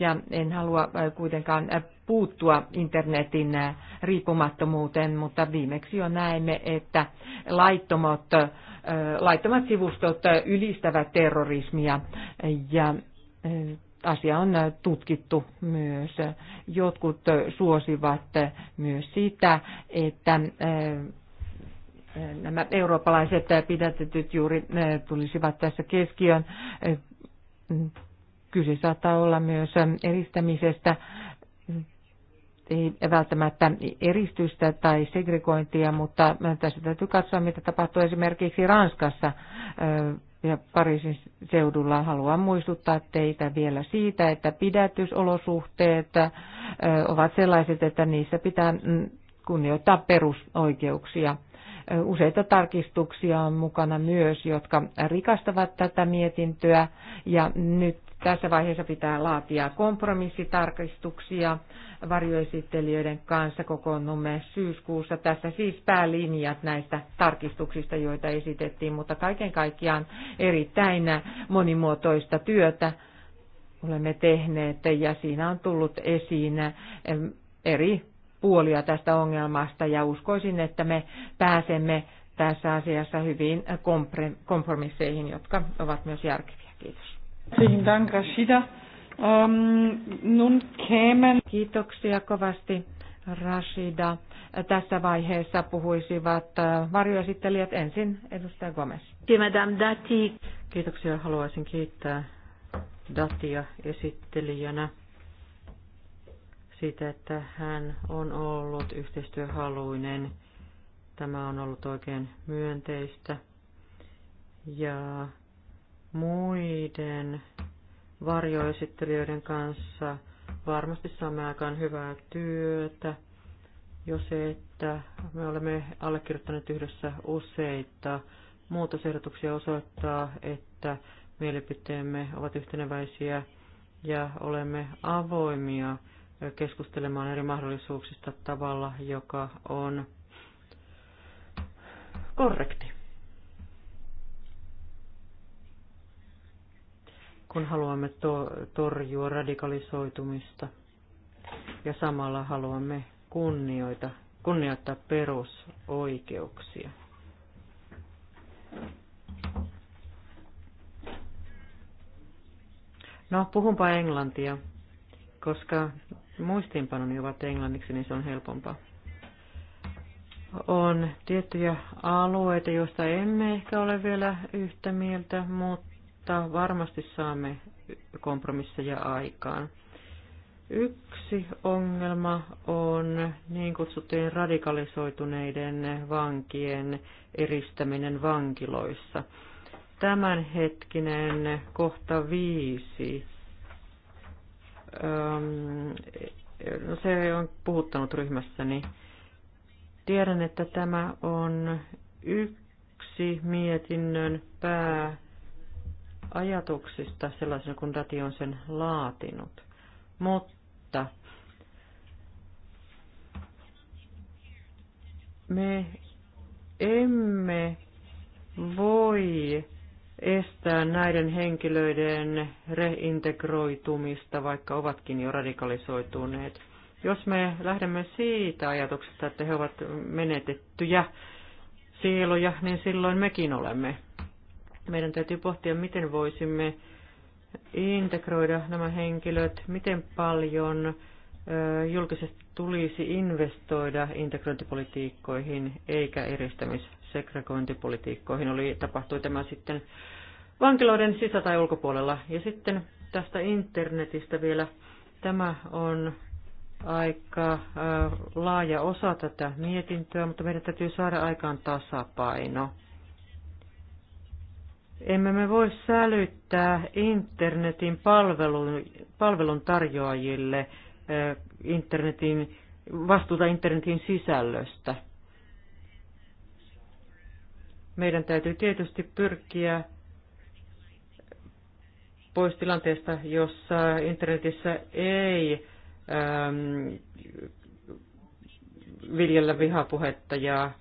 Ja en halua kuitenkaan puuttua internetin riippumattomuuteen, mutta viimeksi jo näemme, että laittomat, laittomat sivustot ylistävät terrorismia ja asia on tutkittu myös. Jotkut suosivat myös sitä, että nämä eurooppalaiset pidätetyt juuri tulisivat tässä keskiön Kyse saattaa olla myös eristämisestä, ei välttämättä eristystä tai segregointia, mutta tässä täytyy katsoa, mitä tapahtuu esimerkiksi Ranskassa ja Pariisin seudulla. Haluan muistuttaa teitä vielä siitä, että pidätysolosuhteet ovat sellaiset, että niissä pitää kunnioittaa perusoikeuksia. Useita tarkistuksia on mukana myös, jotka rikastavat tätä mietintöä ja nyt tässä vaiheessa pitää laatia kompromissitarkistuksia varjoesittelijöiden kanssa. Kokoonnumme syyskuussa. Tässä siis päälinjat näistä tarkistuksista, joita esitettiin, mutta kaiken kaikkiaan erittäin monimuotoista työtä olemme tehneet ja siinä on tullut esiin eri puolia tästä ongelmasta ja uskoisin, että me pääsemme tässä asiassa hyvin kompromisseihin, jotka ovat myös järkeviä. Kiitos. Vielen Dank, Rashida. Um, nun kämen... Kiitoksia kovasti, Rashida. Tässä vaiheessa puhuisivat äh, varjoesittelijät ensin, edustaja Gomez. Kiitoksia, haluaisin kiittää Datia esittelijänä siitä, että hän on ollut yhteistyöhaluinen. Tämä on ollut oikein myönteistä. Ja muiden varjoesittelijöiden kanssa varmasti saamme aikaan hyvää työtä. Jo se, että me olemme allekirjoittaneet yhdessä useita muutosehdotuksia osoittaa, että mielipiteemme ovat yhteneväisiä ja olemme avoimia keskustelemaan eri mahdollisuuksista tavalla, joka on korrekti. kun haluamme to- torjua radikalisoitumista ja samalla haluamme kunnioita, kunnioittaa perusoikeuksia. No, puhunpa englantia, koska muistiinpanoni ovat englanniksi, niin se on helpompaa. On tiettyjä alueita, joista emme ehkä ole vielä yhtä mieltä, mutta mutta varmasti saamme kompromisseja aikaan. Yksi ongelma on niin kutsuttujen radikalisoituneiden vankien eristäminen vankiloissa. Tämänhetkinen kohta viisi. No se on puhuttanut ryhmässäni. Tiedän, että tämä on yksi mietinnön pää ajatuksista sellaisena kuin Dati on sen laatinut. Mutta me emme voi estää näiden henkilöiden reintegroitumista, vaikka ovatkin jo radikalisoituneet. Jos me lähdemme siitä ajatuksesta, että he ovat menetettyjä sieluja, niin silloin mekin olemme meidän täytyy pohtia, miten voisimme integroida nämä henkilöt, miten paljon julkisesti tulisi investoida integrointipolitiikkoihin eikä eristämissegregointipolitiikkoihin. Oli, tapahtui tämä sitten vankiloiden sisä- tai ulkopuolella. Ja sitten tästä internetistä vielä. Tämä on aika laaja osa tätä mietintöä, mutta meidän täytyy saada aikaan tasapaino. Emme me voi sälyttää internetin palvelun, tarjoajille internetin, vastuuta internetin sisällöstä. Meidän täytyy tietysti pyrkiä pois tilanteesta, jossa internetissä ei äm, viljellä vihapuhetta ja äh,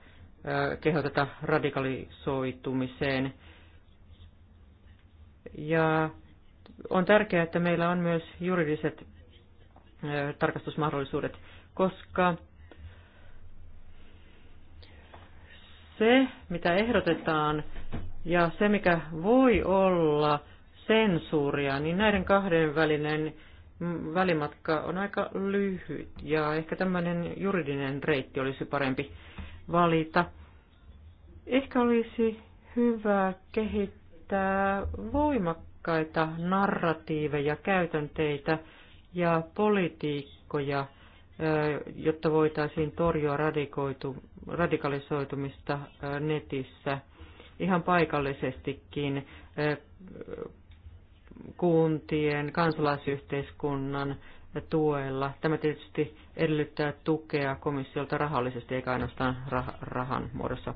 kehoteta radikalisoitumiseen – ja on tärkeää, että meillä on myös juridiset tarkastusmahdollisuudet, koska se, mitä ehdotetaan ja se, mikä voi olla sensuuria, niin näiden kahden välinen välimatka on aika lyhyt ja ehkä tämmöinen juridinen reitti olisi parempi valita. Ehkä olisi hyvä kehittää käyttää voimakkaita narratiiveja, käytänteitä ja politiikkoja, jotta voitaisiin torjua radikalisoitumista netissä ihan paikallisestikin kuntien, kansalaisyhteiskunnan tuella. Tämä tietysti edellyttää tukea komissiolta rahallisesti eikä ainoastaan rahan muodossa.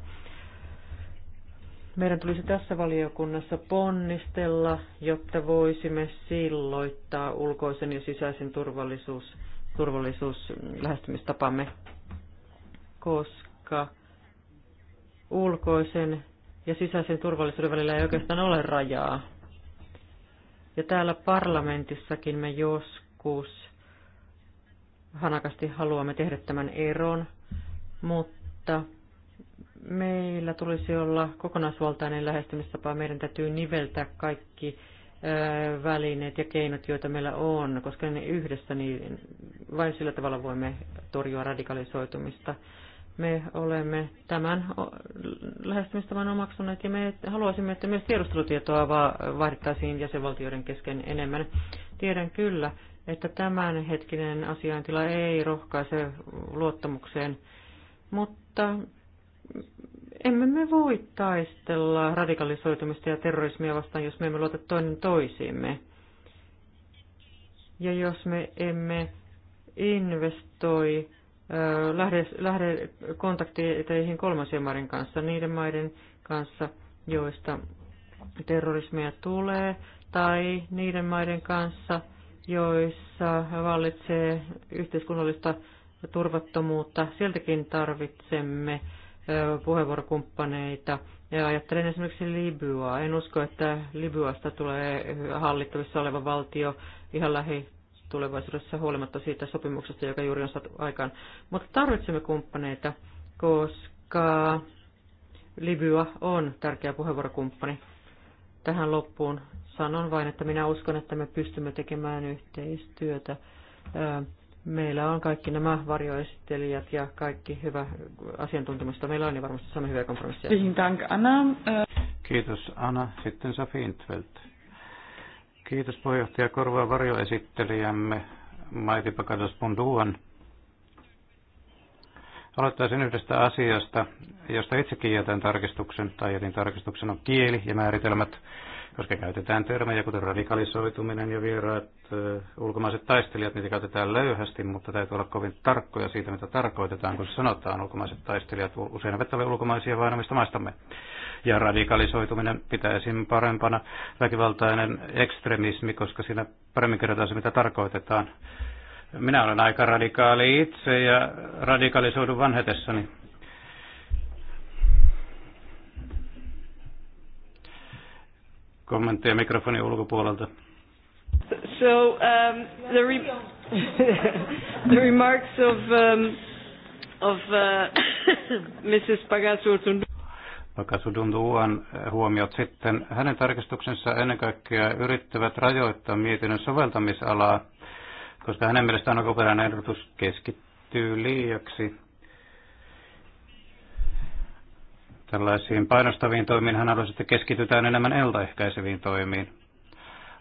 Meidän tulisi tässä valiokunnassa ponnistella, jotta voisimme silloittaa ulkoisen ja sisäisen turvallisuus, turvallisuus lähestymistapamme, koska ulkoisen ja sisäisen turvallisuuden välillä ei oikeastaan ole rajaa. Ja täällä parlamentissakin me joskus hanakasti haluamme tehdä tämän eron, mutta meillä tulisi olla kokonaisvaltainen lähestymistapa. Meidän täytyy niveltää kaikki välineet ja keinot, joita meillä on, koska ne yhdessä, niin vain sillä tavalla voimme torjua radikalisoitumista. Me olemme tämän lähestymistavan omaksuneet ja me haluaisimme, että myös tiedustelutietoa vaihdettaisiin jäsenvaltioiden kesken enemmän. Tiedän kyllä, että tämänhetkinen asiantila ei rohkaise luottamukseen, mutta emme me voi taistella radikalisoitumista ja terrorismia vastaan, jos me emme luota toinen toisiimme. Ja jos me emme investoi lähde, lähde kontakteihin kolmansien maiden kanssa, niiden maiden kanssa, joista terrorismia tulee, tai niiden maiden kanssa, joissa vallitsee yhteiskunnallista turvattomuutta. Sieltäkin tarvitsemme puheenvuorokumppaneita. Ja ajattelen esimerkiksi Libyaa. En usko, että Libyasta tulee hallittavissa oleva valtio ihan lähi tulevaisuudessa huolimatta siitä sopimuksesta, joka juuri on saatu aikaan. Mutta tarvitsemme kumppaneita, koska Libya on tärkeä puheenvuorokumppani. Tähän loppuun sanon vain, että minä uskon, että me pystymme tekemään yhteistyötä Meillä on kaikki nämä varjoesittelijät ja kaikki hyvä asiantuntemusta. Meillä on niin varmasti saamme hyviä kompromisseja. Kiitos Anna. Sitten Safi Intveld. Kiitos puheenjohtaja Korva varjoesittelijämme Maiti Pakadas Punduan. Aloittaisin yhdestä asiasta, josta itsekin jätän tarkistuksen, tai jätin tarkistuksen on kieli ja määritelmät koska käytetään termejä kuten radikalisoituminen ja vieraat ulkomaiset taistelijat, niitä käytetään löyhästi, mutta täytyy olla kovin tarkkoja siitä, mitä tarkoitetaan, kun sanotaan ulkomaiset taistelijat. Usein eivät ole ulkomaisia, vain omista maistamme. Ja radikalisoituminen pitäisin parempana väkivaltainen ekstremismi, koska siinä paremmin kerrotaan se, mitä tarkoitetaan. Minä olen aika radikaali itse ja radikalisoidun vanhetessani. kommentteja mikrofonin ulkopuolelta. So um, the, re- the remarks of, um, of uh, Mrs. Pagasurtun. Pakasudunduan eh, huomiot sitten. Hänen tarkistuksensa ennen kaikkea yrittävät rajoittaa mietinnön soveltamisalaa, koska hänen mielestään alkuperäinen ehdotus keskittyy liiaksi tällaisiin painostaviin toimiin hän haluaisi, että keskitytään enemmän eltaehkäiseviin toimiin.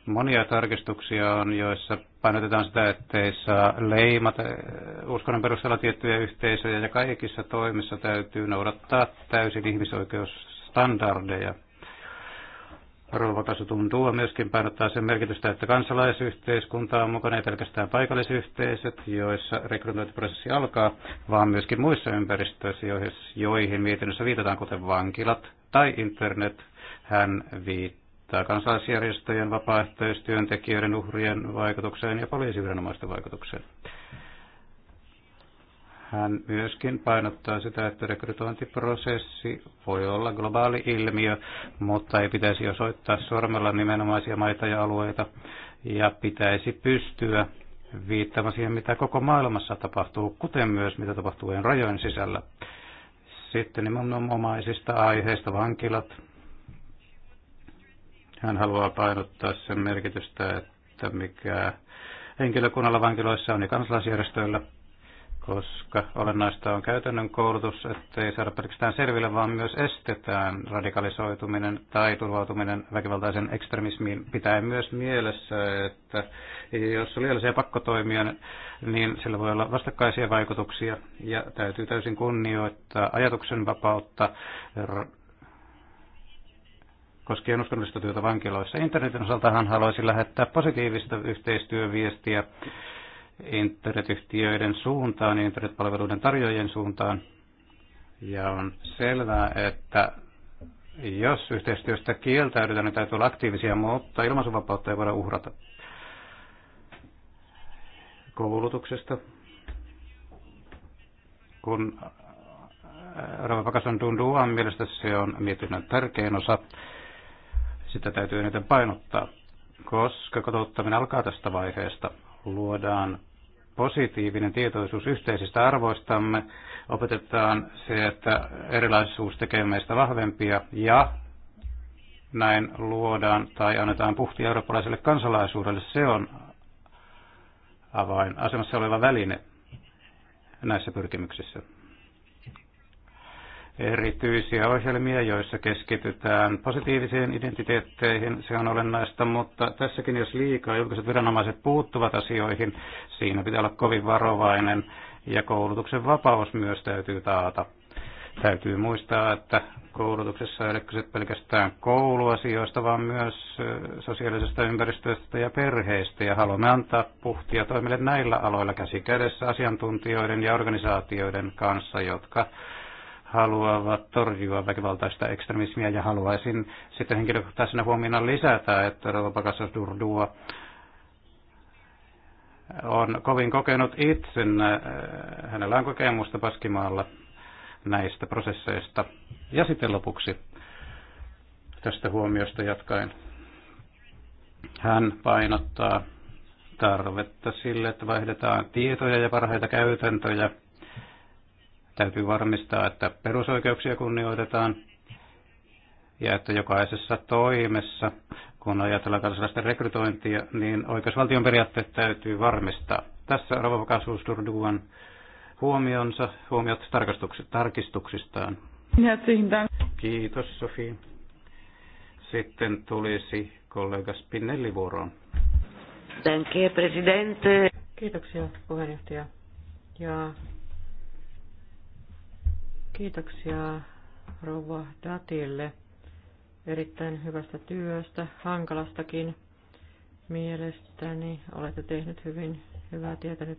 Monia tarkistuksia on, joissa painotetaan sitä, ettei saa leimata eh, uskonnon perusteella tiettyjä yhteisöjä ja kaikissa toimissa täytyy noudattaa täysin ihmisoikeusstandardeja – Rouva Kasutuntula myöskin painottaa sen merkitystä, että kansalaisyhteiskunta on mukana ei pelkästään paikallisyhteisöt, joissa rekrytointiprosessi alkaa, vaan myöskin muissa ympäristöissä, joihin mietinnössä viitataan, kuten vankilat tai internet. Hän viittaa kansalaisjärjestöjen, vapaaehtoistyöntekijöiden, uhrien vaikutukseen ja poliisiviranomaisten vaikutukseen. Hän myöskin painottaa sitä, että rekrytointiprosessi voi olla globaali ilmiö, mutta ei pitäisi osoittaa sormella nimenomaisia maita ja alueita, ja pitäisi pystyä viittamaan siihen, mitä koko maailmassa tapahtuu, kuten myös mitä tapahtuu rajojen sisällä. Sitten nimenomaisista aiheista vankilat. Hän haluaa painottaa sen merkitystä, että mikä henkilökunnalla vankiloissa on ja kansalaisjärjestöillä – koska olennaista on käytännön koulutus, ettei saada pelkästään selville, vaan myös estetään radikalisoituminen tai turvautuminen väkivaltaisen ekstremismiin. Pitää myös mielessä, että jos on liiallisia pakkotoimia, niin sillä voi olla vastakkaisia vaikutuksia ja täytyy täysin kunnioittaa ajatuksen vapautta koskien uskonnollista työtä vankiloissa. Internetin osaltahan haluaisin lähettää positiivista yhteistyöviestiä internetyhtiöiden suuntaan internetpalveluiden tarjoajien suuntaan. Ja on selvää, että jos yhteistyöstä kieltäydytään, niin täytyy olla aktiivisia, mutta ilmaisuvapautta ei voida uhrata. Koulutuksesta. Kun äh, Rava Pakasan Dunduan mielestä se on mietinnön tärkein osa, sitä täytyy eniten painottaa, koska kotouttaminen alkaa tästä vaiheesta. Luodaan positiivinen tietoisuus yhteisistä arvoistamme, opetetaan se, että erilaisuus tekee meistä vahvempia ja näin luodaan tai annetaan puhti eurooppalaiselle kansalaisuudelle. Se on avainasemassa oleva väline näissä pyrkimyksissä erityisiä ohjelmia, joissa keskitytään positiivisiin identiteetteihin. Se on olennaista, mutta tässäkin jos liikaa julkiset viranomaiset puuttuvat asioihin, siinä pitää olla kovin varovainen ja koulutuksen vapaus myös täytyy taata. Täytyy muistaa, että koulutuksessa ei ole kyse pelkästään kouluasioista, vaan myös sosiaalisesta ympäristöstä ja perheistä. Ja haluamme antaa puhtia toimille näillä aloilla käsi kädessä asiantuntijoiden ja organisaatioiden kanssa, jotka haluavat torjua väkivaltaista ekstremismiä ja haluaisin sitten henkilökohtaisena huomiona lisätä, että Rovapakassa Durdua on kovin kokenut itse, hänellä on kokemusta Paskimaalla näistä prosesseista. Ja sitten lopuksi tästä huomiosta jatkaen. Hän painottaa tarvetta sille, että vaihdetaan tietoja ja parhaita käytäntöjä – Täytyy varmistaa, että perusoikeuksia kunnioitetaan ja että jokaisessa toimessa, kun ajatellaan kansalaisten rekrytointia, niin oikeusvaltion periaatteet täytyy varmistaa. Tässä Rovokasuus Durduan huomionsa, huomiot tarkistuksistaan. Kiitos Sofi. Sitten tulisi kollega Spinelli vuoroon. Kiitoksia puheenjohtaja. Ja Kiitoksia rouva Datille erittäin hyvästä työstä, hankalastakin mielestäni. Olette tehnyt hyvin hyvää tietä, nyt,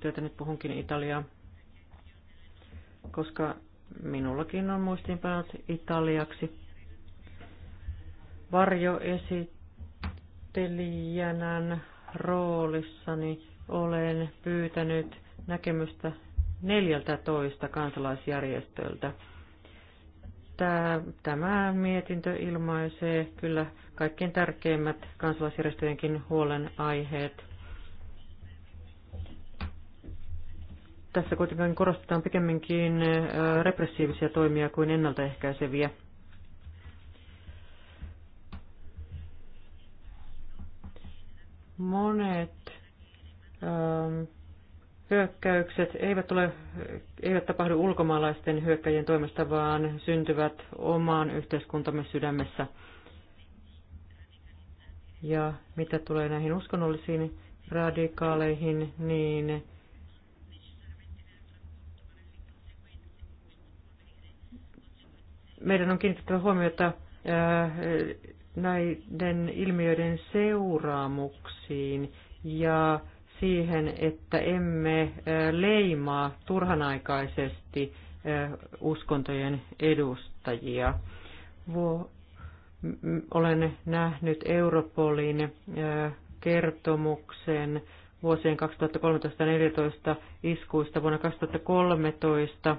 tietä nyt puhunkin Italiaa, koska minullakin on muistiinpanot italiaksi. Varjoesittelijänän roolissani olen pyytänyt näkemystä 14 kansalaisjärjestöltä. Tämä mietintö ilmaisee kyllä kaikkein tärkeimmät kansalaisjärjestöjenkin huolenaiheet. Tässä kuitenkin korostetaan pikemminkin repressiivisiä toimia kuin ennaltaehkäiseviä. Monet ähm, hyökkäykset eivät, ole, eivät tapahdu ulkomaalaisten hyökkäjien toimesta, vaan syntyvät omaan yhteiskuntamme sydämessä. Ja mitä tulee näihin uskonnollisiin radikaaleihin, niin meidän on kiinnitettävä huomiota äh, näiden ilmiöiden seuraamuksiin ja siihen, että emme leimaa turhanaikaisesti uskontojen edustajia. Olen nähnyt Europolin kertomuksen vuosien 2013-2014 iskuista vuonna 2013.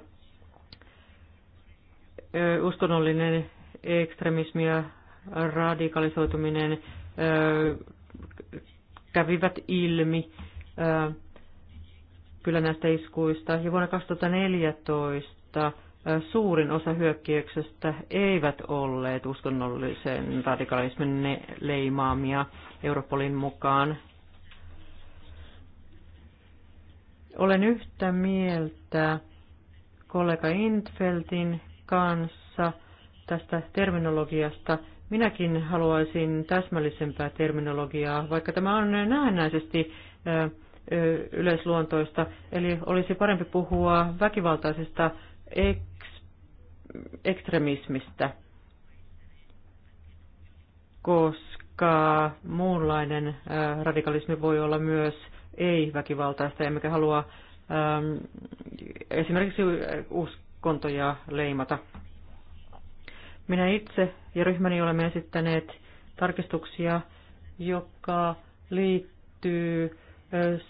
Uskonnollinen ekstremismi ja radikalisoituminen kävivät ilmi kyllä näistä iskuista. Ja vuonna 2014 suurin osa hyökkäyksestä eivät olleet uskonnollisen radikalismin leimaamia Europolin mukaan. Olen yhtä mieltä kollega Intfeltin kanssa tästä terminologiasta. Minäkin haluaisin täsmällisempää terminologiaa, vaikka tämä on näennäisesti äh, yleisluontoista. Eli olisi parempi puhua väkivaltaisesta eks- ekstremismistä, koska muunlainen radikalismi voi olla myös ei-väkivaltaista, emmekä halua esimerkiksi uskontoja leimata. Minä itse ja ryhmäni olemme esittäneet tarkistuksia, joka liittyy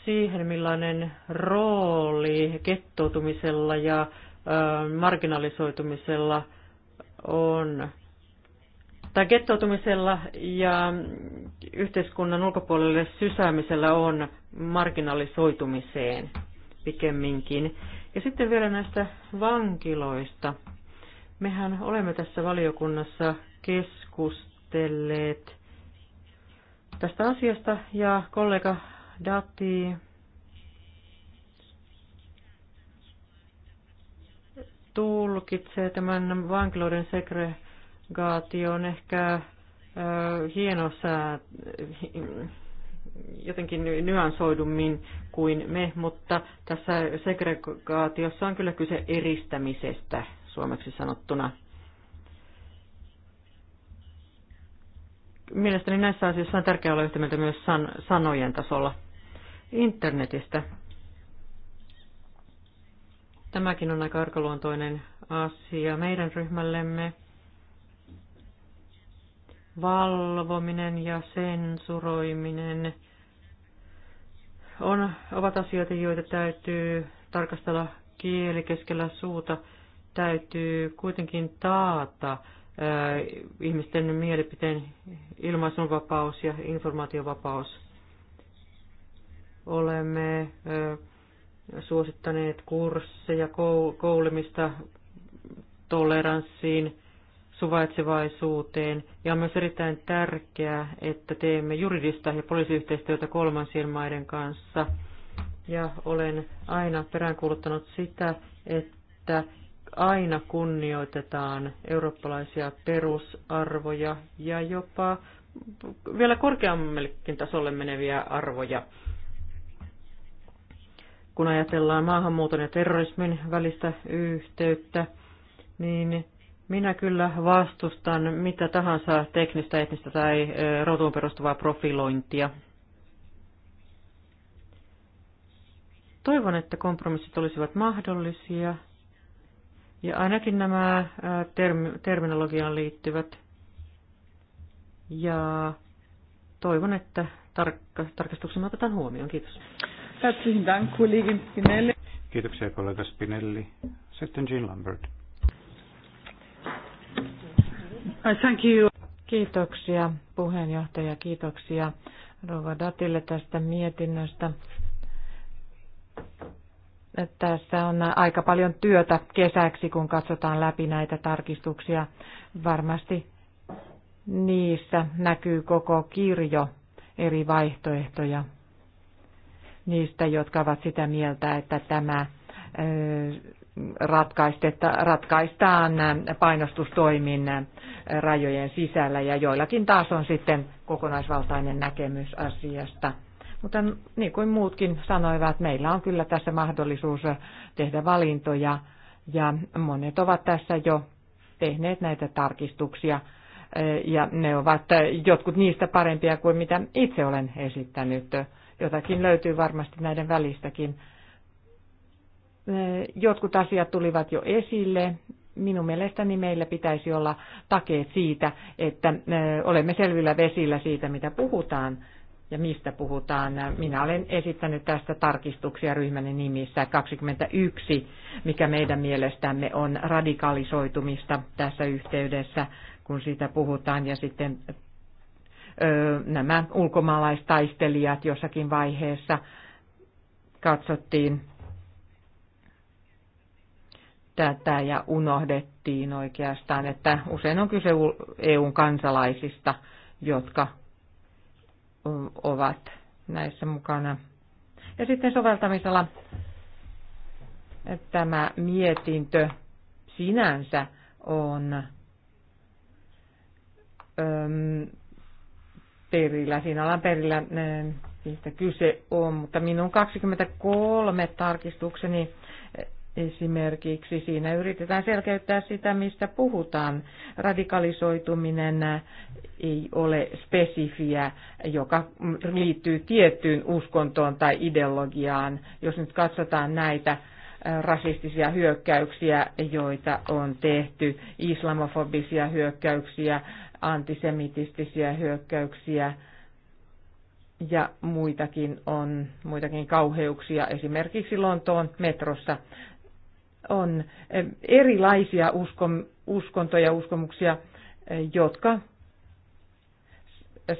siihen, millainen rooli kettoutumisella ja marginalisoitumisella on, tai kettoutumisella ja yhteiskunnan ulkopuolelle sysäämisellä on marginalisoitumiseen pikemminkin. Ja sitten vielä näistä vankiloista. Mehän olemme tässä valiokunnassa keskustelleet tästä asiasta ja kollega Dati tulkitsee tämän vankiloiden segregaation ehkä hienossa jotenkin nyansoidummin kuin me, mutta tässä segregaatiossa on kyllä kyse eristämisestä suomeksi sanottuna. Mielestäni näissä asioissa on tärkeää olla yhtä mieltä myös san- sanojen tasolla internetistä. Tämäkin on aika arkaluontoinen asia meidän ryhmällemme. Valvominen ja sensuroiminen on, ovat asioita, joita täytyy tarkastella kieli keskellä suuta. Täytyy kuitenkin taata ää, ihmisten mielipiteen ilmaisunvapaus ja informaatiovapaus Olemme suosittaneet kursseja koulimista toleranssiin, suvaitsevaisuuteen ja on myös erittäin tärkeää, että teemme juridista ja poliisiyhteistyötä kolmansien maiden kanssa. Ja olen aina peräänkuuluttanut sitä, että aina kunnioitetaan eurooppalaisia perusarvoja ja jopa vielä korkeammallekin tasolle meneviä arvoja kun ajatellaan maahanmuuton ja terrorismin välistä yhteyttä, niin minä kyllä vastustan mitä tahansa teknistä, etnistä tai rotuun perustuvaa profilointia. Toivon, että kompromissit olisivat mahdollisia ja ainakin nämä term- terminologiaan liittyvät. Ja toivon, että tarkka- tarkastuksen otetaan huomioon. Kiitos. Herzlichen Dank, Kollegin Spinelli. Kiitoksia kollega Spinelli. Sitten Jean Lambert. Uh, thank you. Kiitoksia puheenjohtaja, kiitoksia Rova Datille tästä mietinnöstä. Tässä on aika paljon työtä kesäksi, kun katsotaan läpi näitä tarkistuksia. Varmasti niissä näkyy koko kirjo eri vaihtoehtoja niistä, jotka ovat sitä mieltä, että tämä ratkaistaan painostustoimin rajojen sisällä ja joillakin taas on sitten kokonaisvaltainen näkemys asiasta. Mutta niin kuin muutkin sanoivat, meillä on kyllä tässä mahdollisuus tehdä valintoja ja monet ovat tässä jo tehneet näitä tarkistuksia ja ne ovat jotkut niistä parempia kuin mitä itse olen esittänyt. Jotakin löytyy varmasti näiden välistäkin. Jotkut asiat tulivat jo esille. Minun mielestäni meillä pitäisi olla takeet siitä, että olemme selvillä vesillä siitä, mitä puhutaan ja mistä puhutaan. Minä olen esittänyt tästä tarkistuksia ryhmän nimissä 21, mikä meidän mielestämme on radikalisoitumista tässä yhteydessä, kun siitä puhutaan, ja sitten nämä ulkomaalaistaistelijat jossakin vaiheessa katsottiin tätä ja unohdettiin oikeastaan, että usein on kyse EUn kansalaisista, jotka ovat näissä mukana. Ja sitten soveltamisella tämä mietintö sinänsä on perillä, siinä ollaan perillä, mistä kyse on, mutta minun 23 tarkistukseni esimerkiksi siinä yritetään selkeyttää sitä, mistä puhutaan. Radikalisoituminen ei ole spesifiä, joka liittyy tiettyyn uskontoon tai ideologiaan. Jos nyt katsotaan näitä rasistisia hyökkäyksiä, joita on tehty, islamofobisia hyökkäyksiä, antisemitistisiä hyökkäyksiä ja muitakin on, muitakin kauheuksia esimerkiksi Lontoon metrossa. On eh, erilaisia uskon, uskontoja, uskomuksia, eh, jotka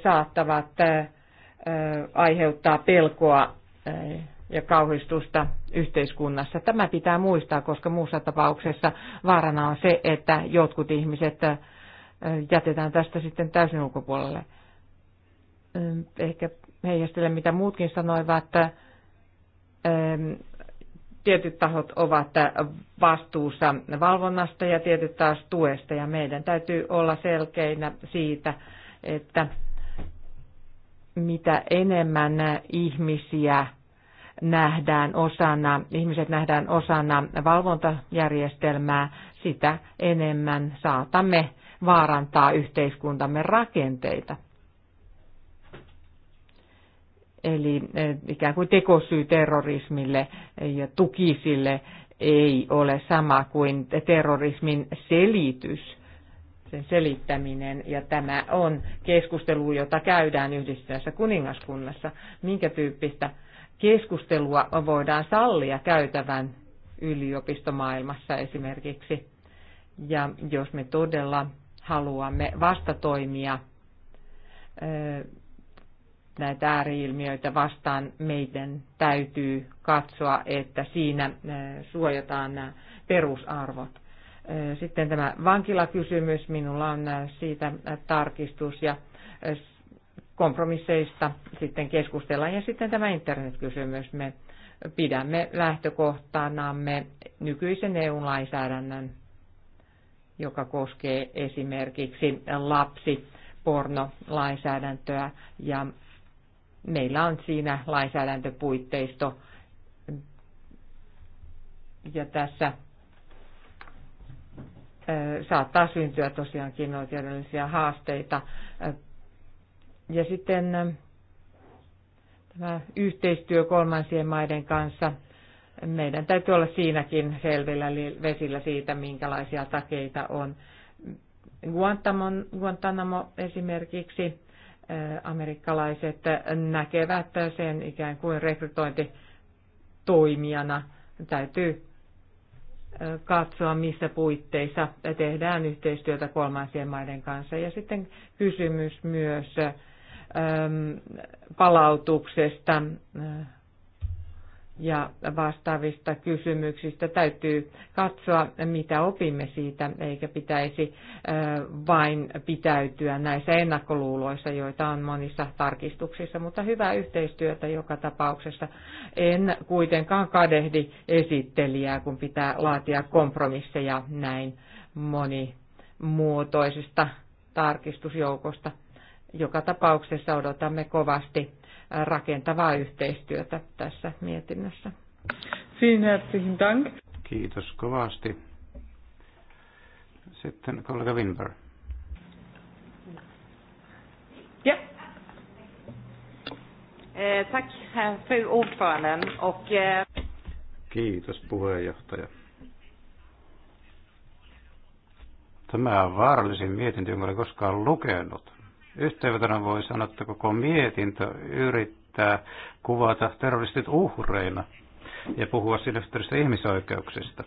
saattavat eh, aiheuttaa pelkoa ja kauhistusta yhteiskunnassa. Tämä pitää muistaa, koska muussa tapauksessa vaarana on se, että jotkut ihmiset jätetään tästä sitten täysin ulkopuolelle. Ehkä heijastele, mitä muutkin sanoivat, että tietyt tahot ovat vastuussa valvonnasta ja tietyt taas tuesta, ja meidän täytyy olla selkeinä siitä, että mitä enemmän ihmisiä nähdään osana, ihmiset nähdään osana valvontajärjestelmää, sitä enemmän saatamme vaarantaa yhteiskuntamme rakenteita. Eli eh, ikään kuin tekosyy terrorismille ja tukisille ei ole sama kuin terrorismin selitys, sen selittäminen. Ja tämä on keskustelu, jota käydään yhdistyneessä kuningaskunnassa. Minkä tyyppistä keskustelua voidaan sallia käytävän yliopistomaailmassa esimerkiksi. Ja jos me todella haluamme vastatoimia näitä ääriilmiöitä vastaan, meidän täytyy katsoa, että siinä suojataan nämä perusarvot. Sitten tämä vankilakysymys, minulla on siitä tarkistus ja kompromisseista sitten keskustellaan. Ja sitten tämä internetkysymys, me pidämme lähtökohtanamme nykyisen EU-lainsäädännön joka koskee esimerkiksi lapsipornolainsäädäntöä ja meillä on siinä lainsäädäntöpuitteisto ja tässä saattaa syntyä tosiaankin oikeudellisia haasteita. Ja sitten tämä yhteistyö kolmansien maiden kanssa meidän täytyy olla siinäkin selvillä vesillä siitä, minkälaisia takeita on. Guantamon, Guantanamo esimerkiksi, äh, amerikkalaiset näkevät sen ikään kuin rekrytointitoimijana. Täytyy äh, katsoa, missä puitteissa tehdään yhteistyötä kolmansien maiden kanssa. Ja sitten kysymys myös ähm, palautuksesta äh, ja vastaavista kysymyksistä. Täytyy katsoa, mitä opimme siitä, eikä pitäisi vain pitäytyä näissä ennakkoluuloissa, joita on monissa tarkistuksissa, mutta hyvää yhteistyötä joka tapauksessa. En kuitenkaan kadehdi esittelijää, kun pitää laatia kompromisseja näin monimuotoisesta tarkistusjoukosta. Joka tapauksessa odotamme kovasti rakentavaa yhteistyötä tässä mietinnössä. Vielen dank. Kiitos kovasti. Sitten kollega Winberg. Ja. Eh, tack, fru Och, eh... Kiitos puheenjohtaja. Tämä on vaarallisin mietintö, jonka olen koskaan lukenut. Yhteenvetona voi sanoa, että koko mietintö yrittää kuvata terroristit uhreina ja puhua siinä yhteydessä ihmisoikeuksista.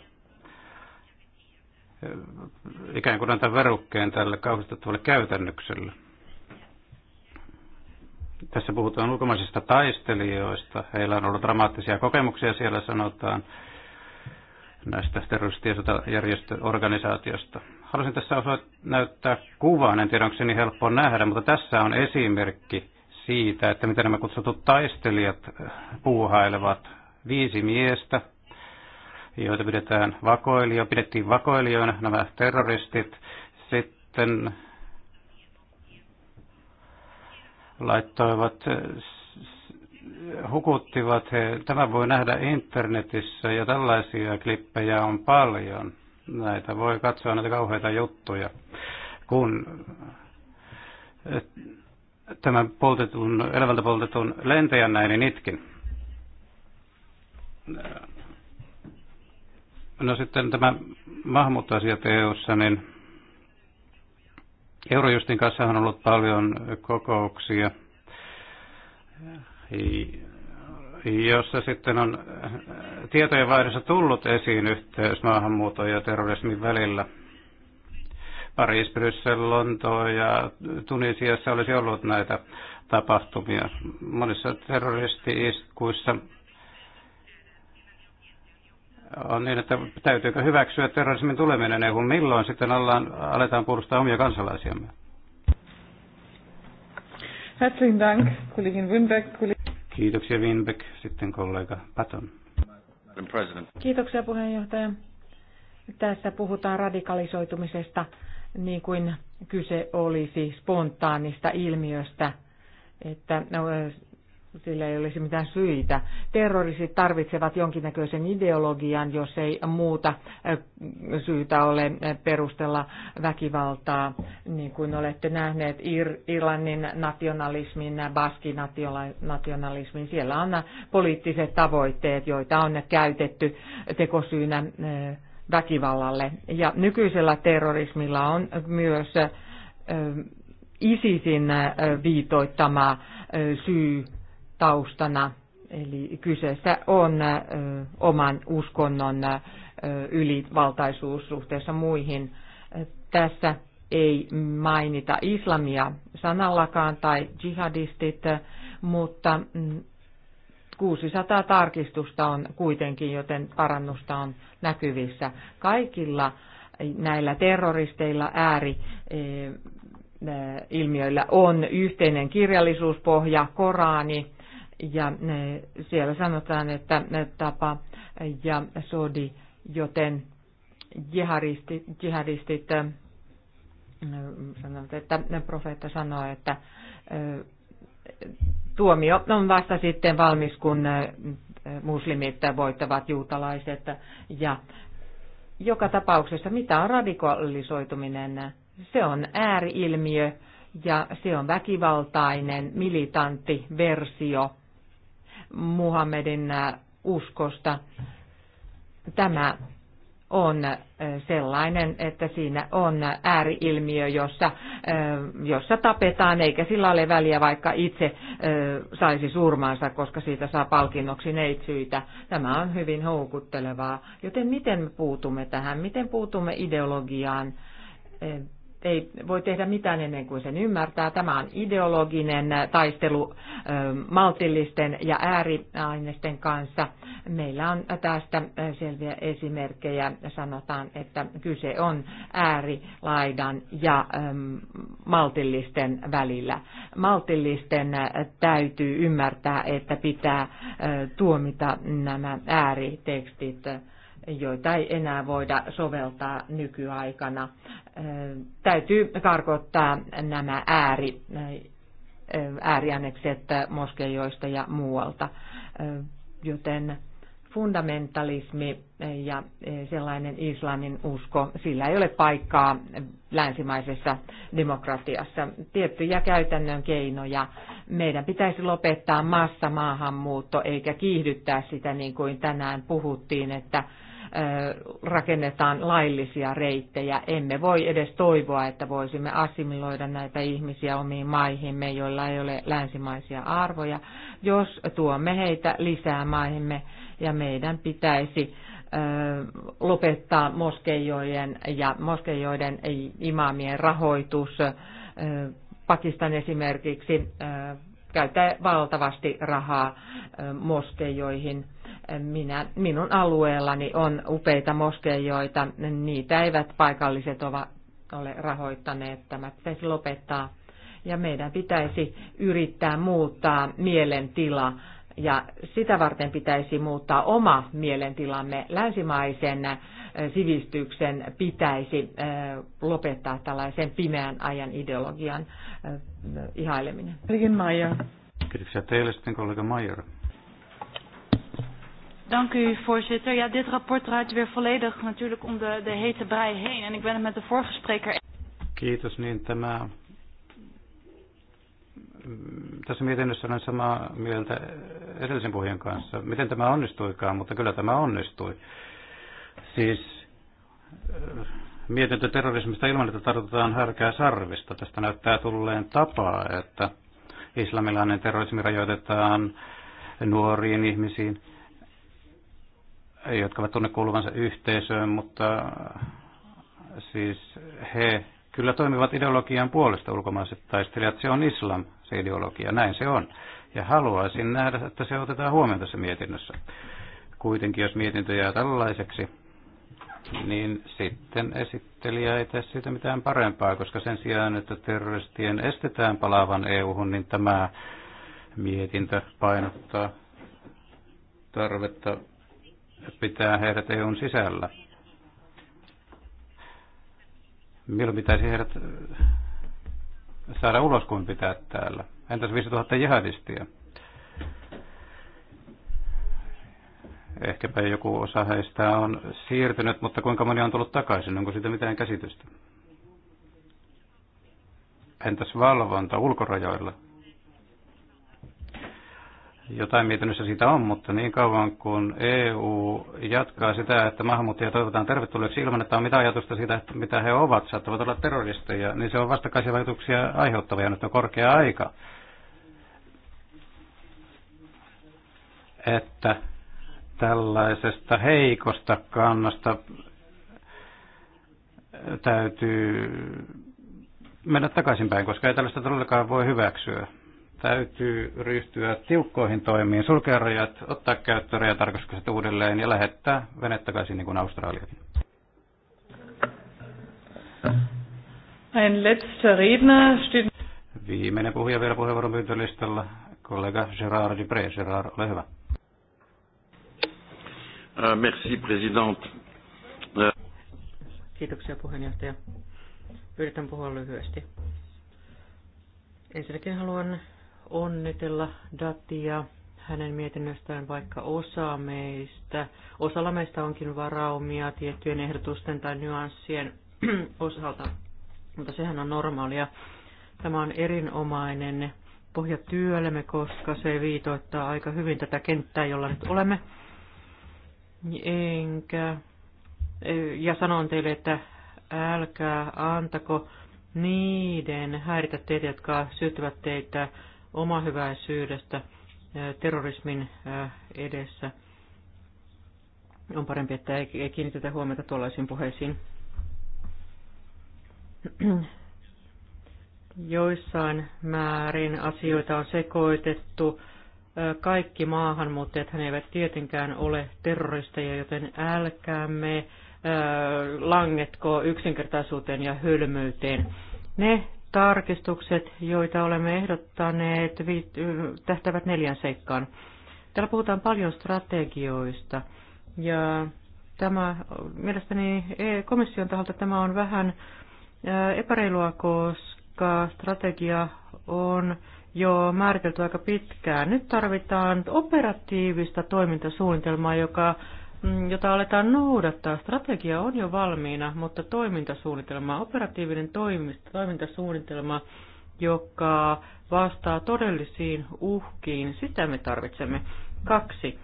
Ikään kuin antaa verukkeen tälle kauhistuttavalle käytännökselle. Tässä puhutaan ulkomaisista taistelijoista. Heillä on ollut dramaattisia kokemuksia, siellä sanotaan, näistä terroristi- ja organisaatiosta halusin tässä osaa näyttää kuvan, en tiedä onko se niin helppo nähdä, mutta tässä on esimerkki siitä, että miten nämä kutsutut taistelijat äh, puuhailevat. Viisi miestä, joita pidetään vakoilijo, pidettiin vakoilijoina nämä terroristit. Sitten laittoivat, äh, hukuttivat he. Tämä voi nähdä internetissä ja tällaisia klippejä on paljon näitä voi katsoa näitä kauheita juttuja, kun eh, tämän poltetun, elävältä poltetun lentäjän näin, niin itkin. No sitten tämä maahanmuuttoasiat EU-ssa, niin Eurojustin kanssa on ollut paljon kokouksia jossa sitten on äh, tietojenvaihdossa tullut esiin yhteys maahanmuuton ja terrorismin välillä. Pariis, Bryssel, Lontoa ja Tunisiassa olisi ollut näitä tapahtumia. Monissa terroristi-iskuissa on niin, että täytyykö hyväksyä terrorismin tuleminen EU, milloin sitten ollaan, aletaan puolustaa omia kansalaisiamme. Herzlichen Dank, Kollegin Wimberg. Kiitoksia Winbeck. Sitten kollega Patton. Kiitoksia puheenjohtaja. Tässä puhutaan radikalisoitumisesta niin kuin kyse olisi spontaanista ilmiöstä, että no, sillä ei olisi mitään syitä. Terroristit tarvitsevat jonkinnäköisen ideologian, jos ei muuta syytä ole perustella väkivaltaa, niin kuin olette nähneet Ir- Irlannin nationalismin, baskinationalismin. Siellä on poliittiset tavoitteet, joita on käytetty tekosyynä väkivallalle. Ja nykyisellä terrorismilla on myös ISISin viitoittama syy taustana. Eli kyseessä on oman uskonnon ylivaltaisuus suhteessa muihin. Tässä ei mainita islamia sanallakaan tai jihadistit, mutta 600 mm, tarkistusta on kuitenkin, joten parannusta on näkyvissä. Kaikilla näillä terroristeilla ääri ilmiöillä on yhteinen kirjallisuuspohja, Korani, ja e, siellä sanotaan, että e, tapa ja sodi, joten jihadistit, jihadistit e, sanovat, että profeetta sanoo, että tuomio on vasta sitten valmis, kun muslimit voittavat juutalaiset. Ja joka tapauksessa, mitä on radikalisoituminen? Se on ääriilmiö ja se on väkivaltainen militantti versio Muhammedin äh, uskosta. Tämä on äh, sellainen, että siinä on ääriilmiö, jossa, äh, jossa tapetaan, eikä sillä ole väliä, vaikka itse saisi surmansa, koska siitä saa palkinnoksi neitsyitä. Tämä on hyvin houkuttelevaa. Joten miten me puutumme tähän? Miten puutumme ideologiaan? ei voi tehdä mitään ennen kuin sen ymmärtää. Tämä on ideologinen taistelu maltillisten ja ääriaineisten kanssa. Meillä on tästä selviä esimerkkejä. Sanotaan, että kyse on äärilaidan ja maltillisten välillä. Maltillisten täytyy ymmärtää, että pitää tuomita nämä ääritekstit joita ei enää voida soveltaa nykyaikana. Täytyy karkottaa nämä ääri, äärianekset moskeijoista ja muualta, joten fundamentalismi ja sellainen islamin usko, sillä ei ole paikkaa länsimaisessa demokratiassa. Tiettyjä käytännön keinoja. Meidän pitäisi lopettaa massamaahanmuutto eikä kiihdyttää sitä niin kuin tänään puhuttiin, että rakennetaan laillisia reittejä. Emme voi edes toivoa, että voisimme assimiloida näitä ihmisiä omiin maihimme, joilla ei ole länsimaisia arvoja, jos tuomme heitä lisää maihimme ja meidän pitäisi lopettaa moskeijojen ja moskeijoiden imaamien rahoitus. Pakistan esimerkiksi käyttää valtavasti rahaa moskeijoihin. Minä, minun alueellani on upeita moskeijoita, niitä eivät paikalliset ole rahoittaneet, tämä pitäisi lopettaa. Ja meidän pitäisi yrittää muuttaa mielen tilaa ja sitä varten pitäisi muuttaa oma mielentilamme. Länsimaisen äh, sivistyksen pitäisi äh, lopettaa tällaisen pimeän ajan ideologian äh, ihaileminen. Kiitoksia teille sitten kollega Maier. Dank u, voorzitter. Ja, dit rapport draait weer volledig natuurlijk om de, de hete brei heen. En ik ben het met de vorige spreker... Kiitos, niin tämä tässä mietinnössä olen samaa mieltä edellisen puhujan kanssa. Miten tämä onnistuikaan, mutta kyllä tämä onnistui. Siis äh, mietintö terrorismista ilman, että tartutaan härkää sarvista. Tästä näyttää tulleen tapaa, että islamilainen terrorismi rajoitetaan nuoriin ihmisiin, jotka ovat tunne kuuluvansa yhteisöön, mutta äh, siis he kyllä toimivat ideologian puolesta ulkomaiset taistelijat. Se on islam se ideologia. Näin se on. Ja haluaisin nähdä, että se otetaan huomioon tässä mietinnössä. Kuitenkin jos mietintö jää tällaiseksi, niin sitten esittelijä ei tee siitä mitään parempaa, koska sen sijaan, että terroristien estetään palaavan EU-hun, niin tämä mietintö painottaa tarvetta pitää heidät EUn sisällä. Milloin pitäisi heidät saada ulos kuin pitää täällä. Entäs 5000 jihadistia? Ehkäpä joku osa heistä on siirtynyt, mutta kuinka moni on tullut takaisin? Onko siitä mitään käsitystä? Entäs valvonta ulkorajoilla? Jotain mietinnössä siitä on, mutta niin kauan kun EU jatkaa sitä, että maahanmuuttajia toivotaan tervetulleeksi ilman, että on mitä ajatusta siitä, että mitä he ovat, saattavat olla terroristeja, niin se on vastakkaisia vaikutuksia aiheuttava ja nyt on korkea aika. Että tällaisesta heikosta kannasta täytyy mennä takaisinpäin, koska ei tällaista todellakaan voi hyväksyä täytyy ryhtyä tiukkoihin toimiin, sulkea rajat, ottaa käyttöön rajatarkastukset uudelleen ja lähettää vene takaisin niin kuin Australiakin. Ein letzter Redner steht... Viimeinen puhuja vielä puheenvuoron pyyntölistalla, kollega Gerard Dupré. Gerard, ole hyvä. Euh, merci, president. Euh, Kiitoksia puheenjohtaja. Yritän puhua lyhyesti. Ensinnäkin haluan onnitella Datia hänen mietinnöstään, vaikka osa meistä, osalla meistä onkin varaumia tiettyjen ehdotusten tai nyanssien osalta, mutta sehän on normaalia. Tämä on erinomainen pohja työllemme, koska se viitoittaa aika hyvin tätä kenttää, jolla nyt olemme. Enkä. Ja sanon teille, että älkää antako niiden häiritä teitä, jotka syyttävät teitä oma hyväisyydestä terrorismin edessä. On parempi, että ei kiinnitetä huomiota tuollaisiin puheisiin. Joissain määrin asioita on sekoitettu. Kaikki maahanmuuttajat hän eivät tietenkään ole terroristeja, joten älkäämme langetko yksinkertaisuuteen ja hölmöyteen. Ne tarkistukset, joita olemme ehdottaneet, tähtävät neljän seikkaan. Täällä puhutaan paljon strategioista ja tämä, mielestäni e- komission taholta tämä on vähän epäreilua, koska strategia on jo määritelty aika pitkään. Nyt tarvitaan operatiivista toimintasuunnitelmaa, joka Mm, jota aletaan noudattaa. Strategia on jo valmiina, mutta toimintasuunnitelma, operatiivinen toimista, toimintasuunnitelma, joka vastaa todellisiin uhkiin, sitä me tarvitsemme. Kaksi.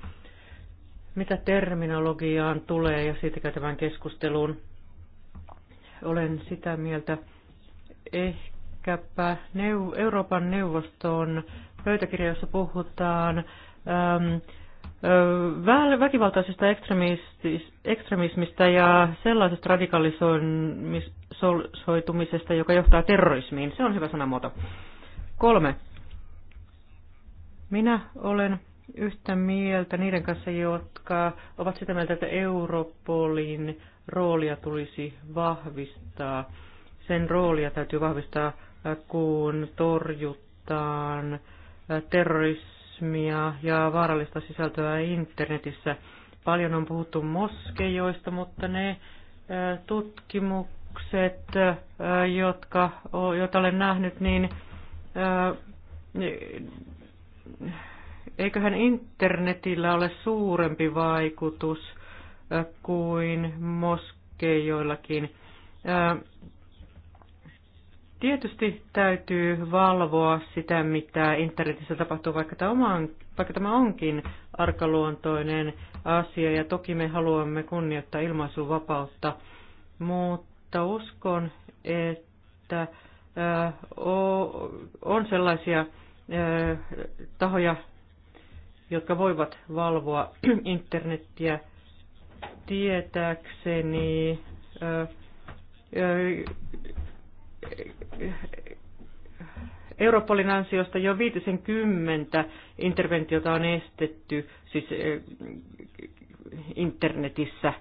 Mitä terminologiaan tulee ja siitä käytävään keskusteluun, olen sitä mieltä, ehkäpä Euroopan neuvoston pöytäkirja, jossa puhutaan ähm, väkivaltaisesta ekstremismistä ja sellaisesta radikalisoitumisesta, joka johtaa terrorismiin. Se on hyvä sanamuoto. Kolme. Minä olen yhtä mieltä niiden kanssa, jotka ovat sitä mieltä, että Europolin roolia tulisi vahvistaa. Sen roolia täytyy vahvistaa, äh, kun torjutaan äh, terrorismi terrorismia ja vaarallista sisältöä internetissä. Paljon on puhuttu moskeijoista, mutta ne tutkimukset, jotka, joita olen nähnyt, niin eiköhän internetillä ole suurempi vaikutus kuin moskeijoillakin. Tietysti täytyy valvoa sitä, mitä internetissä tapahtuu, vaikka tämä, oman, vaikka tämä onkin arkaluontoinen asia, ja toki me haluamme kunnioittaa ilmaisuvapautta, mutta uskon, että on sellaisia tahoja, jotka voivat valvoa internettiä tietääkseni Europolin ansiosta jo 50 interventiota on estetty siis eh, internetissä.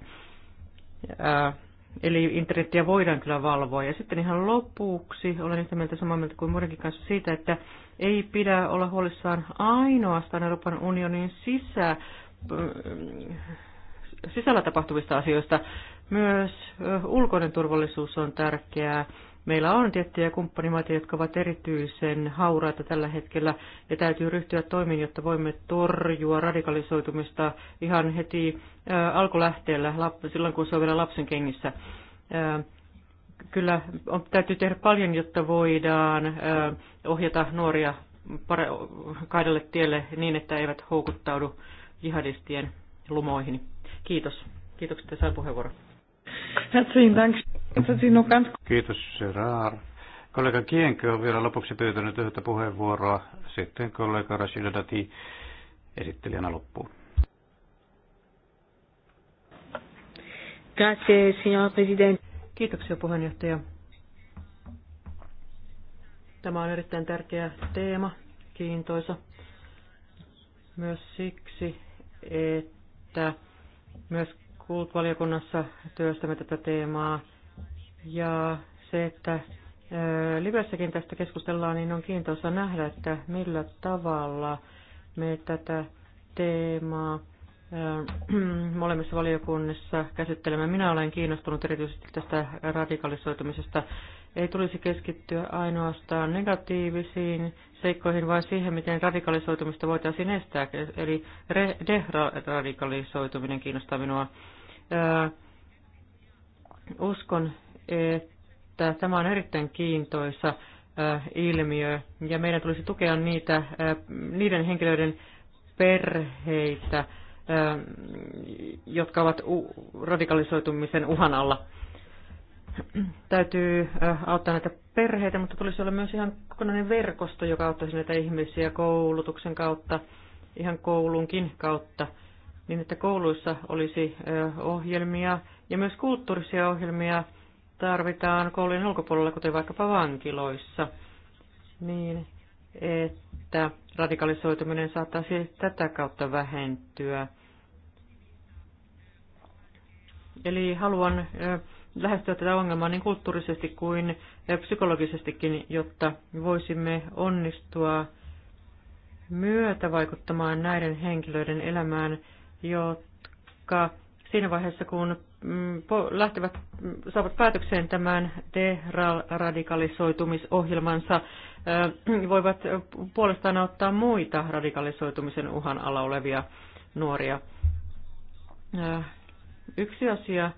Eli internetiä voidaan kyllä valvoa. Ja sitten ihan lopuksi, olen yhtä mieltä samaa mieltä kuin muidenkin kanssa siitä, että ei pidä olla huolissaan ainoastaan Euroopan unionin sisä, sisällä tapahtuvista asioista. Myös eh, ulkoinen turvallisuus on tärkeää Meillä on tiettyjä kumppanimaita, jotka ovat erityisen hauraita tällä hetkellä ja täytyy ryhtyä toimiin, jotta voimme torjua radikalisoitumista ihan heti äh, alkulähteellä, lap, silloin kun se on vielä lapsen kengissä. Äh, kyllä on, täytyy tehdä paljon, jotta voidaan äh, ohjata nuoria pare, kaidalle tielle niin, että eivät houkuttaudu jihadistien lumoihin. Kiitos. Kiitokset, että sain puheenvuoron. Herzlichen Dank. Kiitos, Gerard. Kollega Kienkö on vielä lopuksi pyytänyt yhtä puheenvuoroa. Sitten kollega Rashida Dati esittelijänä loppuun. Kiitoksia, puheenjohtaja. Tämä on erittäin tärkeä teema, kiintoisa. Myös siksi, että myös kultvaliokunnassa työstämme tätä teemaa ja se, että Livessäkin tästä keskustellaan, niin on kiintoista nähdä, että millä tavalla me tätä teemaa molemmissa valiokunnissa käsittelemme. Minä olen kiinnostunut erityisesti tästä radikalisoitumisesta. Ei tulisi keskittyä ainoastaan negatiivisiin seikkoihin, vaan siihen, miten radikalisoitumista voitaisiin estää. Eli deradikalisoituminen kiinnostaa minua. Uskon, että tämä on erittäin kiintoisa ilmiö ja meidän tulisi tukea niitä, niiden henkilöiden perheitä, jotka ovat radikalisoitumisen uhan alla. Täytyy auttaa näitä perheitä, mutta tulisi olla myös ihan kokonainen verkosto, joka auttaisi näitä ihmisiä koulutuksen kautta, ihan koulunkin kautta, niin että kouluissa olisi ohjelmia ja myös kulttuurisia ohjelmia, tarvitaan koulujen ulkopuolella, kuten vaikkapa vankiloissa, niin että radikalisoituminen saattaisi tätä kautta vähentyä. Eli haluan lähestyä tätä ongelmaa niin kulttuurisesti kuin psykologisestikin, jotta voisimme onnistua myötävaikuttamaan näiden henkilöiden elämään, jotka siinä vaiheessa, kun Mm, lähtevät, mm, saavat päätökseen tämän deradikalisoitumisohjelmansa, äh, voivat puolestaan auttaa muita radikalisoitumisen uhan alla olevia nuoria. Äh, yksi asia,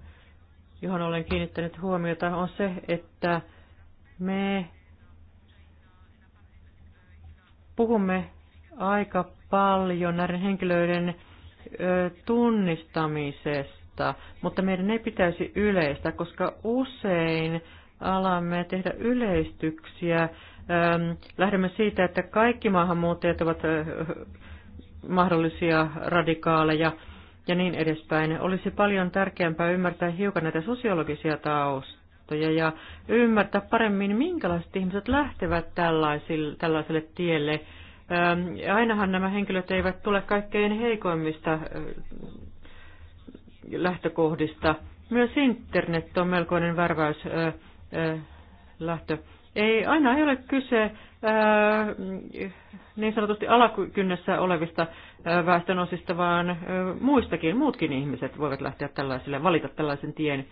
johon olen kiinnittänyt huomiota, on se, että me puhumme aika paljon näiden henkilöiden äh, tunnistamisesta rajoittaa, mutta meidän ei pitäisi yleistä, koska usein alamme tehdä yleistyksiä. Ähm, lähdemme siitä, että kaikki maahanmuuttajat ovat äh, mahdollisia radikaaleja ja niin edespäin. Olisi paljon tärkeämpää ymmärtää hiukan näitä sosiologisia taustoja ja ymmärtää paremmin, minkälaiset ihmiset lähtevät tällaisille, tällaiselle tielle. Ähm, ainahan nämä henkilöt eivät tule kaikkein heikoimmista äh, lähtökohdista. Myös internet on melkoinen värväys lähtö. Ei, aina ei ole kyse ää, niin sanotusti alakynnessä olevista ää, väestönosista, vaan ää, muistakin, muutkin ihmiset voivat lähteä tällaiselle, valita tällaisen tien.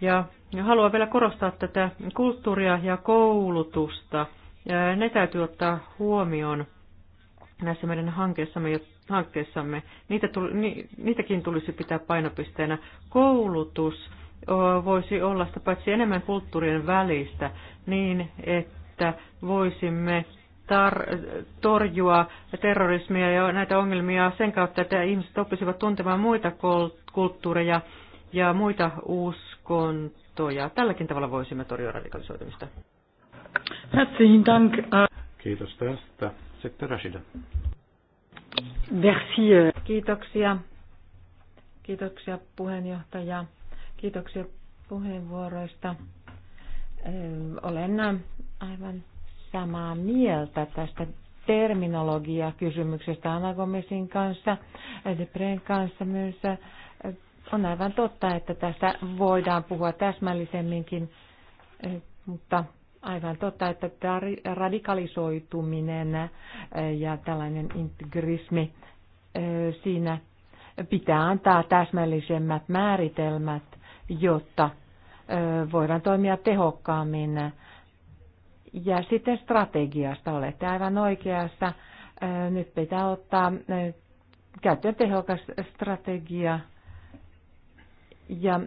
Ja haluan vielä korostaa tätä kulttuuria ja koulutusta. Ää, ne täytyy ottaa huomioon näissä meidän hankkeissamme, hankkeissamme niitä tuli, ni, niitäkin tulisi pitää painopisteenä. Koulutus voisi olla sitä paitsi enemmän kulttuurien välistä niin, että voisimme tar- torjua terrorismia ja näitä ongelmia sen kautta, että ihmiset oppisivat tuntemaan muita kulttuureja ja muita uskontoja. Tälläkin tavalla voisimme torjua radikalisoitumista. Äh. Kiitos tästä. Sitten Rashida. Merci. Euh. Kiitoksia. Kiitoksia puheenjohtaja. Kiitoksia puheenvuoroista. Olen aivan samaa mieltä tästä terminologiakysymyksestä Gomesin kanssa, Depren kanssa myös. On aivan totta, että tästä voidaan puhua täsmällisemminkin, mutta Aivan totta, että tämä radikalisoituminen ja tällainen integrismi, siinä pitää antaa täsmällisemmät määritelmät, jotta voidaan toimia tehokkaammin. Ja sitten strategiasta olette aivan oikeassa. Nyt pitää ottaa käyttöön tehokas strategia ja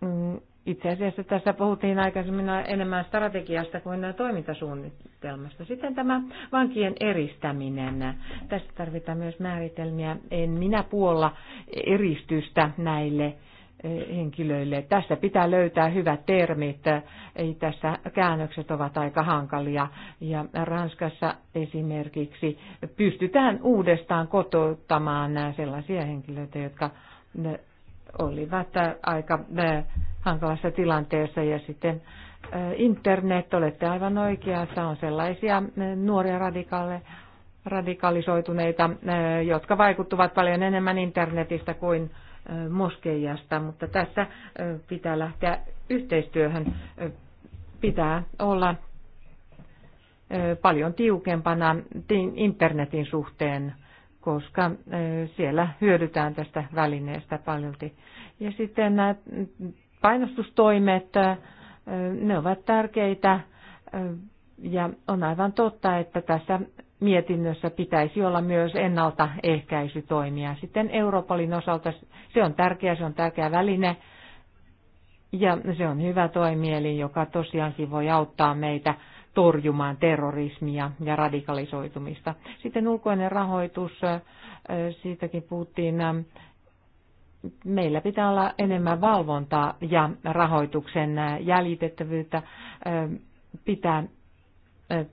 mm, itse asiassa tässä puhuttiin aikaisemmin enemmän strategiasta kuin toimintasuunnitelmasta. Sitten tämä vankien eristäminen. Tässä tarvitaan myös määritelmiä. En minä puolla eristystä näille eh, henkilöille. Tässä pitää löytää hyvät termit. Ei tässä käännökset ovat aika hankalia. Ja Ranskassa esimerkiksi pystytään uudestaan kotouttamaan sellaisia henkilöitä, jotka eh, olivat aika eh, hankalassa tilanteessa. Ja sitten internet, olette aivan oikeassa, on sellaisia nuoria radikaaleja radikalisoituneita, jotka vaikuttuvat paljon enemmän internetistä kuin moskeijasta, mutta tässä pitää lähteä yhteistyöhön. Pitää olla paljon tiukempana internetin suhteen, koska siellä hyödytään tästä välineestä paljolti. Ja sitten painostustoimet, ne ovat tärkeitä ja on aivan totta, että tässä mietinnössä pitäisi olla myös ennaltaehkäisytoimia. Sitten Europolin osalta se on tärkeä, se on tärkeä väline ja se on hyvä toimieli, joka tosiaankin voi auttaa meitä torjumaan terrorismia ja radikalisoitumista. Sitten ulkoinen rahoitus, siitäkin puhuttiin meillä pitää olla enemmän valvontaa ja rahoituksen jäljitettävyyttä pitää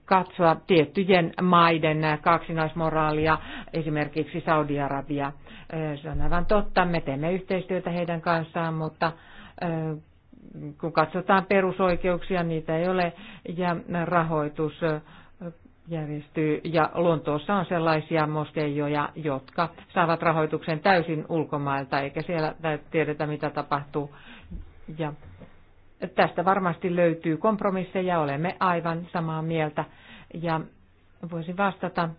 katsoa tiettyjen maiden kaksinaismoraalia, esimerkiksi Saudi-Arabia. Se on aivan totta, me teemme yhteistyötä heidän kanssaan, mutta kun katsotaan perusoikeuksia, niitä ei ole, ja rahoitus järjestyy ja Lontoossa on sellaisia moskeijoja, jotka saavat rahoituksen täysin ulkomailta, eikä siellä tiedetä mitä tapahtuu. Ja tästä varmasti löytyy kompromisseja, olemme aivan samaa mieltä. Ja voisin vastata,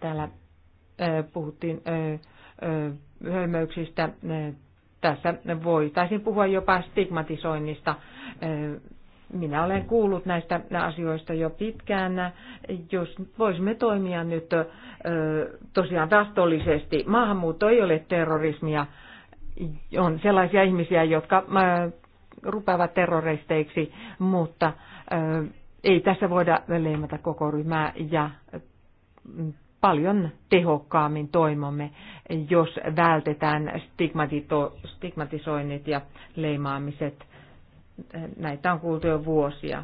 täällä puhuttiin hölmöyksistä, tässä voitaisiin puhua jopa stigmatisoinnista minä olen kuullut näistä asioista jo pitkään. Jos voisimme toimia nyt tosiaan vastuullisesti. Maahanmuutto ei ole terrorismia. On sellaisia ihmisiä, jotka rupeavat terroristeiksi, mutta ei tässä voida leimata koko ryhmää ja paljon tehokkaammin toimomme, jos vältetään stigmatisoinnit ja leimaamiset. Näitä on kuultu jo vuosia.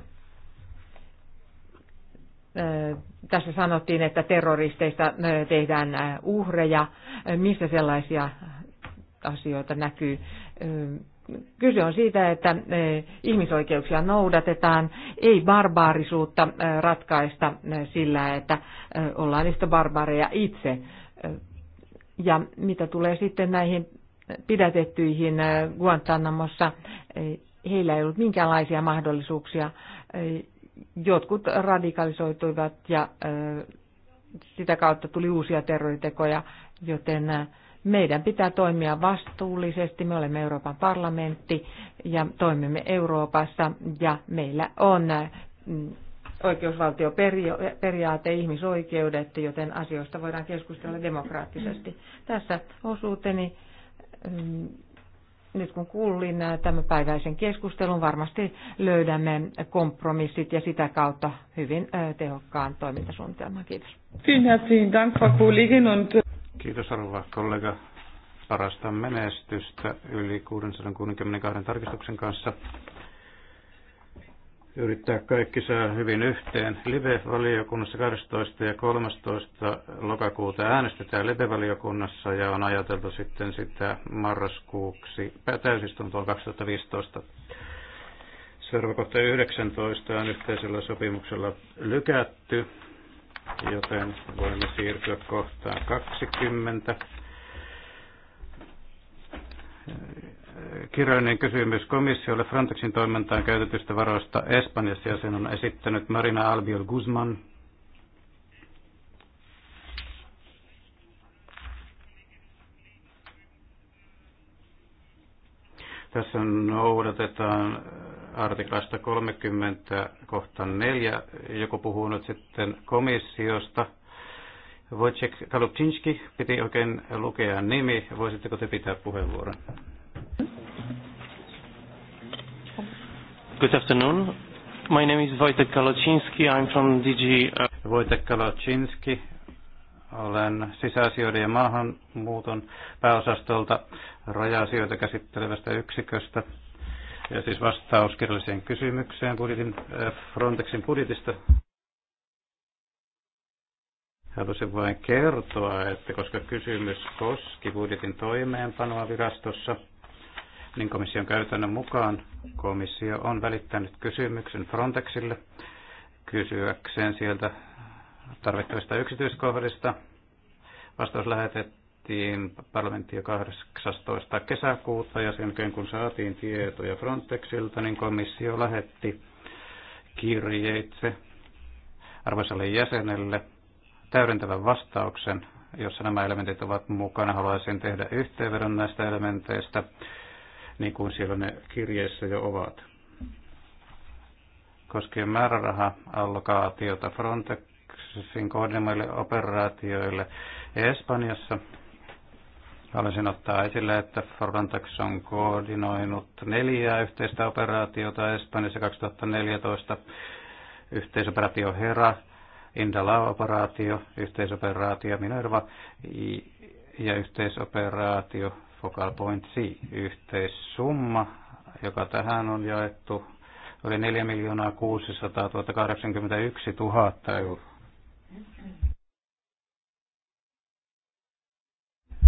Tässä sanottiin, että terroristeista tehdään uhreja. Missä sellaisia asioita näkyy? Kyse on siitä, että ihmisoikeuksia noudatetaan, ei barbaarisuutta ratkaista sillä, että ollaan niistä barbaareja itse. Ja mitä tulee sitten näihin pidätettyihin Guantanamossa, heillä ei ollut minkäänlaisia mahdollisuuksia. Jotkut radikalisoituivat ja sitä kautta tuli uusia terroritekoja, joten meidän pitää toimia vastuullisesti. Me olemme Euroopan parlamentti ja toimimme Euroopassa ja meillä on oikeusvaltioperiaate, ihmisoikeudet, joten asioista voidaan keskustella demokraattisesti. Tässä osuuteni nyt kun kuulin tämän päiväisen keskustelun, varmasti löydämme kompromissit ja sitä kautta hyvin tehokkaan toimintasuunnitelman. Kiitos. Äh, Kiitos arvoa kollega. Parasta menestystä yli 662 tarkistuksen kanssa yrittää kaikki saa hyvin yhteen. Live-valiokunnassa 12. ja 13. lokakuuta äänestetään Live-valiokunnassa ja on ajateltu sitten sitä marraskuuksi täysistuntoon 2015. Seuraava kohta 19 on yhteisellä sopimuksella lykätty, joten voimme siirtyä kohtaan 20 kirjallinen kysymys komissiolle Frontexin toimintaan käytetystä varoista Espanjassa ja sen on esittänyt Marina Albiol Guzman. Tässä noudatetaan artiklasta 30 kohta 4. Joku puhuu nyt sitten komissiosta. Wojciech Kalupczynski piti oikein lukea nimi. Voisitteko te pitää puheenvuoron? Good afternoon. My name is Wojtek Kalocinski. I'm from DG... Uh, Wojtek Kalocinski. Olen sisäasioiden ja maahanmuuton pääosastolta raja-asioita käsittelevästä yksiköstä. Ja siis vastaus kirjalliseen kysymykseen budjetin, äh, Frontexin budjetista. Halusin vain kertoa, että koska kysymys koski budjetin toimeenpanoa virastossa, niin komission käytännön mukaan komissio on välittänyt kysymyksen Frontexille kysyäkseen sieltä tarvittavista yksityiskohdista. Vastaus lähetettiin parlamenttiin 18. kesäkuuta ja sen jälkeen kun saatiin tietoja Frontexilta, niin komissio lähetti kirjeitse arvoisalle jäsenelle täydentävän vastauksen, jossa nämä elementit ovat mukana. Haluaisin tehdä yhteenvedon näistä elementeistä niin kuin siellä ne kirjeissä jo ovat. Koskien määräraha-allokaatiota Frontexin kohdemaille operaatioille Espanjassa, haluaisin ottaa esille, että Frontex on koordinoinut neljää yhteistä operaatiota Espanjassa 2014, yhteisoperaatio HERA, indala operaatio yhteisoperaatio Minerva ja yhteisoperaatio Focal Point C yhteissumma, joka tähän on jaettu, oli 4 miljoonaa 600 081 000 euroa.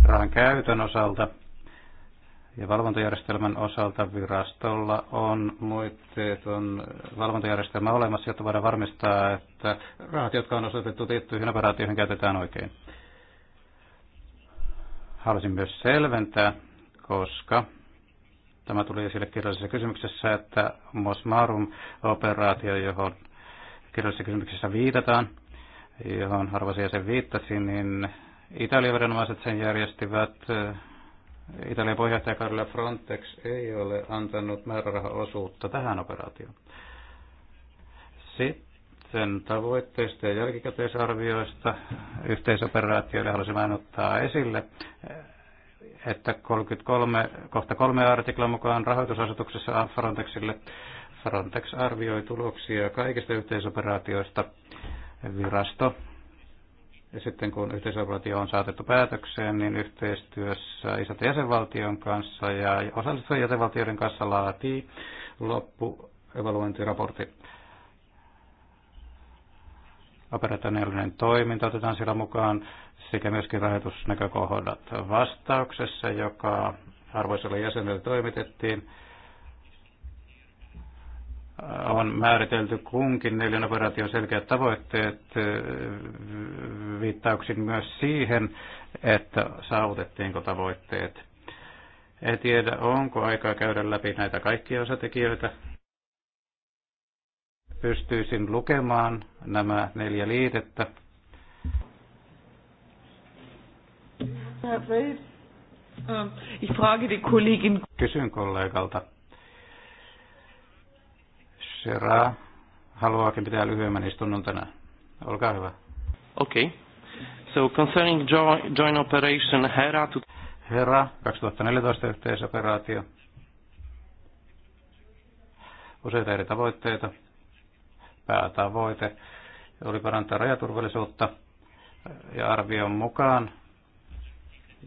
Rahan käytön osalta ja valvontajärjestelmän osalta virastolla on muitteeton valvontajärjestelmä olemassa, jotta voidaan varmistaa, että rahat, jotka on osoitettu tiettyihin operaatioihin, käytetään oikein. Halusin myös selventää, koska tämä tuli esille kirjallisessa kysymyksessä, että Mos Marum-operaatio, johon kirjallisessa kysymyksessä viitataan, johon harvasin jäsen viittasi, niin Italian viranomaiset sen järjestivät. Italian puheenjohtajakaudella Frontex ei ole antanut määrärahaosuutta tähän operaatioon. Sitten sen tavoitteista ja jälkikäteisarvioista yhteisoperaatioille haluaisin vain ottaa esille, että 33, kohta kolme artiklan mukaan rahoitusasetuksessa Frontexille Frontex arvioi tuloksia kaikista yhteisoperaatioista virasto. Ja sitten kun yhteisoperaatio on saatettu päätökseen, niin yhteistyössä isot jäsenvaltion kanssa ja osallistuvien jäsenvaltioiden kanssa laatii loppuevaluointiraportti operationaalinen toiminta otetaan siellä mukaan sekä myöskin rahoitusnäkökohdat. Vastauksessa, joka arvoiselle jäsenelle toimitettiin, on määritelty kunkin neljän operaation selkeät tavoitteet viittauksin myös siihen, että saavutettiinko tavoitteet. En tiedä, onko aikaa käydä läpi näitä kaikkia osatekijöitä, pystyisin lukemaan nämä neljä liitettä. Ähm, Kysyn kollegalta. Sera haluaakin pitää lyhyemmän istunnon tänään. Olkaa hyvä. Okei. Okay. So concerning joint operation Hera... To... Hera, 2014 yhteisoperaatio. Useita eri tavoitteita päätavoite oli parantaa rajaturvallisuutta ja arvion mukaan,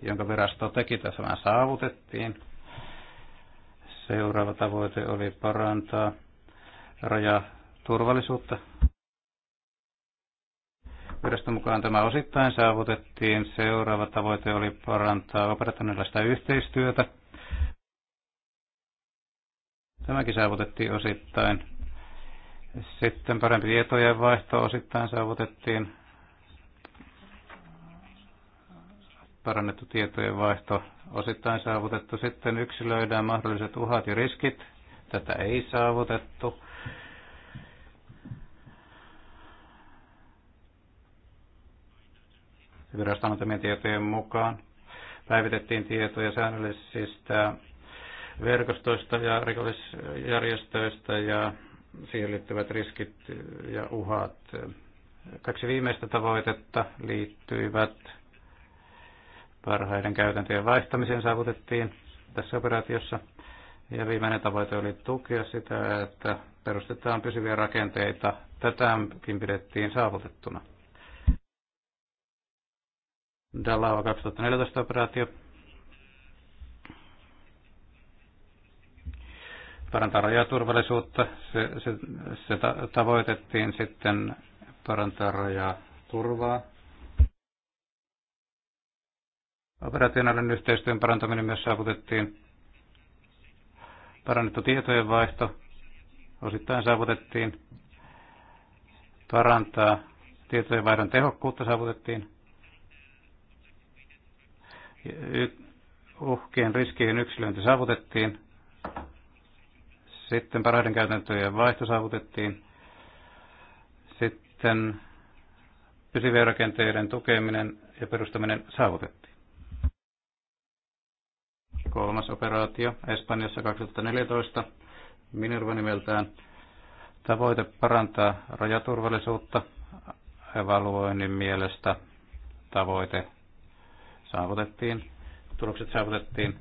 jonka virasto teki, tässä saavutettiin. Seuraava tavoite oli parantaa rajaturvallisuutta. Viraston mukaan tämä osittain saavutettiin. Seuraava tavoite oli parantaa operationaalista yhteistyötä. Tämäkin saavutettiin osittain sitten parempi tietojen vaihto osittain saavutettiin. Parannettu tietojen vaihto osittain saavutettu. Sitten yksilöidään mahdolliset uhat ja riskit. Tätä ei saavutettu. Viraston antamien tietojen mukaan päivitettiin tietoja säännöllisistä verkostoista ja rikollisjärjestöistä ja siihen liittyvät riskit ja uhat. Kaksi viimeistä tavoitetta liittyivät parhaiden käytäntöjen vaihtamiseen saavutettiin tässä operaatiossa. Ja viimeinen tavoite oli tukea sitä, että perustetaan pysyviä rakenteita. Tätäkin pidettiin saavutettuna. Dalava 2014 operaatio parantaa rajaturvallisuutta. Se, se, se ta- tavoitettiin sitten parantaa rajaturvaa. Operationaalinen yhteistyön parantaminen myös saavutettiin. Parannettu tietojenvaihto osittain saavutettiin. Parantaa tietojenvaihdon tehokkuutta saavutettiin. Uhkien riskien yksilöinti saavutettiin sitten parhaiden käytäntöjen vaihto saavutettiin. Sitten pysyvien rakenteiden tukeminen ja perustaminen saavutettiin. Kolmas operaatio Espanjassa 2014 Minerva nimeltään. Tavoite parantaa rajaturvallisuutta evaluoinnin mielestä tavoite saavutettiin, tulokset saavutettiin.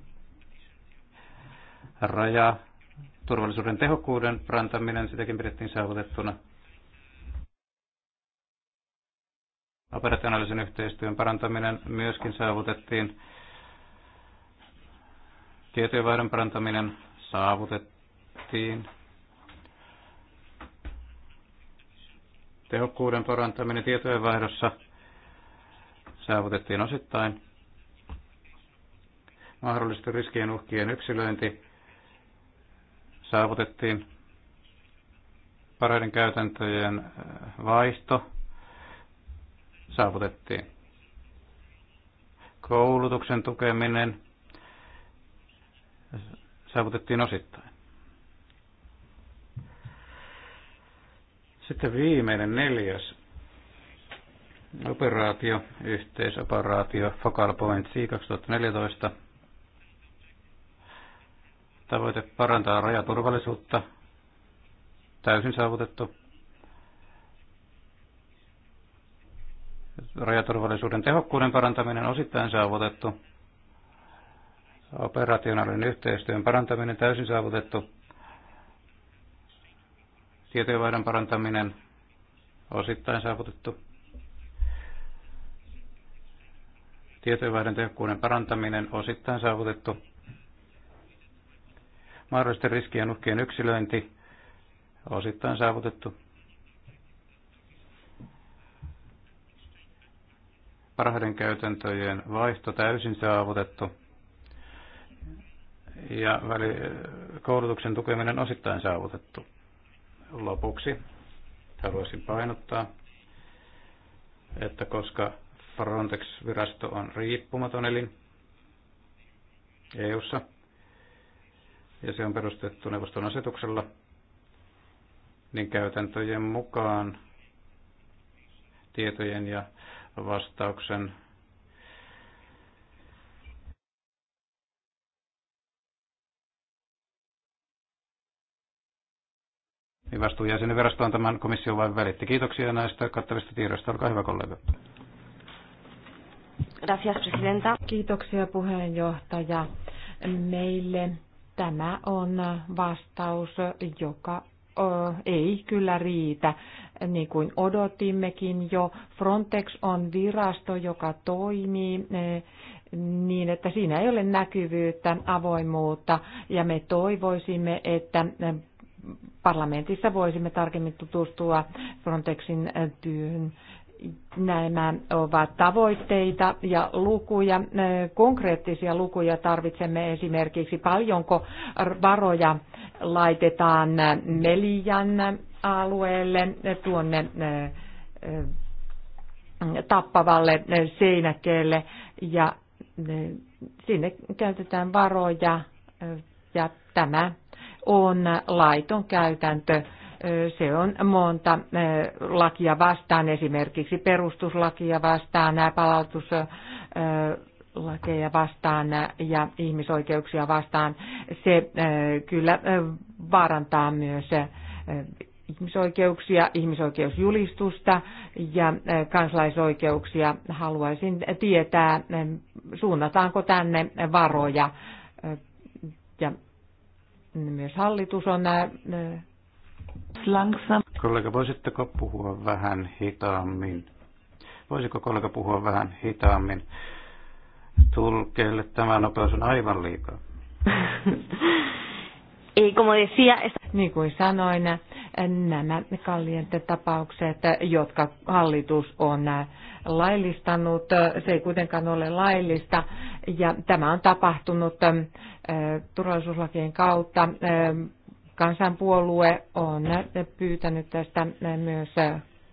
Raja Turvallisuuden tehokkuuden parantaminen, sitäkin pidettiin saavutettuna. Operationaalisen yhteistyön parantaminen myöskin saavutettiin. Tietojenvaihdon parantaminen saavutettiin. Tehokkuuden parantaminen tietojenvaihdossa saavutettiin osittain. Mahdollisten riskien uhkien yksilöinti saavutettiin parhaiden käytäntöjen äh, vaihto, saavutettiin koulutuksen tukeminen, saavutettiin osittain. Sitten viimeinen neljäs operaatio, yhteisoperaatio Focal Point C 2014 Tavoite parantaa rajaturvallisuutta. Täysin saavutettu. Rajaturvallisuuden tehokkuuden parantaminen osittain saavutettu. Operationaalinen yhteistyön parantaminen täysin saavutettu. Tietojenvaihdon parantaminen osittain saavutettu. Tietojenvaihdon tehokkuuden parantaminen osittain saavutettu. Mahdollisten riskien uhkien yksilöinti osittain saavutettu. Parhaiden käytäntöjen vaihto täysin saavutettu. Ja väli, koulutuksen tukeminen osittain saavutettu. Lopuksi haluaisin painottaa, että koska Frontex-virasto on riippumaton elin EU:ssa, ja se on perustettu neuvoston asetuksella, niin käytäntöjen mukaan tietojen ja vastauksen niin vastuujäsenen virastoon tämän komission vain välitti. Kiitoksia näistä kattavista tiedoista. Olkaa hyvä kollega. Gracias, presidenta. Kiitoksia puheenjohtaja. Meille Tämä on vastaus, joka ei kyllä riitä, niin kuin odotimmekin jo. Frontex on virasto, joka toimii niin, että siinä ei ole näkyvyyttä, avoimuutta, ja me toivoisimme, että parlamentissa voisimme tarkemmin tutustua Frontexin työhön Nämä ovat tavoitteita ja lukuja, konkreettisia lukuja tarvitsemme esimerkiksi paljonko varoja laitetaan Melian alueelle tuonne tappavalle seinäkeelle ja sinne käytetään varoja ja tämä on laiton käytäntö se on monta lakia vastaan, esimerkiksi perustuslakia vastaan, nämä palautuslakeja vastaan ja ihmisoikeuksia vastaan. Se kyllä vaarantaa myös ihmisoikeuksia, ihmisoikeusjulistusta ja kansalaisoikeuksia. Haluaisin tietää, suunnataanko tänne varoja. Ja myös hallitus on Langsam. Kollega, voisitteko puhua vähän hitaammin? Voisiko kollega puhua vähän hitaammin? Tulkeelle tämä nopeus on aivan liikaa. Ei, como decía, niin kuin sanoin, nämä kallienten tapaukset, jotka hallitus on laillistanut, se ei kuitenkaan ole laillista, ja tämä on tapahtunut turvallisuuslakien kautta Kansanpuolue on pyytänyt tästä myös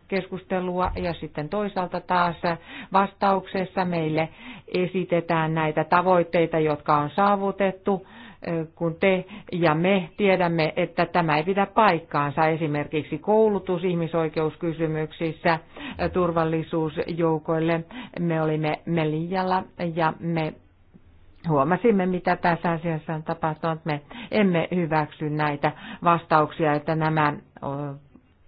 keskustelua ja sitten toisaalta taas vastauksessa meille esitetään näitä tavoitteita, jotka on saavutettu, kun te ja me tiedämme, että tämä ei pidä paikkaansa. Esimerkiksi koulutus ihmisoikeuskysymyksissä, turvallisuusjoukoille. Me olimme Melijalla ja me huomasimme, mitä tässä asiassa on tapahtunut. Me emme hyväksy näitä vastauksia, että nämä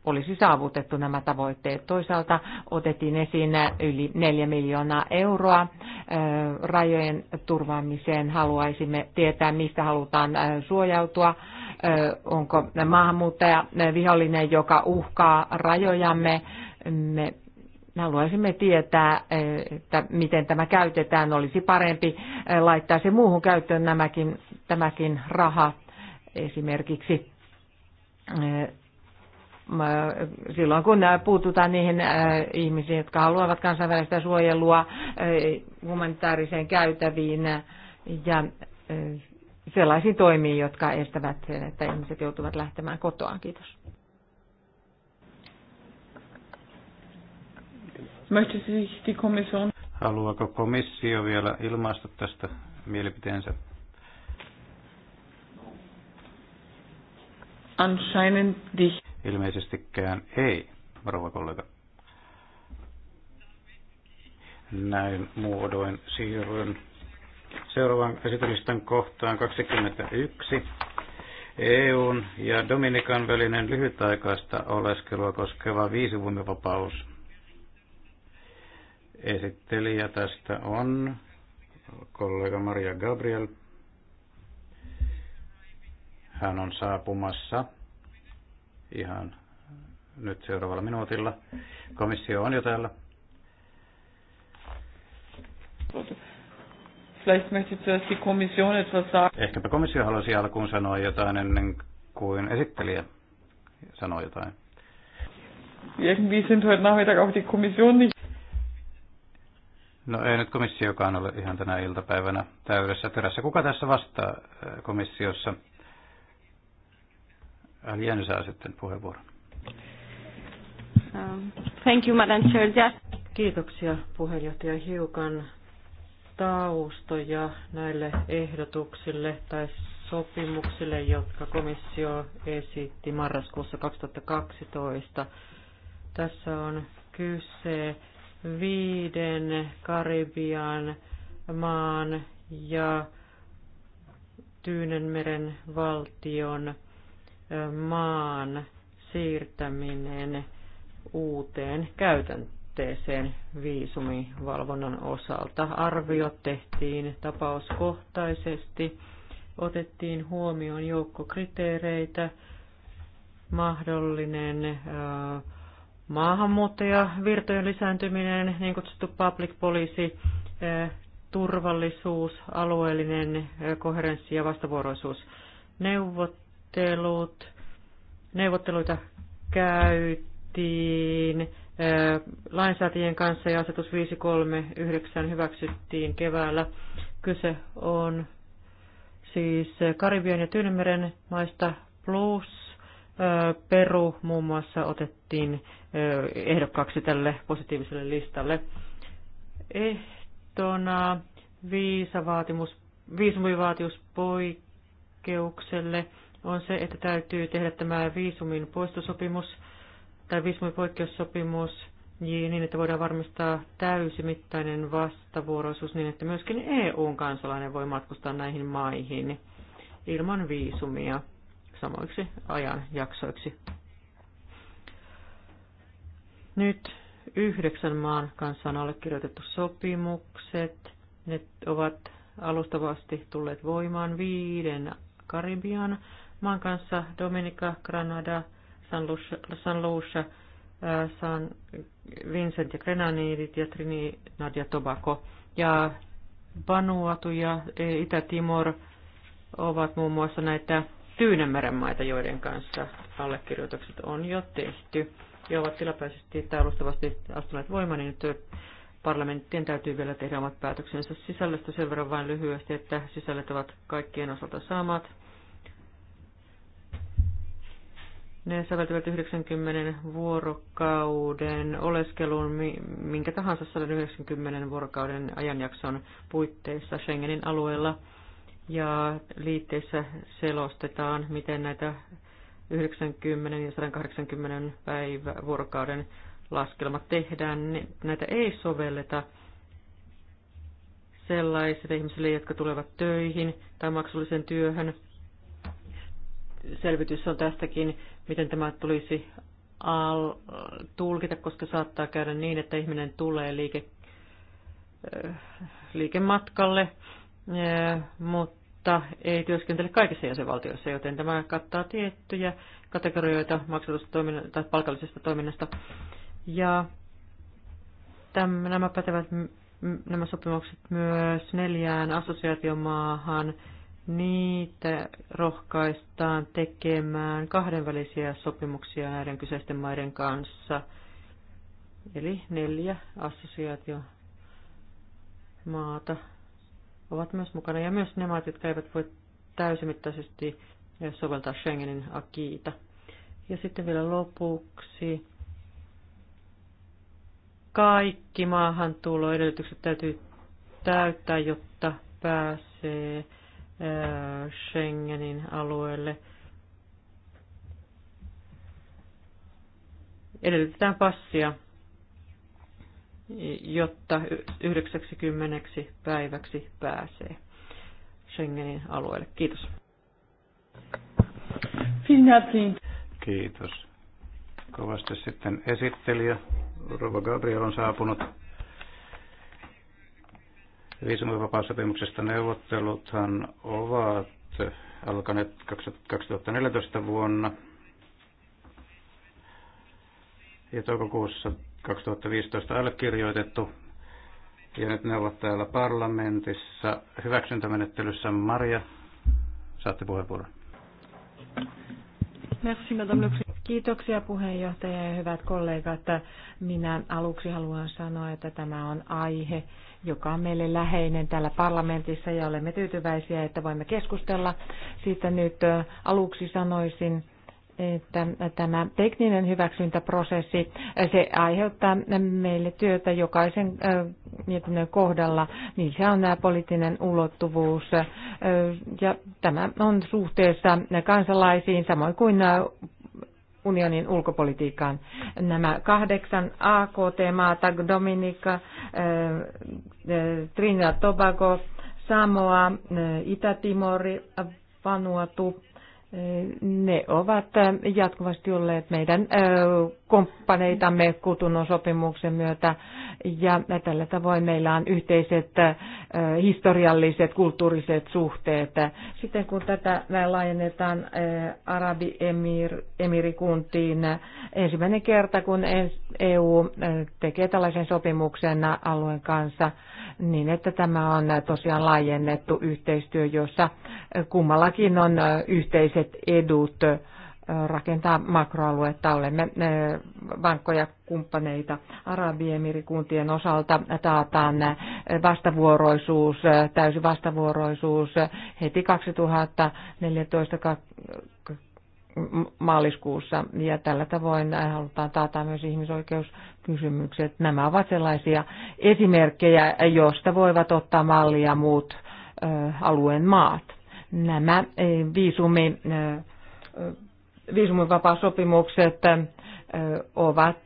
olisi saavutettu nämä tavoitteet. Toisaalta otettiin esiin yli 4 miljoonaa euroa rajojen turvaamiseen. Haluaisimme tietää, mistä halutaan suojautua. Onko maahanmuuttaja vihollinen, joka uhkaa rajojamme. Me me haluaisimme tietää, eh, että miten tämä käytetään. Olisi parempi eh, laittaa se muuhun käyttöön nämäkin, tämäkin raha esimerkiksi eh, silloin kun puututaan niihin ihmisiin, jotka haluavat kansainvälistä suojelua humanitaariseen käytäviin ja sellaisiin toimiin, jotka estävät sen, että ihmiset joutuvat lähtemään kotoaan. Kiitos. Haluaako komissio vielä ilmaista tästä mielipiteensä? Anscheinend dich. Ilmeisestikään ei, rouva kollega. Näin muodoin siirryn seuraavan esitylistan kohtaan 21. EUn ja Dominikan välinen lyhytaikaista oleskelua koskeva viisivuimivapaus. Esittelijä tästä on kollega Maria Gabriel. Hän on saapumassa ihan nyt seuraavalla minuutilla. Komissio on jo täällä. Ehkäpä komissio halusi alkuun sanoa jotain ennen kuin esittelijä sanoo jotain. Irgendwie sind heute Nachmittag auch die Kommission nicht No ei nyt komissiokaan ole ihan tänä iltapäivänä täydessä terässä. Kuka tässä vastaa äh, komissiossa? Alien äh, saa sitten puheenvuoron. Um, thank you, Madam Chair. Just... Kiitoksia puheenjohtaja. Hiukan taustoja näille ehdotuksille tai sopimuksille, jotka komissio esitti marraskuussa 2012. Tässä on kyse viiden Karibian maan ja Tyynenmeren valtion maan siirtäminen uuteen käytänteeseen viisumivalvonnan osalta. Arviot tehtiin tapauskohtaisesti, otettiin huomioon joukkokriteereitä, kriteereitä, mahdollinen äh, Maahanmuuttajavirtojen lisääntyminen, niin kutsuttu public policy, eh, turvallisuus, alueellinen eh, koherenssi ja vastavuoroisuus. Neuvottelut, neuvotteluita käytiin eh, lainsäätäjien kanssa ja asetus 539 hyväksyttiin keväällä. Kyse on siis Karibian ja Tyynemeren maista plus Peru muun muassa otettiin ehdokkaaksi tälle positiiviselle listalle. Ehtona viisavaatimus, poikkeukselle on se, että täytyy tehdä tämä viisumin poistosopimus tai poikkeussopimus niin, että voidaan varmistaa täysimittainen vastavuoroisuus niin, että myöskin eu kansalainen voi matkustaa näihin maihin ilman viisumia samoiksi ajanjaksoiksi. Nyt yhdeksän maan kanssa on allekirjoitettu sopimukset. Ne ovat alustavasti tulleet voimaan viiden Karibian maan kanssa, Dominica, Granada, San Lucia, San, Lucia, äh, San Vincent ja Grenadinit ja Trinidad ja Tobago. Ja Vanuatu ja Itä-Timor ovat muun muassa näitä Tyynemeren maita, joiden kanssa allekirjoitukset on jo tehty ja ovat tilapäisesti tai alustavasti astuneet voimaan, niin nyt parlamenttien täytyy vielä tehdä omat päätöksensä sisällöstä sen verran vain lyhyesti, että sisällöt ovat kaikkien osalta samat. Ne säveltyvät 90 vuorokauden oleskeluun minkä tahansa 190 vuorokauden ajanjakson puitteissa Schengenin alueella – ja liitteessä selostetaan, miten näitä 90 ja 180 päivä vuorokauden laskelmat tehdään. Näitä ei sovelleta sellaisille ihmisille, jotka tulevat töihin tai maksullisen työhön. Selvitys on tästäkin, miten tämä tulisi al- tulkita, koska saattaa käydä niin, että ihminen tulee liike, liikematkalle, mutta mutta ei työskentele kaikissa jäsenvaltioissa, joten tämä kattaa tiettyjä kategorioita maksatusta tai palkallisesta toiminnasta. Ja tämän, nämä pätevät nämä sopimukset myös neljään assosiaatiomaahan. Niitä rohkaistaan tekemään kahdenvälisiä sopimuksia näiden kyseisten maiden kanssa. Eli neljä assosiaatiomaata ovat myös mukana, ja myös ne maat, jotka eivät voi täysimittaisesti soveltaa Schengenin akiita. Ja sitten vielä lopuksi. Kaikki maahantuloedellytykset täytyy täyttää, jotta pääsee Schengenin alueelle. Edellytetään passia jotta 90 päiväksi pääsee Schengenin alueelle. Kiitos. Kiitos. Kovasti sitten esittelijä. Rova Gabriel on saapunut viisumivapaussopimuksesta neuvotteluthan ovat alkaneet 2014 vuonna. Ja toukokuussa 2015 allekirjoitettu. Ja nyt ne ovat täällä parlamentissa hyväksyntämenettelyssä. Maria, saatte puheenvuoron. Merci, madame le Kiitoksia puheenjohtaja ja hyvät kollegat. Minä aluksi haluan sanoa, että tämä on aihe, joka on meille läheinen täällä parlamentissa ja olemme tyytyväisiä, että voimme keskustella siitä nyt. Aluksi sanoisin, että tämä tekninen hyväksyntäprosessi, se aiheuttaa meille työtä jokaisen mietinnön kohdalla. Niissä on nämä poliittinen ulottuvuus ja tämä on suhteessa kansalaisiin samoin kuin unionin ulkopolitiikkaan. Nämä kahdeksan AKT-maata, Dominika, Trinidad Tobago, Samoa, Itä-Timori, Vanuatu, ne ovat jatkuvasti olleet meidän komppaneitamme kutunnon sopimuksen myötä ja tällä tavoin meillä on yhteiset historialliset, kulttuuriset suhteet. Sitten kun tätä laajennetaan Arabi-emirikuntiin ensimmäinen kerta kun EU e tekee tällaisen sopimuksen alueen kanssa, niin että tämä on tosiaan laajennettu yhteistyö, jossa kummallakin on yhteiset edut rakentaa makroaluetta. Olemme eh, vankkoja kumppaneita Arabiemirikuntien osalta. Taataan eh, vastavuoroisuus, eh, täysi vastavuoroisuus heti 2014 maaliskuussa ja tällä tavoin halutaan taata myös ihmisoikeuskysymykset. Nämä ovat sellaisia esimerkkejä, joista voivat ottaa mallia muut alueen maat. Nämä viisumi viisumivapaa ovat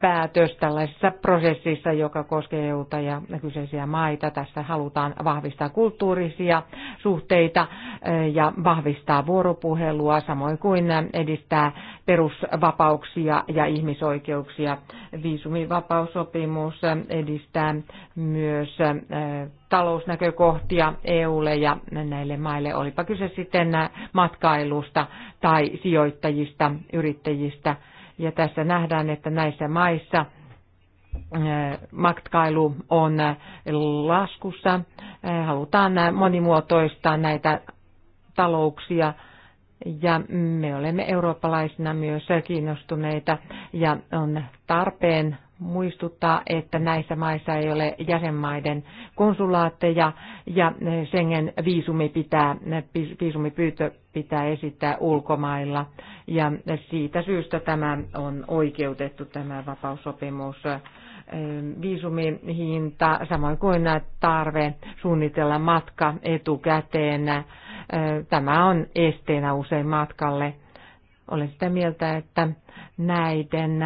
päätös tällaisessa prosessissa, joka koskee EUta ja kyseisiä maita. Tässä halutaan vahvistaa kulttuurisia suhteita eh, ja vahvistaa vuoropuhelua, samoin kuin edistää perusvapauksia ja ihmisoikeuksia. Viisumivapaussopimus edistää myös eh, talousnäkökohtia EUlle ja näille maille, olipa kyse sitten matkailusta tai sijoittajista, yrittäjistä – ja tässä nähdään, että näissä maissa äh, matkailu on laskussa. Äh, halutaan monimuotoistaa näitä talouksia ja me olemme eurooppalaisina myös kiinnostuneita ja on tarpeen muistuttaa, että näissä maissa ei ole jäsenmaiden konsulaatteja ja Schengen viisumi pitää, viisumipyyntö pitää esittää ulkomailla. Ja siitä syystä tämä on oikeutettu, tämä vapaussopimus viisumihinta, samoin kuin tarve suunnitella matka etukäteen. Tämä on esteenä usein matkalle. Olen sitä mieltä, että näiden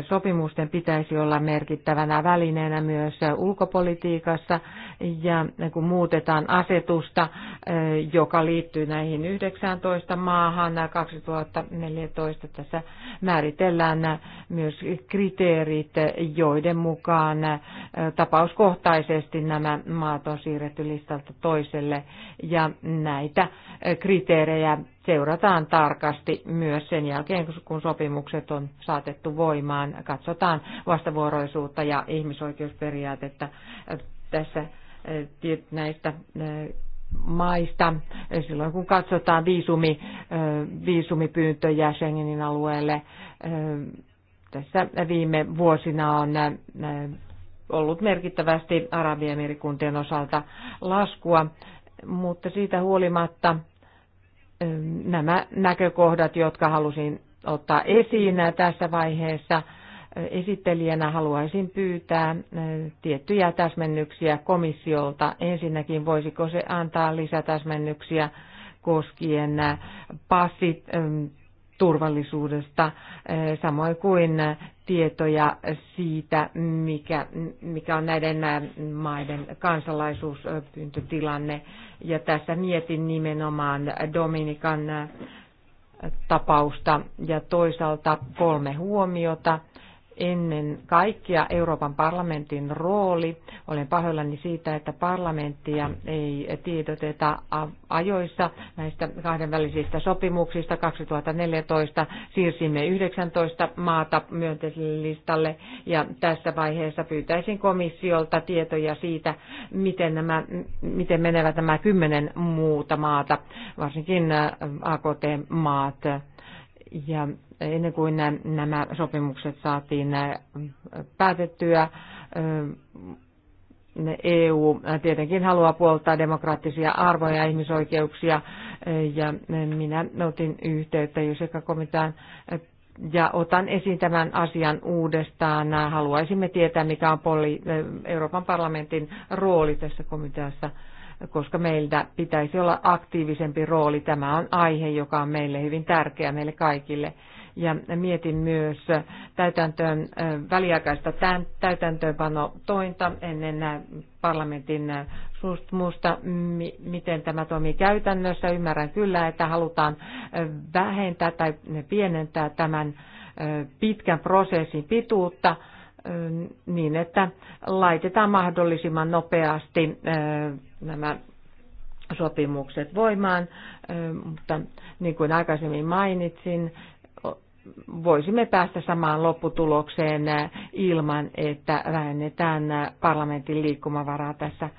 sopimusten pitäisi olla merkittävänä välineenä myös ulkopolitiikassa ja kun muutetaan asetusta, joka liittyy näihin 19 maahan 2014 tässä määritellään myös kriteerit, joiden mukaan tapauskohtaisesti nämä maat on siirretty listalta toiselle ja näitä kriteerejä seurataan tarkasti myös sen jälkeen, kun sopimukset sopimukset on saatettu voimaan. Katsotaan vastavuoroisuutta ja ihmisoikeusperiaatetta tässä eh, näistä eh, maista. Silloin kun katsotaan viisumi, eh, viisumipyyntöjä Schengenin alueelle, tässä viime vuosina on ollut merkittävästi Arabiamerikuntien osalta laskua, mutta siitä huolimatta nämä näkökohdat, jotka halusin ottaa esiin tässä vaiheessa. Esittelijänä haluaisin pyytää tiettyjä täsmennyksiä komissiolta. Ensinnäkin voisiko se antaa lisätäsmennyksiä koskien passit turvallisuudesta, samoin kuin tietoja siitä, mikä, mikä on näiden maiden kansalaisuuspyyntötilanne. Ja tässä mietin nimenomaan Dominikan tapausta ja toisaalta kolme huomiota ennen kaikkea Euroopan parlamentin rooli. Olen pahoillani siitä, että parlamenttia ei tiedoteta ajoissa näistä kahdenvälisistä sopimuksista. 2014 siirsimme 19 maata myönteiselle listalle ja tässä vaiheessa pyytäisin komissiolta tietoja siitä, miten, nämä, miten menevät nämä kymmenen muuta maata, varsinkin AKT-maat. Ja ennen kuin nämä sopimukset saatiin päätettyä. EU e tietenkin haluaa puoltaa demokraattisia arvoja ja ihmisoikeuksia, ja minä otin yhteyttä Juseka-komitean ja otan esiin tämän asian uudestaan. Haluaisimme tietää, mikä on poli- Euroopan parlamentin rooli tässä komiteassa, koska meiltä pitäisi olla aktiivisempi rooli. Tämä on aihe, joka on meille hyvin tärkeä, meille kaikille ja mietin myös täytäntöön, väliaikaista täytäntöönpanotointa ennen parlamentin suostumusta, miten tämä toimii käytännössä. Ymmärrän kyllä, että halutaan vähentää tai pienentää tämän pitkän prosessin pituutta niin, että laitetaan mahdollisimman nopeasti nämä sopimukset voimaan, mutta niin kuin aikaisemmin mainitsin, voisimme päästä samaan lopputulokseen ilman, että vähennetään parlamentin liikkumavaraa tässä.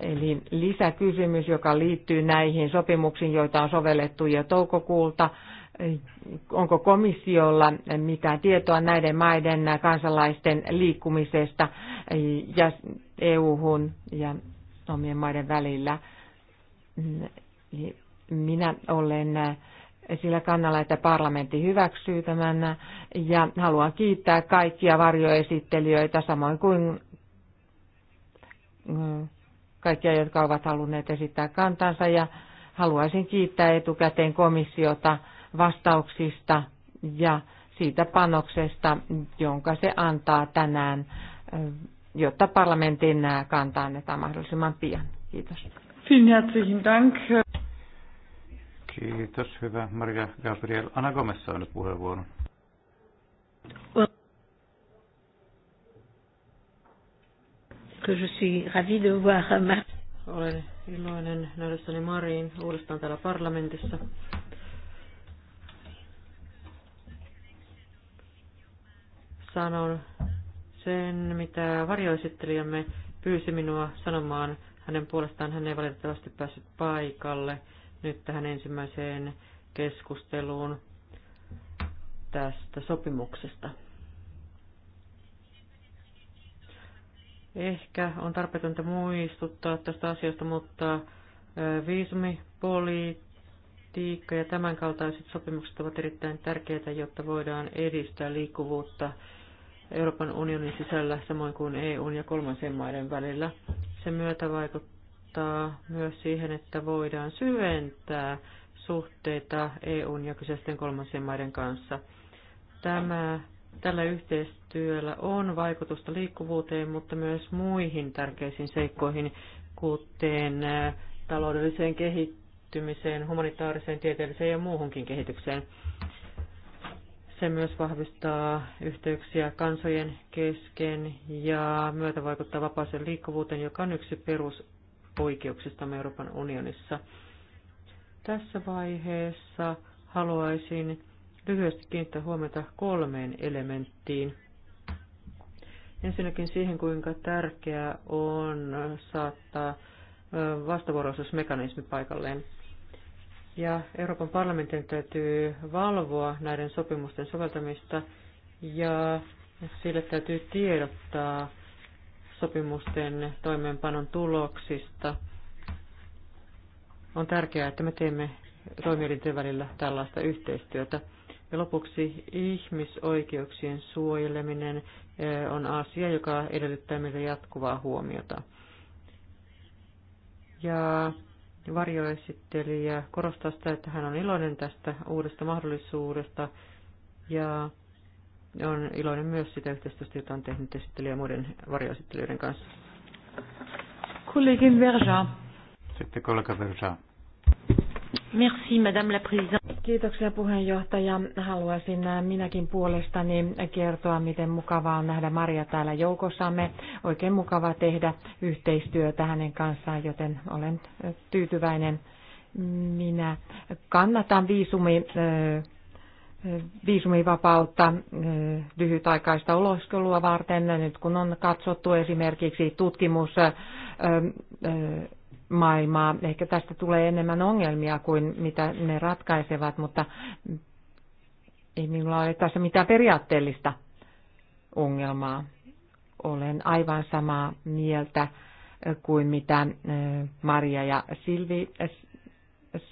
Eli lisäkysymys, joka liittyy näihin sopimuksiin, joita on sovellettu jo toukokuulta. Onko komissiolla mitään tietoa näiden maiden kansalaisten liikkumisesta ja EU-hun ja omien maiden välillä? Minä olen sillä kannalla, että parlamentti hyväksyy tämän. Ja haluan kiittää kaikkia varjoesittelijöitä, samoin kuin mm, kaikkia, jotka ovat halunneet esittää kantansa. Ja haluaisin kiittää etukäteen komissiota vastauksista ja siitä panoksesta, jonka se antaa tänään, jotta parlamentin kanta annetaan mahdollisimman pian. Kiitos. Vielen herzlichen Dank. Kiitos, hyvä Maria Gabriel. Ana Gomes saa nyt puheenvuoron. Olen iloinen nähdessäni Mariin uudestaan täällä parlamentissa. Sanon sen, mitä varjoesittelijämme pyysi minua sanomaan hänen puolestaan. Hän ei valitettavasti päässyt paikalle nyt tähän ensimmäiseen keskusteluun tästä sopimuksesta. Ehkä on tarpeetonta muistuttaa tästä asiasta, mutta viisumipolitiikka ja tämänkaltaiset sopimukset ovat erittäin tärkeitä, jotta voidaan edistää liikkuvuutta Euroopan unionin sisällä samoin kuin EUn ja kolmansien maiden välillä. Sen myötä vaikuttaa johtaa myös siihen, että voidaan syventää suhteita EUn ja kyseisten kolmansien maiden kanssa. Tämä, tällä yhteistyöllä on vaikutusta liikkuvuuteen, mutta myös muihin tärkeisiin seikkoihin, kuten taloudelliseen kehittymiseen, humanitaariseen, tieteelliseen ja muuhunkin kehitykseen. Se myös vahvistaa yhteyksiä kansojen kesken ja myötävaikuttaa vapaaseen liikkuvuuteen, joka on yksi perus oikeuksistamme Euroopan unionissa. Tässä vaiheessa haluaisin lyhyesti kiinnittää huomiota kolmeen elementtiin. Ensinnäkin siihen, kuinka tärkeää on saattaa vastavuoroisuusmekanismi paikalleen. Ja Euroopan parlamentin täytyy valvoa näiden sopimusten soveltamista ja sille täytyy tiedottaa sopimusten toimeenpanon tuloksista. On tärkeää, että me teemme toimielinten välillä tällaista yhteistyötä. Ja lopuksi ihmisoikeuksien suojeleminen eh, on asia, joka edellyttää meille jatkuvaa huomiota. Ja varjoesittelijä korostaa sitä, että hän on iloinen tästä uudesta mahdollisuudesta ja on iloinen myös sitä yhteistyöstä, jota on tehnyt esittelijä muiden varjoesittelijöiden kanssa. Kollegin Verja. Sitten kollega Verja. Merci, Madame la Présidente. Kiitoksia puheenjohtaja. Haluaisin äh, minäkin puolestani kertoa, miten mukavaa on nähdä Maria täällä joukossamme. Oikein mukava tehdä yhteistyötä hänen kanssaan, joten olen äh, tyytyväinen. Minä kannatan viisumi äh, viisumivapautta eh, lyhytaikaista oloskelua varten. Nyt kun on katsottu esimerkiksi tutkimus eh, eh, maailmaa. Ehkä tästä tulee enemmän ongelmia kuin mitä ne ratkaisevat, mutta ei minulla ole tässä mitään periaatteellista ongelmaa. Olen aivan samaa mieltä kuin mitä Maria ja Silvi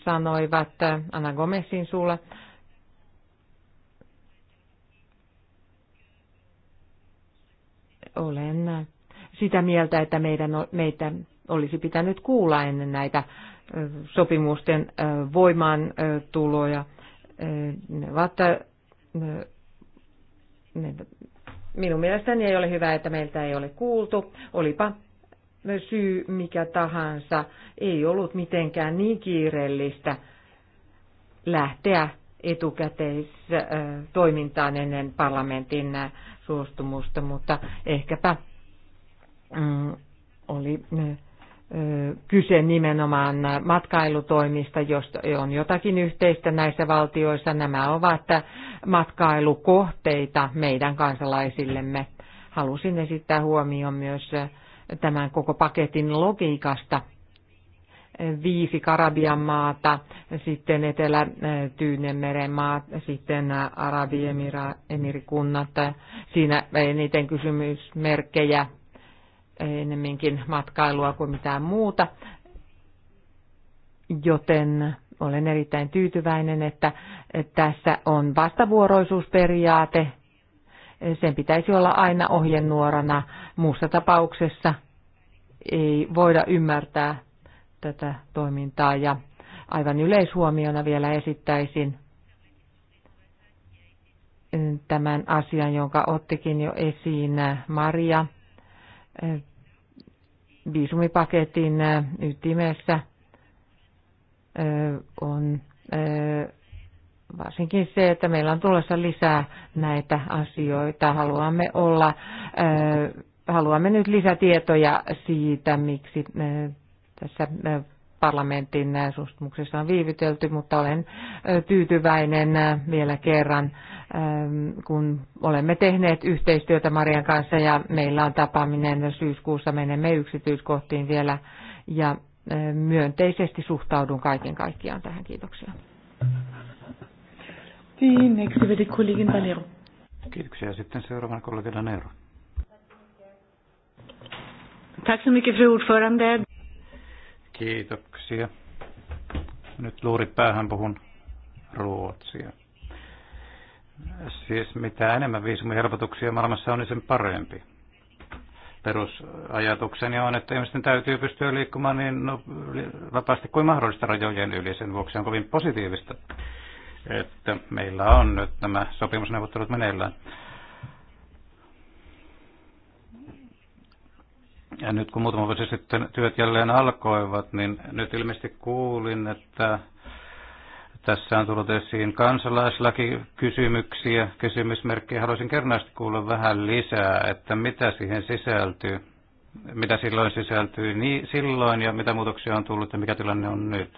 sanoivat Anna Gomesin suulla. olen sitä mieltä, että meidän, meitä olisi pitänyt kuulla ennen näitä sopimusten voimaan tuloja. Ne ovat, ne, minun mielestäni ei ole hyvä, että meiltä ei ole kuultu. Olipa syy mikä tahansa, ei ollut mitenkään niin kiireellistä lähteä etukäteistoimintaan ennen parlamentin suostumusta, mutta ehkäpä mm, oli kyse nimenomaan matkailutoimista, jos on jotakin yhteistä näissä valtioissa. Nämä ovat matkailukohteita meidän kansalaisillemme. Halusin esittää huomioon myös tämän koko paketin logiikasta – viisi Karabian maata, sitten etelä tyynemeren maat, sitten Arabiemirikunnat. Siinä eniten kysymysmerkkejä enemminkin matkailua kuin mitään muuta. Joten olen erittäin tyytyväinen, että tässä on vastavuoroisuusperiaate. Sen pitäisi olla aina ohjenuorana. Muussa tapauksessa ei voida ymmärtää tätä toimintaa. Ja aivan yleishuomiona vielä esittäisin tämän asian, jonka ottikin jo esiin Maria viisumipaketin ytimessä on varsinkin se, että meillä on tulossa lisää näitä asioita. Haluamme olla, haluamme nyt lisätietoja siitä, miksi tässä parlamentin suostumuksessa on viivytelty, mutta olen tyytyväinen vielä kerran, kun olemme tehneet yhteistyötä Marian kanssa ja meillä on tapaaminen syyskuussa. Menemme yksityiskohtiin vielä ja myönteisesti suhtaudun kaiken kaikkiaan tähän. Kiitoksia. Niin, Kiitoksia. Sitten seuraavana kollegina Neuro. Tack så mycket, fru ordförande. Kiitoksia. Nyt luuri päähän puhun ruotsia. Siis mitä enemmän viisumihelpotuksia maailmassa on, niin sen parempi. Perusajatukseni on, että ihmisten täytyy pystyä liikkumaan niin no, vapaasti kuin mahdollista rajojen yli. Sen vuoksi on kovin positiivista, että meillä on nyt nämä sopimusneuvottelut meneillään. Ja nyt kun muutama vuosi sitten työt jälleen alkoivat, niin nyt ilmeisesti kuulin, että tässä on tullut esiin kansalaislakikysymyksiä, kysymysmerkkejä. Haluaisin kernaasti kuulla vähän lisää, että mitä siihen sisältyy, mitä silloin sisältyy niin silloin ja mitä muutoksia on tullut ja mikä tilanne on nyt.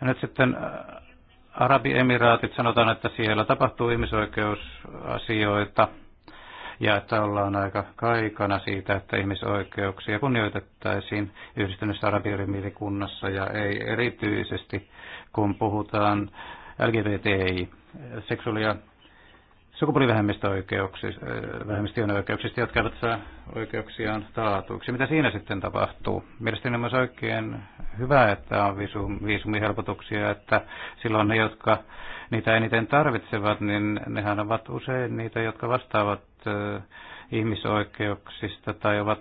Ja nyt sitten äh, Arabiemiraatit, sanotaan, että siellä tapahtuu ihmisoikeusasioita – ja että ollaan aika kaikana siitä, että ihmisoikeuksia kunnioitettaisiin yhdistyneessä arabiyrimielikunnassa ja ei erityisesti, kun puhutaan LGBTI, seksuaali- ja sukupuolivähemmistöjen oikeuksista, äh, jotka eivät saa oikeuksiaan taatuiksi. Mitä siinä sitten tapahtuu? Mielestäni on myös oikein hyvä, että on viisumihelpotuksia, että silloin ne, jotka niitä eniten tarvitsevat, niin nehän ovat usein niitä, jotka vastaavat ihmisoikeuksista tai ovat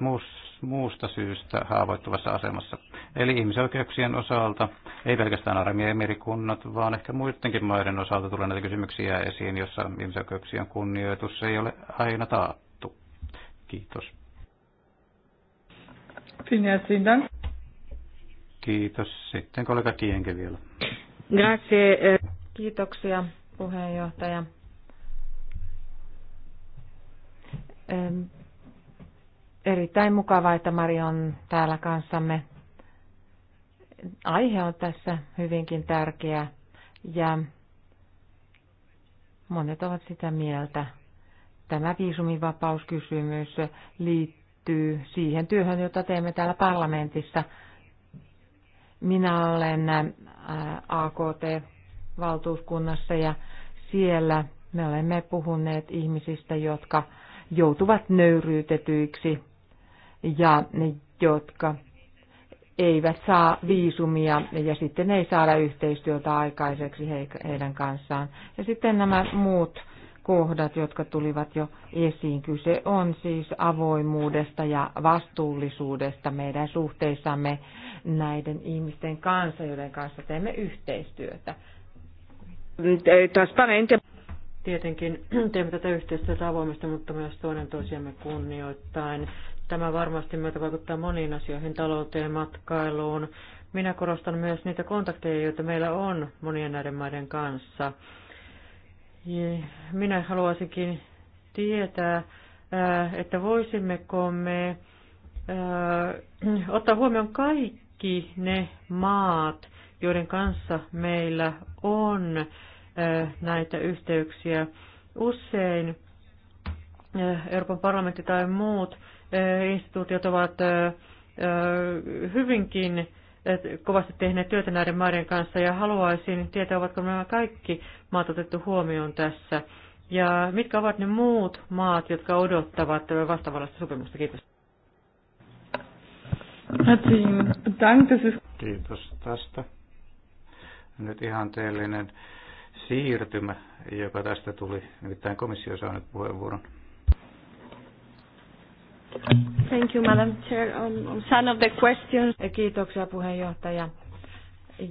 muusta syystä haavoittuvassa asemassa. Eli ihmisoikeuksien osalta, ei pelkästään armiemerikunnat, vaan ehkä muidenkin maiden osalta tulee näitä kysymyksiä esiin, jossa ihmisoikeuksien kunnioitus ei ole aina taattu. Kiitos. Kiitos. Sitten kollega Kienke vielä. Grazie. Eh. Kiitoksia puheenjohtaja. Erittäin mukavaa, että Mari on täällä kanssamme. Aihe on tässä hyvinkin tärkeä ja monet ovat sitä mieltä. Tämä viisumivapauskysymys liittyy siihen työhön, jota teemme täällä parlamentissa. Minä olen AKT-valtuuskunnassa ja siellä me olemme puhuneet ihmisistä, jotka joutuvat nöyryytetyiksi ja ne, jotka eivät saa viisumia ja sitten ei saada yhteistyötä aikaiseksi heidän kanssaan. Ja sitten nämä muut kohdat, jotka tulivat jo esiin. Kyse on siis avoimuudesta ja vastuullisuudesta meidän suhteissamme näiden ihmisten kanssa, joiden kanssa teemme yhteistyötä. Transparente. Tietenkin teemme tätä yhteistyötä avoimesti, mutta myös toinen toisiamme kunnioittain. Tämä varmasti myötä vaikuttaa moniin asioihin, talouteen, matkailuun. Minä korostan myös niitä kontakteja, joita meillä on monien näiden maiden kanssa. Minä haluaisinkin tietää, äh, että voisimmeko me äh, ottaa huomioon kaikki ne maat, joiden kanssa meillä on näitä yhteyksiä. Usein Euroopan parlamentti tai muut instituutiot ovat hyvinkin kovasti tehneet työtä näiden maiden kanssa ja haluaisin tietää, ovatko nämä kaikki maat otettu huomioon tässä. Ja mitkä ovat ne muut maat, jotka odottavat vastaavallista sopimusta? Kiitos. Kiitos tästä. Nyt ihanteellinen siirtymä, joka tästä tuli. Nimittäin komissio saa nyt puheenvuoron. Thank you, Madam Chair. Um, um some of the questions. Kiitoksia puheenjohtaja.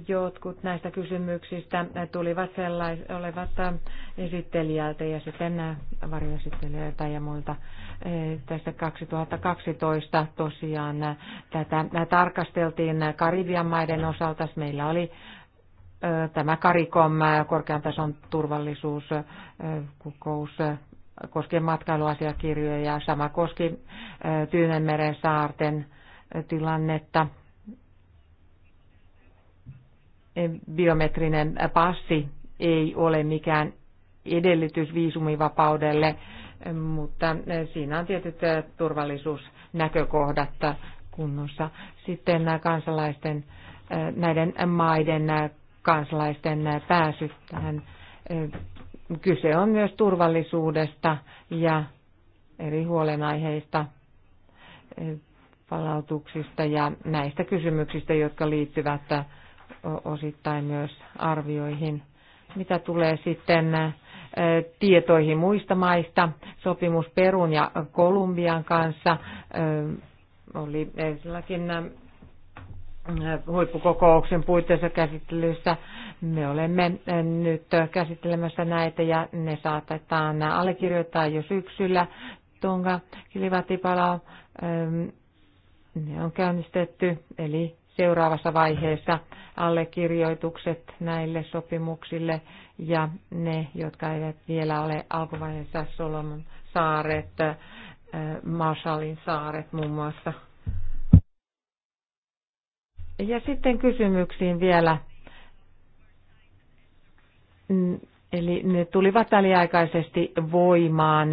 Jotkut näistä kysymyksistä tulivat sellais, olevat äh, esittelijältä ja sitten äh, varjoesittelijältä ja muilta. Äh, Tässä 2012 tosiaan tätä tarkasteltiin Karibian maiden osalta. Meillä oli tämä Karikom korkean tason turvallisuuskokous koskee matkailuasiakirjoja ja sama koski Tyynenmeren saarten tilannetta. E, biometrinen passi ei ole mikään edellytys viisumivapaudelle, mutta siinä on tietyt turvallisuusnäkökohdat kunnossa. Sitten kansalaisten näiden maiden kansalaisten pääsy tähän. Kyse on myös turvallisuudesta ja eri huolenaiheista, palautuksista ja näistä kysymyksistä, jotka liittyvät osittain myös arvioihin. Mitä tulee sitten tietoihin muista maista, sopimus Perun ja Kolumbian kanssa oli sellakin huippukokouksen puitteissa käsittelyssä. Me olemme nyt käsittelemässä näitä ja ne saatetaan allekirjoittaa jo syksyllä. Tonga Kilivatipala, ähm, ne on käynnistetty, eli seuraavassa vaiheessa allekirjoitukset näille sopimuksille ja ne, jotka eivät vielä ole alkuvaiheessa Solomon saaret, äh, Marshallin saaret muun muassa ja sitten kysymyksiin vielä. Mm, eli ne tulivat väliaikaisesti voimaan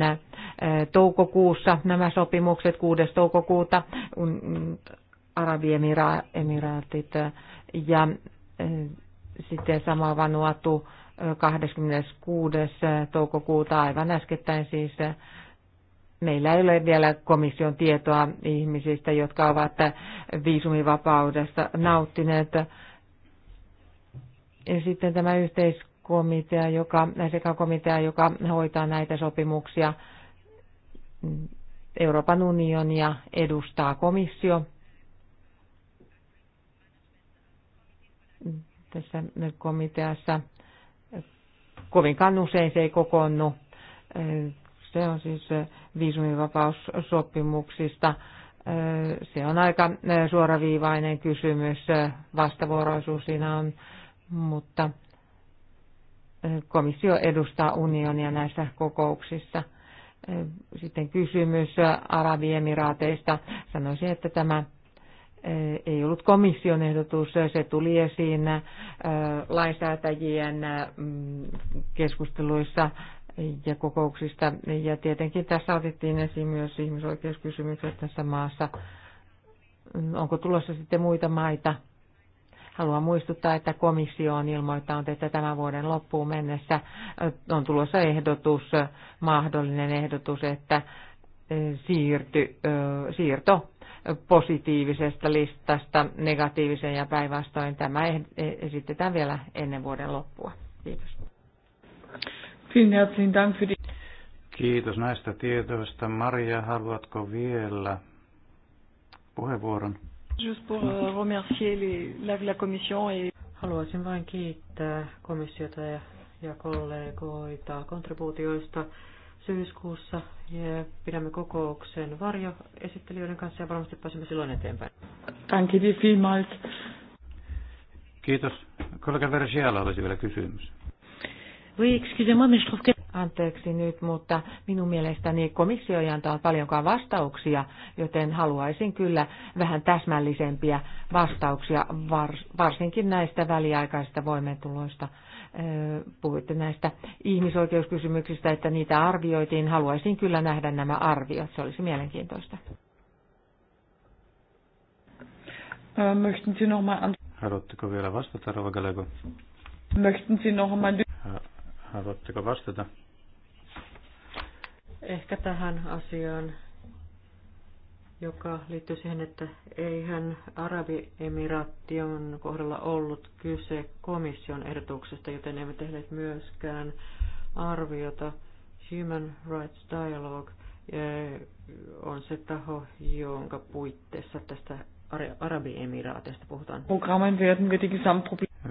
toukokuussa, nämä sopimukset 6. toukokuuta, Arabiemiraatit ja sitten sama Vanuatu 26. toukokuuta aivan äskettäin siis meillä ei ole vielä komission tietoa ihmisistä, jotka ovat viisumivapaudesta nauttineet. Ja sitten tämä yhteiskomitea, joka, sekä komitea, joka hoitaa näitä sopimuksia, Euroopan unionia edustaa komissio. Tässä komiteassa kovinkaan usein se ei kokoonnu se on siis eh, viisumivapaussopimuksista. Eh, se on aika eh, suoraviivainen kysymys. Vastavuoroisuus siinä on, mutta komissio edustaa unionia näissä kokouksissa. Sitten kysymys Arabiemiraateista. Sanoisin, että tämä ei ollut komission ehdotus, se tuli esiin lainsäätäjien mm, keskusteluissa ja kokouksista. Ja tietenkin tässä otettiin esiin myös ihmisoikeuskysymykset tässä maassa. Onko tulossa sitten muita maita? Haluan muistuttaa, että komissio on ilmoittanut, että tämän vuoden loppuun mennessä on tulossa ehdotus, mahdollinen ehdotus, että siirty, siirto positiivisesta listasta negatiiviseen ja päinvastoin. Tämä e- esitetään vielä ennen vuoden loppua. Kiitos. Kiitos näistä tiedoista. Maria, haluatko vielä puheenvuoron? Just pour euh, remercier les, la, commission et... Haluaisin vain kiittää komissiota ja, ja kollegoita kontribuutioista syyskuussa ja pidämme kokouksen varjoesittelijöiden kanssa ja varmasti pääsemme silloin eteenpäin. Kiitos. Kollega Versiala olisi vielä kysymys. Oui, excusez-moi, mais je trouve que... Anteeksi nyt, mutta minun mielestäni komissio ei antaa paljonkaan vastauksia, joten haluaisin kyllä vähän täsmällisempiä vastauksia, varsinkin näistä väliaikaisista voimentuloista. Puhuitte näistä ihmisoikeuskysymyksistä, että niitä arvioitiin. Haluaisin kyllä nähdä nämä arviot, se olisi mielenkiintoista. Haluatteko vielä vastata, Rova Galego? Möchten Sie noch einmal... Haluatteko vastata? Ehkä tähän asiaan, joka liittyy siihen, että eihän Arabiemiraation kohdalla ollut kyse komission ehdotuksesta, joten emme tehneet myöskään arviota. Human Rights Dialogue eh, on se taho, jonka puitteissa tästä Arabiemiraatista puhutaan. Programmen werden wir die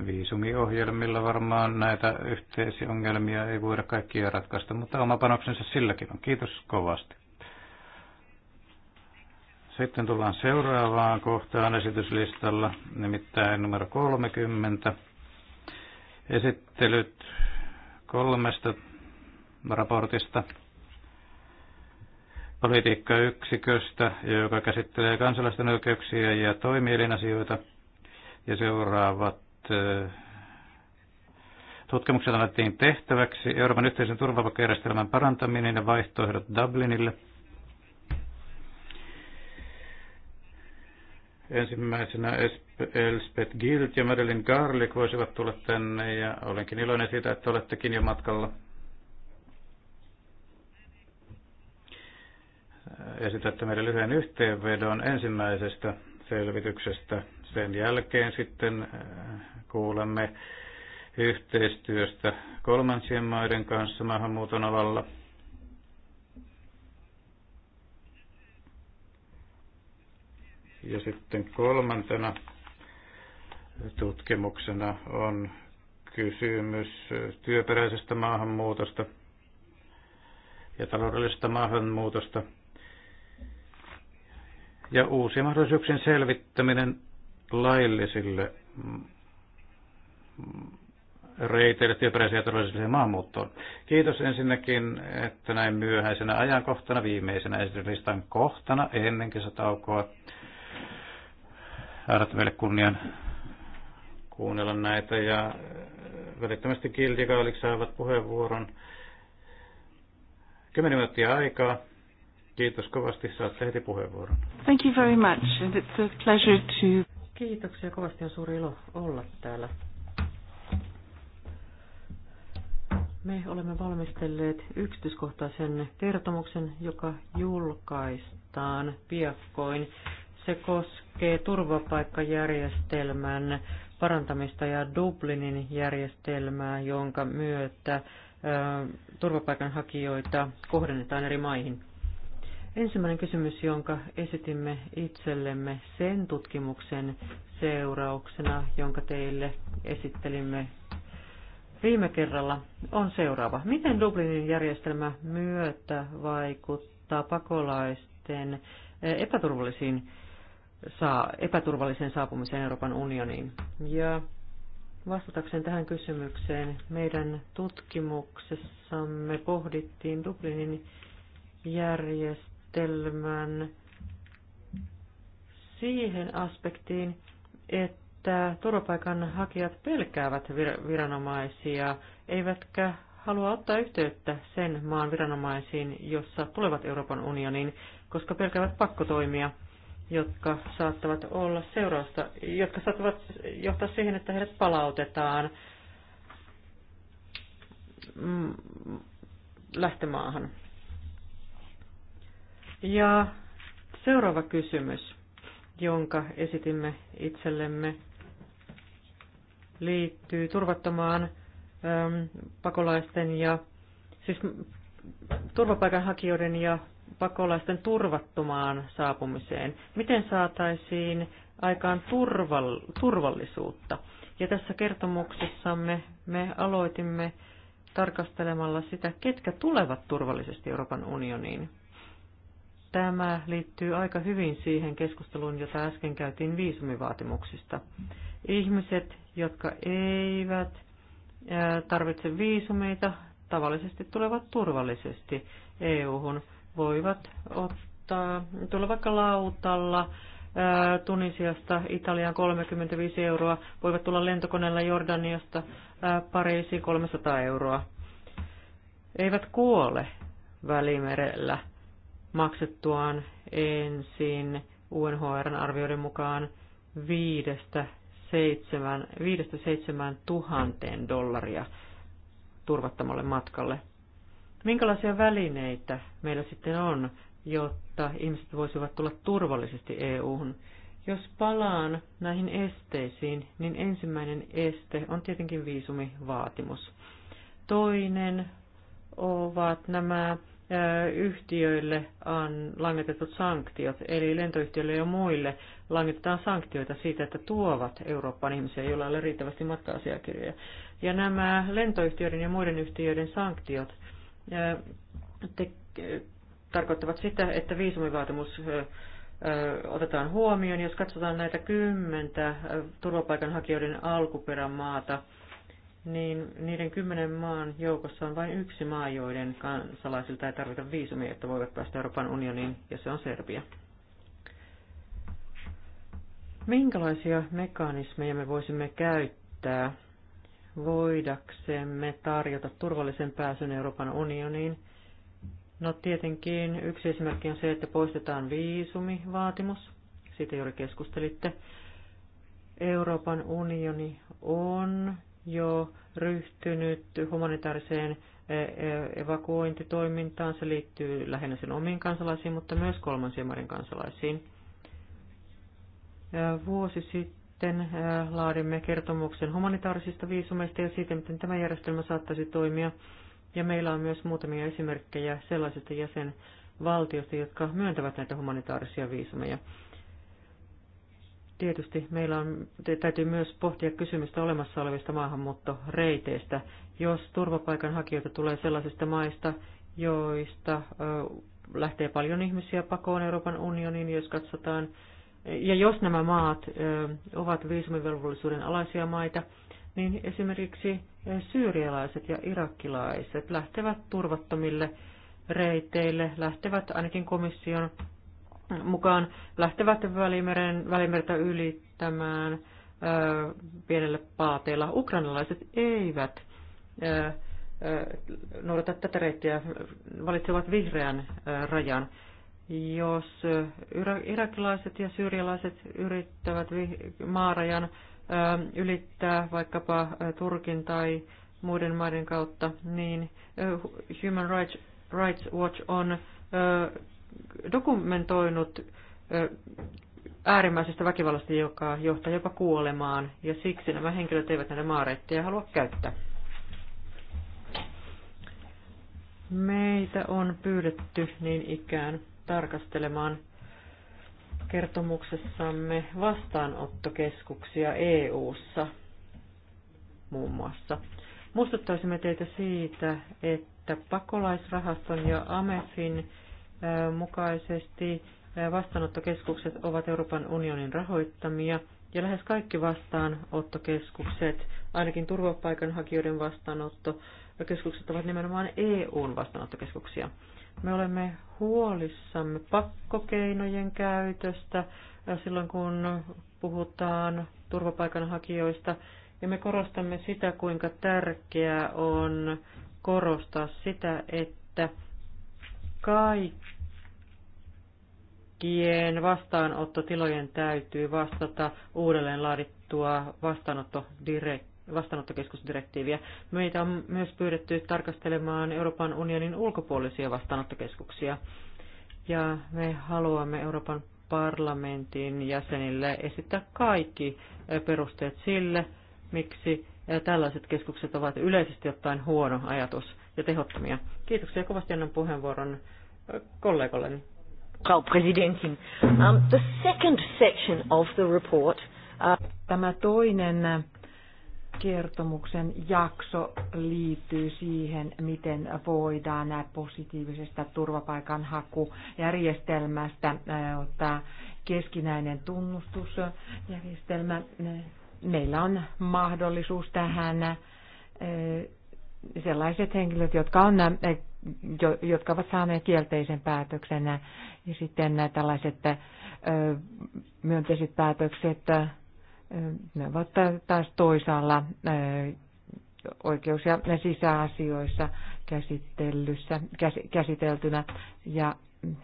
Viisumiohjelmilla varmaan näitä yhteisiä ongelmia ei voida kaikkia ratkaista, mutta oma panoksensa silläkin on. Kiitos kovasti. Sitten tullaan seuraavaan kohtaan esityslistalla, nimittäin numero 30. Esittelyt kolmesta raportista politiikkayksiköstä, joka käsittelee kansalaisten oikeuksia ja toimielinasioita. Ja seuraavat tutkimukset annettiin tehtäväksi Euroopan yhteisen turvapaikkajärjestelmän parantaminen ja vaihtoehdot Dublinille. Ensimmäisenä Elspeth Gilt ja Madeline Garlick voisivat tulla tänne ja olenkin iloinen siitä, että olettekin jo matkalla. Esitätte meille lyhyen yhteenvedon ensimmäisestä selvityksestä sen jälkeen sitten äh, kuulemme yhteistyöstä kolmansien maiden kanssa maahanmuuton alalla. Ja sitten kolmantena tutkimuksena on kysymys työperäisestä maahanmuutosta ja taloudellisesta maahanmuutosta ja uusien mahdollisuuksien selvittäminen laillisille reiteille työperäisiä turvallisille maahanmuuttoon. Kiitos ensinnäkin, että näin myöhäisenä ajankohtana, viimeisenä esityslistan kohtana ennen kesätaukoa annatte meille kunnian kuunnella näitä ja välittömästi Kildikaalit saavat puheenvuoron. Kymmenen minuuttia aikaa. Kiitos kovasti, saatte heti puheenvuoron. Thank you very much and it's a pleasure to Kiitoksia. Kovasti on suuri ilo olla täällä. Me olemme valmistelleet yksityiskohtaisen kertomuksen, joka julkaistaan piakkoin. Se koskee turvapaikkajärjestelmän parantamista ja Dublinin järjestelmää, jonka myötä turvapaikanhakijoita kohdennetaan eri maihin. Ensimmäinen kysymys, jonka esitimme itsellemme sen tutkimuksen seurauksena, jonka teille esittelimme viime kerralla, on seuraava. Miten Dublinin järjestelmä myötä vaikuttaa pakolaisten eh, epäturvallisiin, saa, epäturvalliseen saapumiseen Euroopan unioniin? Ja vastatakseen tähän kysymykseen, meidän tutkimuksessamme pohdittiin Dublinin järjestelmää järjestelmän siihen aspektiin, että turvapaikanhakijat pelkäävät viranomaisia, eivätkä halua ottaa yhteyttä sen maan viranomaisiin, jossa tulevat Euroopan unioniin, koska pelkäävät pakkotoimia, jotka saattavat olla seurausta, jotka saattavat johtaa siihen, että heidät palautetaan mm, lähtemaahan. Ja seuraava kysymys, jonka esitimme itsellemme, liittyy turvattomaan äm, pakolaisten ja siis turvapaikanhakijoiden ja pakolaisten turvattomaan saapumiseen. Miten saataisiin aikaan turvallisuutta? Ja tässä kertomuksessamme me aloitimme tarkastelemalla sitä, ketkä tulevat turvallisesti Euroopan unioniin. Tämä liittyy aika hyvin siihen keskusteluun, jota äsken käytiin viisumivaatimuksista. Ihmiset, jotka eivät tarvitse viisumeita, tavallisesti tulevat turvallisesti EU-hun, voivat ottaa, tulla vaikka lautalla, Tunisiasta Italiaan 35 euroa, voivat tulla lentokoneella Jordaniasta Pariisiin 300 euroa. Eivät kuole välimerellä maksettuaan ensin UNHRn arvioiden mukaan 5-7 tuhanteen dollaria turvattomalle matkalle. Minkälaisia välineitä meillä sitten on, jotta ihmiset voisivat tulla turvallisesti EU-hun? Jos palaan näihin esteisiin, niin ensimmäinen este on tietenkin viisumivaatimus. Toinen ovat nämä yhtiöille on langetetut sanktiot, eli lentoyhtiöille ja muille langetetaan sanktioita siitä, että tuovat Eurooppaan ihmisiä, joilla ei ole riittävästi matka-asiakirjoja. Ja nämä lentoyhtiöiden ja muiden yhtiöiden sanktiot te, tarkoittavat sitä, että viisumivaatimus otetaan huomioon, jos katsotaan näitä kymmentä turvapaikanhakijoiden alkuperämaata, niin niiden kymmenen maan joukossa on vain yksi maa, joiden kansalaisilta ei tarvita viisumia, että voivat päästä Euroopan unioniin, ja se on Serbia. Minkälaisia mekanismeja me voisimme käyttää voidaksemme tarjota turvallisen pääsyn Euroopan unioniin? No tietenkin yksi esimerkki on se, että poistetaan viisumivaatimus. Siitä juuri keskustelitte. Euroopan unioni on jo ryhtynyt humanitaariseen e, e, evakuointitoimintaan. Se liittyy lähinnä sen omiin kansalaisiin, mutta myös kolmansien maiden kansalaisiin. Vuosi sitten e, laadimme kertomuksen humanitaarisista viisumeista ja siitä, miten tämä järjestelmä saattaisi toimia. Ja meillä on myös muutamia esimerkkejä sellaisista jäsenvaltioista, jotka myöntävät näitä humanitaarisia viisumeja tietysti meillä on, täytyy myös pohtia kysymystä olemassa olevista maahanmuuttoreiteistä. Jos turvapaikanhakijoita tulee sellaisista maista, joista lähtee paljon ihmisiä pakoon Euroopan unioniin, jos katsotaan, ja jos nämä maat ovat viisumivelvollisuuden alaisia maita, niin esimerkiksi syyrialaiset ja irakkilaiset lähtevät turvattomille reiteille, lähtevät ainakin komission mukaan lähtevät Välimeren, Välimerta ylittämään ö, pienellä paateella. Ukrainalaiset eivät ö, noudata tätä reittiä, valitsevat vihreän rajan. Jos irakilaiset ja syyrialaiset yrittävät maarajan ylittää vaikkapa Turkin tai muiden maiden kautta, niin Human Rights, Rights Watch on dokumentoinut äärimmäisestä väkivallasta, joka johtaa jopa kuolemaan, ja siksi nämä henkilöt eivät näitä maareitteja halua käyttää. Meitä on pyydetty niin ikään tarkastelemaan kertomuksessamme vastaanottokeskuksia EU-ssa muun muassa. Muistuttaisimme teitä siitä, että pakolaisrahaston ja AMEFin mukaisesti vastaanottokeskukset ovat Euroopan unionin rahoittamia ja lähes kaikki vastaanottokeskukset, ainakin turvapaikanhakijoiden vastaanottokeskukset ovat nimenomaan EUn vastaanottokeskuksia. Me olemme huolissamme pakkokeinojen käytöstä äh, silloin, kun puhutaan turvapaikanhakijoista, ja me korostamme sitä, kuinka tärkeää on korostaa sitä, että kaikkien vastaanottotilojen täytyy vastata uudelleen laadittua vastaanottodirektiiviä vastaanottokeskusdirektiiviä. Meitä on myös pyydetty tarkastelemaan Euroopan unionin ulkopuolisia vastaanottokeskuksia. Ja me haluamme Euroopan parlamentin jäsenille esittää kaikki perusteet sille, miksi tällaiset keskukset ovat yleisesti ottaen huono ajatus ja tehottomia. Kiitoksia kovasti annan puheenvuoron kollegolleni. Frau Präsidentin, um, the second section of the report. Uh... Tämä toinen kertomuksen jakso liittyy siihen, miten voidaan positiivisesta turvapaikanhakujärjestelmästä ottaa keskinäinen tunnustusjärjestelmä. Meillä on mahdollisuus tähän sellaiset henkilöt, jotka on jotka ovat saaneet kielteisen päätöksen. Ja sitten tällaiset myönteiset päätökset, ne ovat taas toisaalla oikeus- ja sisäasioissa käsittelyssä, käsiteltynä. Ja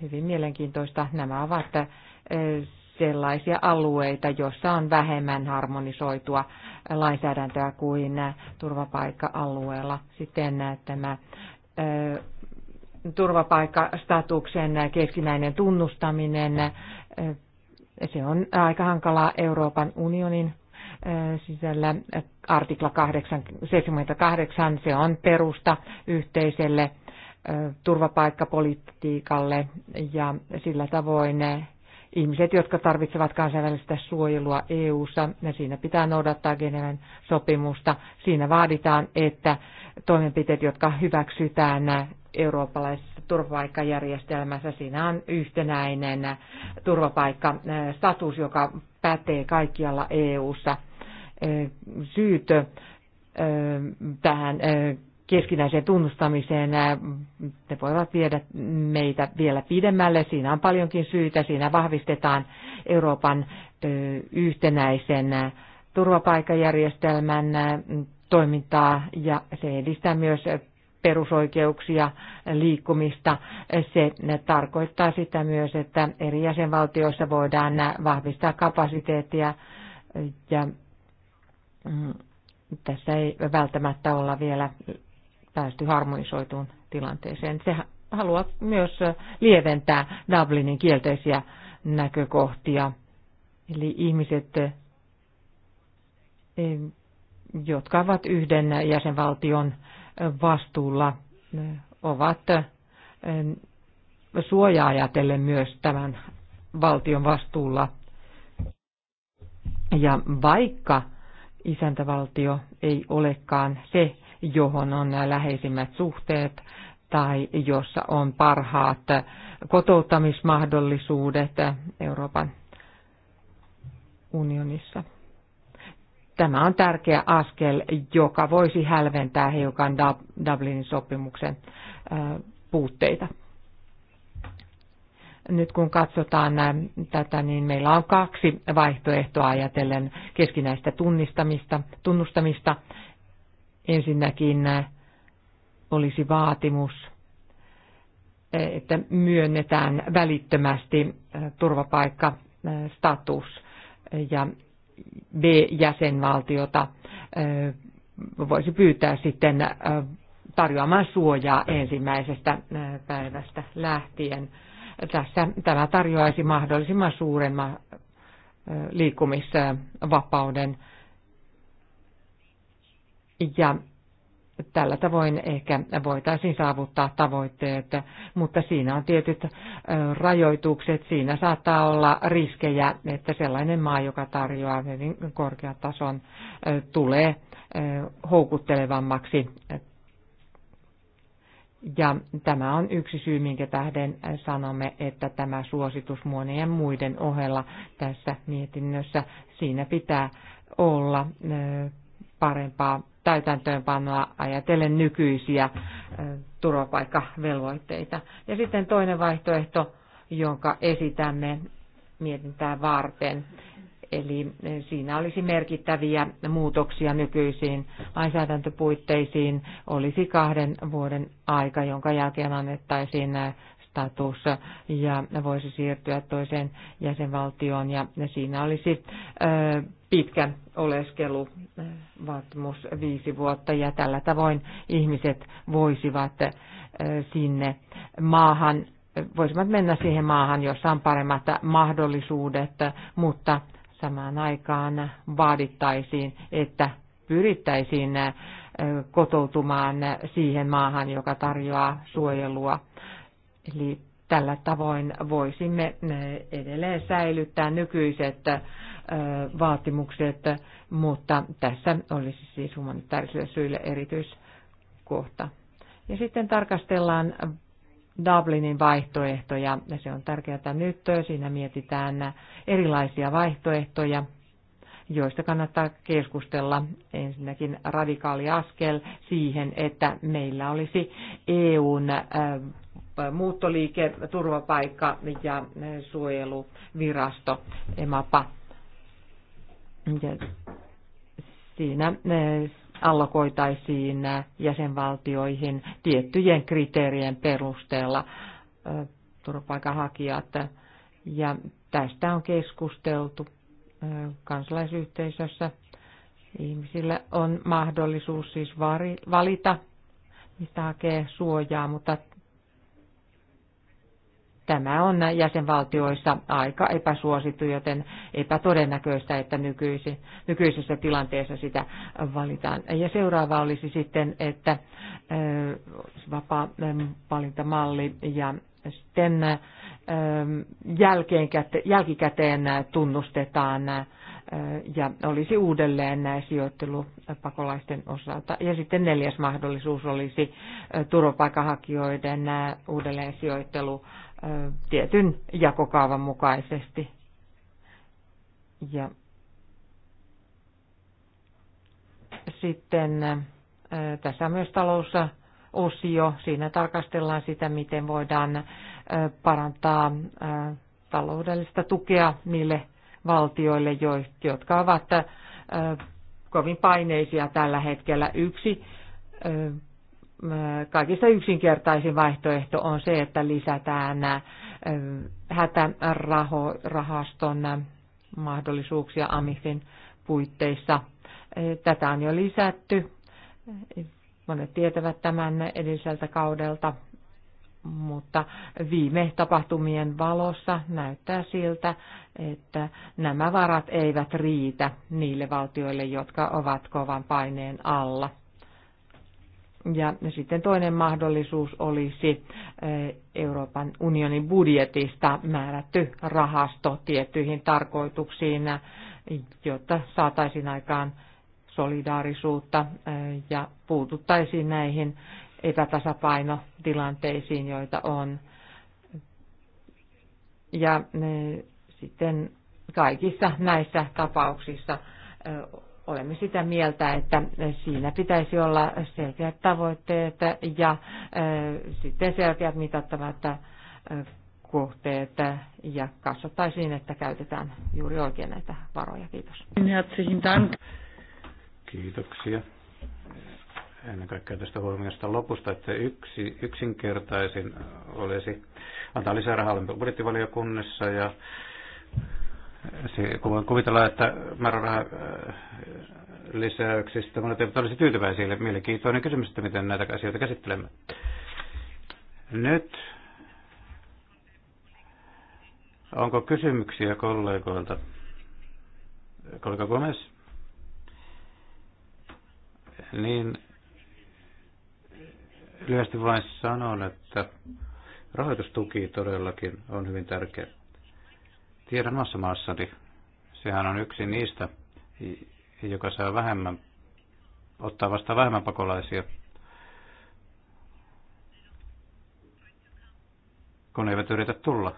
hyvin mielenkiintoista nämä ovat sellaisia alueita, joissa on vähemmän harmonisoitua lainsäädäntöä kuin turvapaikka-alueella. Sitten tämä turvapaikkastatuksen keskinäinen tunnustaminen. Se on aika hankalaa Euroopan unionin sisällä. Artikla 78, se on perusta yhteiselle turvapaikkapolitiikalle ja sillä tavoin ihmiset, jotka tarvitsevat kansainvälistä suojelua EU-ssa, ja siinä pitää noudattaa Geneven sopimusta. Siinä vaaditaan, että toimenpiteet, jotka hyväksytään eurooppalaisessa turvapaikkajärjestelmässä, siinä on yhtenäinen turvapaikkastatus, joka pätee kaikkialla EU-ssa. Syyt tähän keskinäiseen tunnustamiseen. Ne voivat viedä meitä vielä pidemmälle. Siinä on paljonkin syitä. Siinä vahvistetaan Euroopan yhtenäisen turvapaikajärjestelmän toimintaa ja se edistää myös perusoikeuksia, liikkumista. Se tarkoittaa sitä myös, että eri jäsenvaltioissa voidaan vahvistaa kapasiteettia ja mm, tässä ei välttämättä olla vielä päästy harmonisoituun tilanteeseen. Se haluaa myös lieventää Dublinin kielteisiä näkökohtia. Eli ihmiset, eh, jotka ovat yhden jäsenvaltion vastuulla, eh, ovat eh, suojaa ajatellen myös tämän valtion vastuulla. Ja vaikka isäntävaltio ei olekaan se, johon on läheisimmät suhteet tai jossa on parhaat kotouttamismahdollisuudet Euroopan unionissa. Tämä on tärkeä askel, joka voisi hälventää hiukan Dublinin sopimuksen puutteita. Nyt kun katsotaan tätä, niin meillä on kaksi vaihtoehtoa ajatellen keskinäistä tunnistamista, tunnustamista. Ensinnäkin äh, olisi vaatimus, äh, että myönnetään välittömästi äh, turvapaikkastatus ja B-jäsenvaltiota voisi pyytää sitten tarjoamaan suojaa ensimmäisestä päivästä lähtien. Tässä tämä tarjoaisi mahdollisimman suuremman liikkumisvapauden ja tällä tavoin ehkä voitaisiin saavuttaa tavoitteet, mutta siinä on tietyt rajoitukset. Siinä saattaa olla riskejä, että sellainen maa, joka tarjoaa hyvin korkean tason, tulee houkuttelevammaksi. Ja tämä on yksi syy, minkä tähden sanomme, että tämä suositus monien muiden ohella tässä mietinnössä, siinä pitää olla parempaa täytäntöönpanoa ajatellen nykyisiä turvapaikkavelvoitteita. Ja sitten toinen vaihtoehto, jonka esitämme mietintää varten. Eli siinä olisi merkittäviä muutoksia nykyisiin lainsäädäntöpuitteisiin. Olisi kahden vuoden aika, jonka jälkeen annettaisiin status ja voisi siirtyä toiseen jäsenvaltioon ja siinä olisi pitkä oleskelu vaatimus viisi vuotta ja tällä tavoin ihmiset voisivat sinne maahan, voisivat mennä siihen maahan, jossa on paremmat mahdollisuudet, mutta samaan aikaan vaadittaisiin, että pyrittäisiin kotoutumaan siihen maahan, joka tarjoaa suojelua. Eli tällä tavoin voisimme eh, edelleen säilyttää nykyiset eh, vaatimukset, mutta tässä olisi siis humanitaarisille syille erityiskohta. Ja sitten tarkastellaan Dublinin vaihtoehtoja. Ja se on tärkeää nyt. Siinä mietitään erilaisia vaihtoehtoja, joista kannattaa keskustella. Ensinnäkin radikaali askel siihen, että meillä olisi EUn eh, muuttoliike, turvapaikka ja suojeluvirasto EMAPA. Ja siinä eh, allokoitaisiin jäsenvaltioihin tiettyjen kriteerien perusteella eh, turvapaikanhakijat. Ja tästä on keskusteltu eh, kansalaisyhteisössä. Ihmisillä on mahdollisuus siis valita, mistä hakee suojaa, mutta Tämä on jäsenvaltioissa aika epäsuosittu, joten epätodennäköistä, että nykyisi, nykyisessä tilanteessa sitä valitaan. Ja seuraava olisi sitten, että vapaa valintamalli ja sitten jälkikäteen tunnustetaan ja olisi uudelleen sijoittelu pakolaisten osalta. Ja sitten neljäs mahdollisuus olisi turvapaikanhakijoiden uudelleen sijoittelu tietyn jakokaavan mukaisesti. Ja sitten tässä on myös talousosio. Siinä tarkastellaan sitä, miten voidaan parantaa taloudellista tukea niille valtioille, jotka ovat kovin paineisia tällä hetkellä. Yksi kaikista yksinkertaisin vaihtoehto on se, että lisätään hätärahaston mahdollisuuksia AMIFin puitteissa. Tätä on jo lisätty. Monet tietävät tämän edelliseltä kaudelta, mutta viime tapahtumien valossa näyttää siltä, että nämä varat eivät riitä niille valtioille, jotka ovat kovan paineen alla – ja sitten toinen mahdollisuus olisi eh, Euroopan unionin budjetista määrätty rahasto tiettyihin tarkoituksiin, jotta saataisiin aikaan solidaarisuutta eh, ja puututtaisiin näihin epätasapainotilanteisiin, joita on. Ja eh, sitten kaikissa näissä tapauksissa olemme sitä mieltä, että siinä pitäisi olla selkeät tavoitteet ja sitten selkeät mitattavat kohteet ja katsottaisiin, että käytetään juuri oikein näitä varoja. Kiitos. Kiitoksia. Ennen kaikkea tästä huomiosta lopusta, että yksi, yksinkertaisin olisi antaa lisää rahaa budjettivaliokunnassa ja kun voin kuvitella, että määrärahan äh, lisäyksistä monet eivät olisi tyytyväisiä. Mielenkiintoinen kysymys, että miten näitä asioita käsittelemme. Nyt onko kysymyksiä kollegoilta? Kollega Gomez? Niin lyhyesti vain sanon, että rahoitustuki todellakin on hyvin tärkeä Tiedän omassa maassani, sehän on yksi niistä, joka saa vähemmän, ottaa vasta vähemmän pakolaisia, kun eivät yritä tulla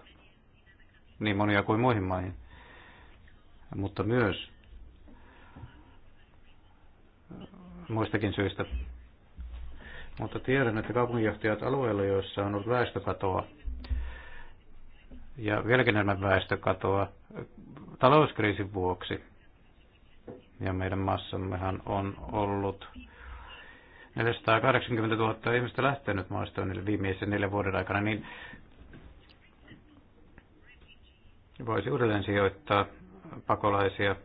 niin monia kuin muihin maihin. Mutta myös muistakin syistä. Mutta tiedän, että kaupunginjohtajat alueilla, joissa on ollut väestökatoa, ja vieläkin enemmän väestökatoa talouskriisin vuoksi. Ja meidän massammehan on ollut 480 000 ihmistä lähtenyt maasta viimeisen neljän vuoden aikana, niin voisi uudelleen sijoittaa pakolaisia,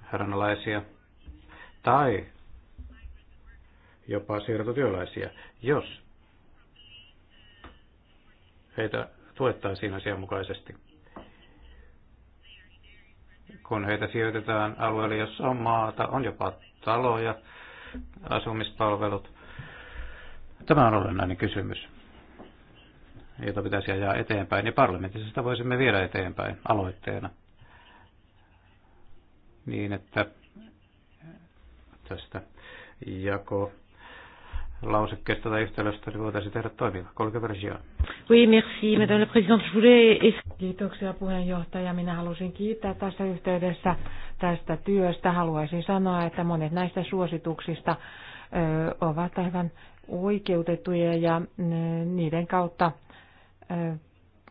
hädänalaisia tai jopa siirtotyöläisiä, jos heitä tuettaisiin asianmukaisesti, kun heitä sijoitetaan alueelle, jossa on maata, on jopa taloja, asumispalvelut. Tämä on olennainen kysymys, jota pitäisi ajaa eteenpäin, ja parlamentissa sitä voisimme viedä eteenpäin aloitteena niin, että tästä jako lausekkeesta tai yhtälöstä niin voitaisiin tehdä toimiva. Kolke versio. Oui, merci, madame la présidente. voulais... Kiitoksia puheenjohtaja. Minä halusin kiittää tässä yhteydessä tästä työstä. Haluaisin sanoa, että monet näistä suosituksista ö, ovat aivan oikeutettuja ja ö, niiden kautta ö,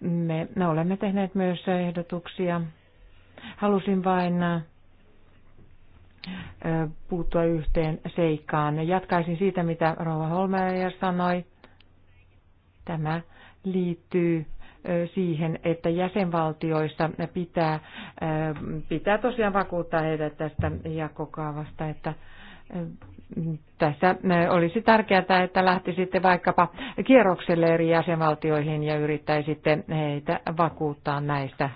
me, me olemme tehneet myös ehdotuksia. Halusin vain puuttua yhteen seikkaan. Jatkaisin siitä, mitä Rova Holmeyer sanoi. Tämä liittyy siihen, että jäsenvaltioissa pitää, pitää tosiaan vakuuttaa heitä tästä jakokaavasta, että tässä olisi tärkeää, että lähtisitte vaikkapa kierrokselle eri jäsenvaltioihin ja yrittäisitte heitä vakuuttaa näistä.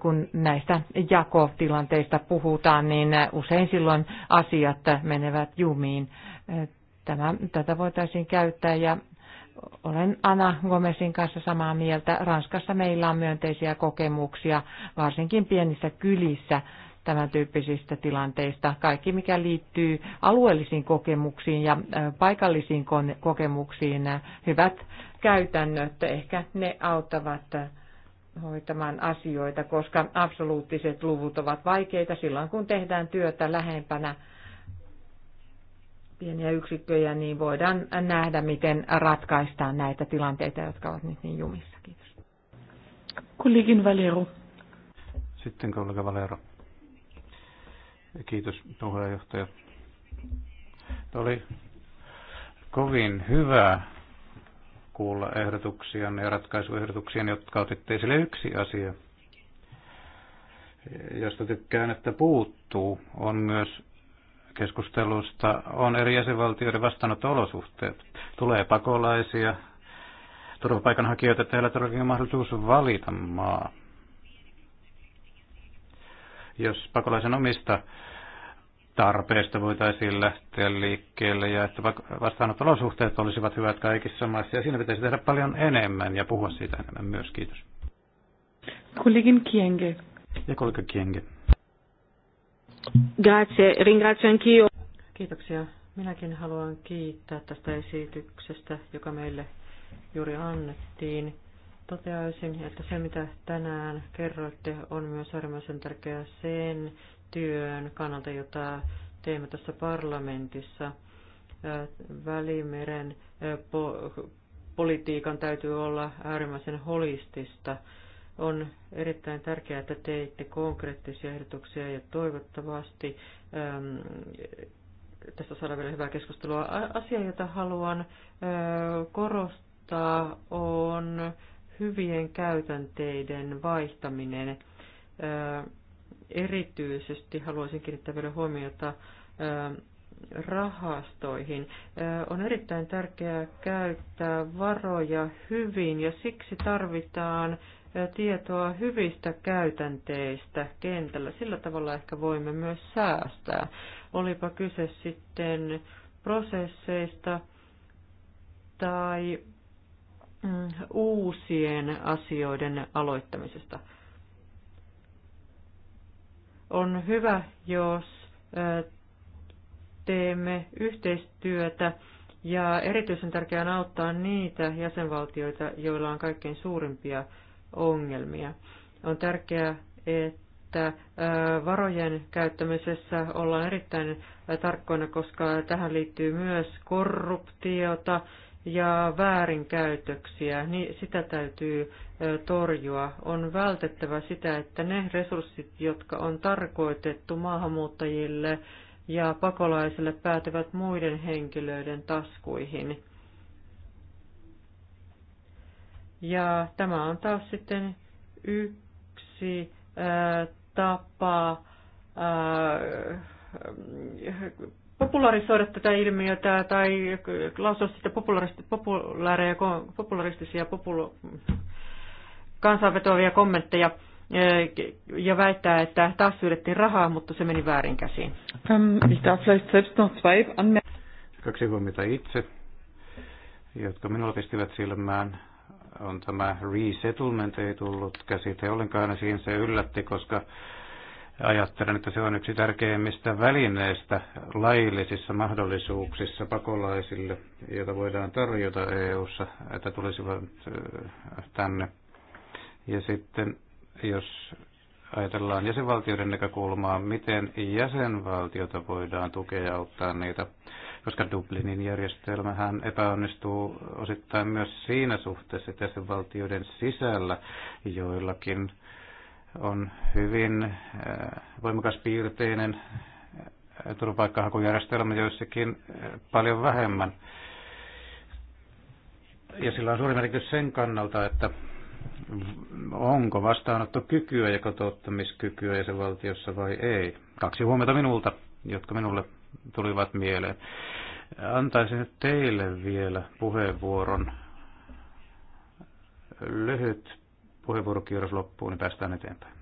Kun näistä jakotilanteista puhutaan, niin usein silloin asiat menevät jumiin. Tämä, tätä voitaisiin käyttää ja olen Anna Gomesin kanssa samaa mieltä. Ranskassa meillä on myönteisiä kokemuksia, varsinkin pienissä kylissä, tämän tyyppisistä tilanteista. Kaikki, mikä liittyy alueellisiin kokemuksiin ja paikallisiin kokemuksiin, hyvät käytännöt, ehkä ne auttavat hoitamaan asioita, koska absoluuttiset luvut ovat vaikeita silloin, kun tehdään työtä lähempänä pieniä yksikköjä, niin voidaan nähdä, miten ratkaistaan näitä tilanteita, jotka ovat nyt niin jumissa. Kiitos. Kollegin Valero. Sitten kollega Valero. Kiitos puheenjohtaja. Tämä oli kovin hyvä kuulla ehdotuksia ja ratkaisuehdotuksia, jotka otitte esille yksi asia, josta tykkään, että puuttuu, on myös keskustelusta on eri jäsenvaltioiden vastaanotto-olosuhteet. Tulee pakolaisia, turvapaikanhakijoita, teillä todellakin on mahdollisuus valita maa, jos pakolaisen omista tarpeista voitaisiin lähteä liikkeelle ja että vastaanottolosuhteet olisivat hyvät kaikissa maissa ja siinä pitäisi tehdä paljon enemmän ja puhua siitä enemmän myös. Kiitos. Kollegin Kienge. Ja kollega Kienge. Grazie, ringrazio anch'io. Kiitoksia. Minäkin haluan kiittää tästä esityksestä, joka meille juuri annettiin. Toteaisin, että se mitä tänään kerroitte on myös äärimmäisen tärkeää sen työn kannalta, jota teemme tässä parlamentissa. Välimeren politiikan täytyy olla äärimmäisen holistista. On erittäin tärkeää, että teitte konkreettisia ehdotuksia ja toivottavasti äm, tästä saadaan vielä hyvää keskustelua. Asia, jota haluan korostaa, on hyvien käytänteiden vaihtaminen. Erityisesti haluaisin kiinnittää vielä huomiota rahastoihin. On erittäin tärkeää käyttää varoja hyvin ja siksi tarvitaan tietoa hyvistä käytänteistä kentällä. Sillä tavalla ehkä voimme myös säästää. Olipa kyse sitten prosesseista tai uusien asioiden aloittamisesta. On hyvä, jos teemme yhteistyötä ja erityisen tärkeää on auttaa niitä jäsenvaltioita, joilla on kaikkein suurimpia ongelmia. On tärkeää, että varojen käyttämisessä ollaan erittäin tarkkoina, koska tähän liittyy myös korruptiota, ja väärinkäytöksiä, niin sitä täytyy torjua. On vältettävä sitä, että ne resurssit, jotka on tarkoitettu maahanmuuttajille ja pakolaisille, päätyvät muiden henkilöiden taskuihin. Ja tämä on taas sitten yksi ää, tapa ää, popularisoida tätä ilmiötä tai lausua sitä populaareja, populaaristisia, popul... kansanvetoavia kommentteja e, ja väittää, että taas syydettiin rahaa, mutta se meni väärin käsiin. Ähm, Kaksi huomiota itse, jotka minulla pistivät silmään, on tämä resettlement, ei tullut käsite ollenkaan, siinä se yllätti, koska Ajattelen, että se on yksi tärkeimmistä välineistä laillisissa mahdollisuuksissa pakolaisille, joita voidaan tarjota EU-ssa, että tulisivat tänne. Ja sitten, jos ajatellaan jäsenvaltioiden näkökulmaa, miten jäsenvaltiota voidaan tukea ja auttaa niitä, koska Dublinin järjestelmähän epäonnistuu osittain myös siinä suhteessa, että jäsenvaltioiden sisällä joillakin on hyvin äh, voimakas piirteinen äh, turvapaikkahakujärjestelmä, joissakin äh, paljon vähemmän. Ja sillä on suuri merkitys sen kannalta, että onko vastaanottokykyä ja kotouttamiskykyä jäsenvaltiossa vai ei. Kaksi huomiota minulta, jotka minulle tulivat mieleen. Antaisin teille vielä puheenvuoron. Lyhyt puheenvuorokierros loppuu, niin päästään eteenpäin.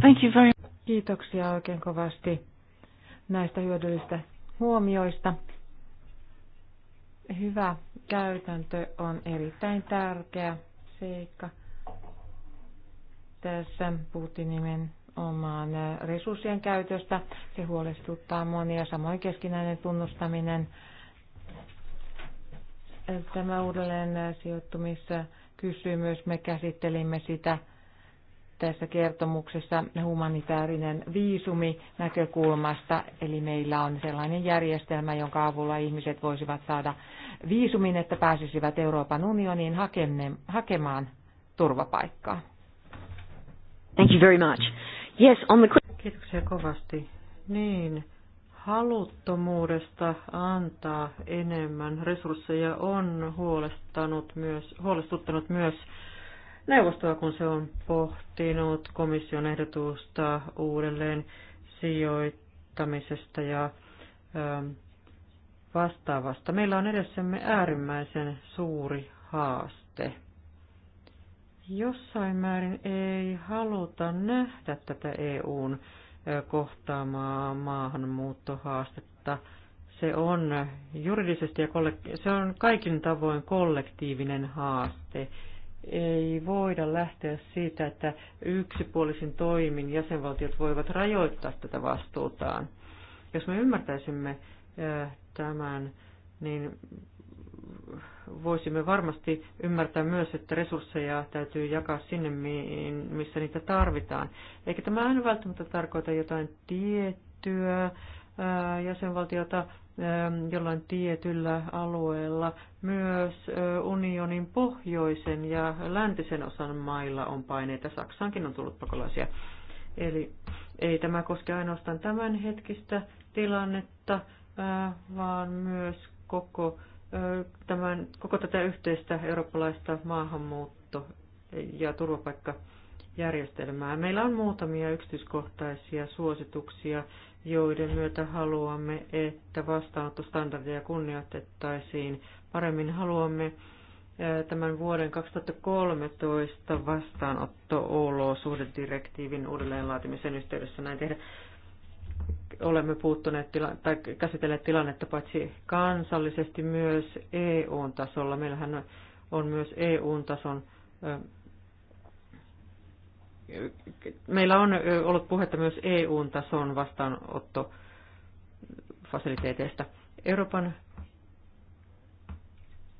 Thank you very much. Kiitoksia oikein kovasti näistä hyödyllistä huomioista. Hyvä käytäntö on erittäin tärkeä seikka. Tässä puhuttiin nimenomaan resurssien käytöstä. Se huolestuttaa monia, samoin keskinäinen tunnustaminen. Tämä uudelleen sijoittumissa kysymys. Me käsittelimme sitä tässä kertomuksessa humanitaarinen viisumi näkökulmasta, eli meillä on sellainen järjestelmä, jonka avulla ihmiset voisivat saada viisumin, että pääsisivät Euroopan unioniin hakemaan turvapaikkaa. Thank you very much. Yes, on the... Kiitoksia kovasti. Niin, haluttomuudesta antaa enemmän resursseja on huolestuttanut myös, huolestuttanut myös neuvostoa, kun se on pohtinut komission ehdotusta uudelleen sijoittamisesta ja ähm, vastaavasta. Meillä on edessämme äärimmäisen suuri haaste. Jossain määrin ei haluta nähdä tätä EUn kohtaamaa maahanmuuttohaastetta. Se on juridisesti ja se on kaikin tavoin kollektiivinen haaste. Ei voida lähteä siitä, että yksipuolisin toimin jäsenvaltiot voivat rajoittaa tätä vastuutaan. Jos me ymmärtäisimme tämän, niin voisimme varmasti ymmärtää myös, että resursseja täytyy jakaa sinne, missä niitä tarvitaan. Eikä tämä aina välttämättä tarkoita jotain tiettyä jäsenvaltiota jollain tietyllä alueella. Myös unionin pohjoisen ja läntisen osan mailla on paineita. Saksaankin on tullut pakolaisia. Eli ei tämä koske ainoastaan tämänhetkistä tilannetta, vaan myös koko tämän, koko tätä yhteistä eurooppalaista maahanmuutto- ja turvapaikkajärjestelmää. Meillä on muutamia yksityiskohtaisia suosituksia, joiden myötä haluamme, että vastaanottostandardeja kunnioitettaisiin paremmin. Haluamme tämän vuoden 2013 vastaanotto-olosuhdedirektiivin uudelleenlaatimisen yhteydessä näin tehdä olemme puuttuneet tila- tai käsitelleet tilannetta paitsi kansallisesti myös EU-tasolla. Meillähän on myös EU-tason Meillä on ollut puhetta myös EU-tason vastaanottofasiliteeteista. Euroopan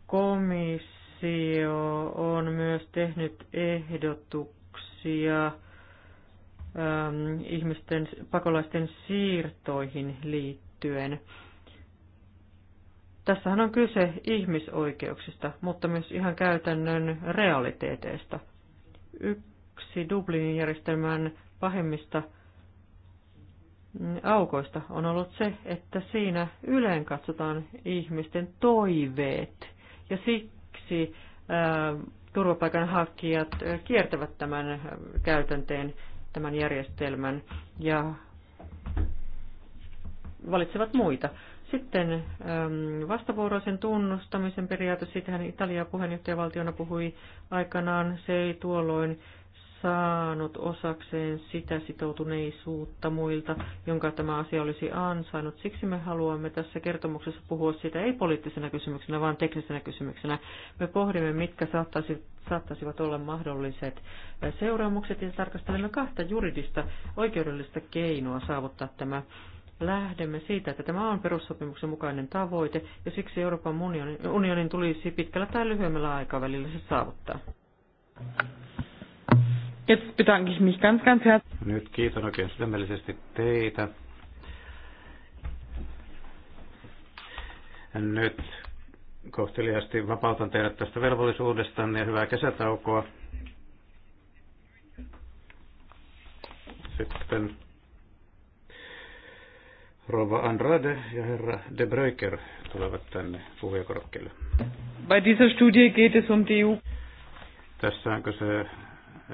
komissio on myös tehnyt ehdotuksia Ähm, ihmisten pakolaisten siirtoihin liittyen. Tässähän on kyse ihmisoikeuksista, mutta myös ihan käytännön realiteeteista. Yksi Dublinin järjestelmän pahimmista mm, aukoista on ollut se, että siinä yleen katsotaan ihmisten toiveet. Ja siksi ää, äh, turvapaikanhakijat äh, kiertävät tämän äh, käytänteen tämän järjestelmän ja valitsevat muita. Sitten ähm, vastavuoroisen tunnustamisen periaate, siitähän Italia puheenjohtajavaltiona puhui aikanaan, se ei tuolloin saanut osakseen sitä sitoutuneisuutta muilta, jonka tämä asia olisi ansainnut. Siksi me haluamme tässä kertomuksessa puhua siitä ei poliittisena kysymyksenä, vaan teknisenä kysymyksenä. Me pohdimme, mitkä saattaisivat saattaisivat olla mahdolliset seuraamukset ja tarkastelemme kahta juridista oikeudellista keinoa saavuttaa tämä. Lähdemme siitä, että tämä on perussopimuksen mukainen tavoite ja siksi Euroopan unionin, unionin tulisi pitkällä tai lyhyemmällä aikavälillä se saavuttaa. Nyt kiitän oikein sydämellisesti teitä. Nyt kohteliaasti vapautan teidät tästä velvollisuudestanne ja hyvää kesätaukoa. Sitten Rova Andrade ja herra De Breuker tulevat tänne puhujakorokkeelle. Bei dieser Studie geht es um die EU. Tässä on kyse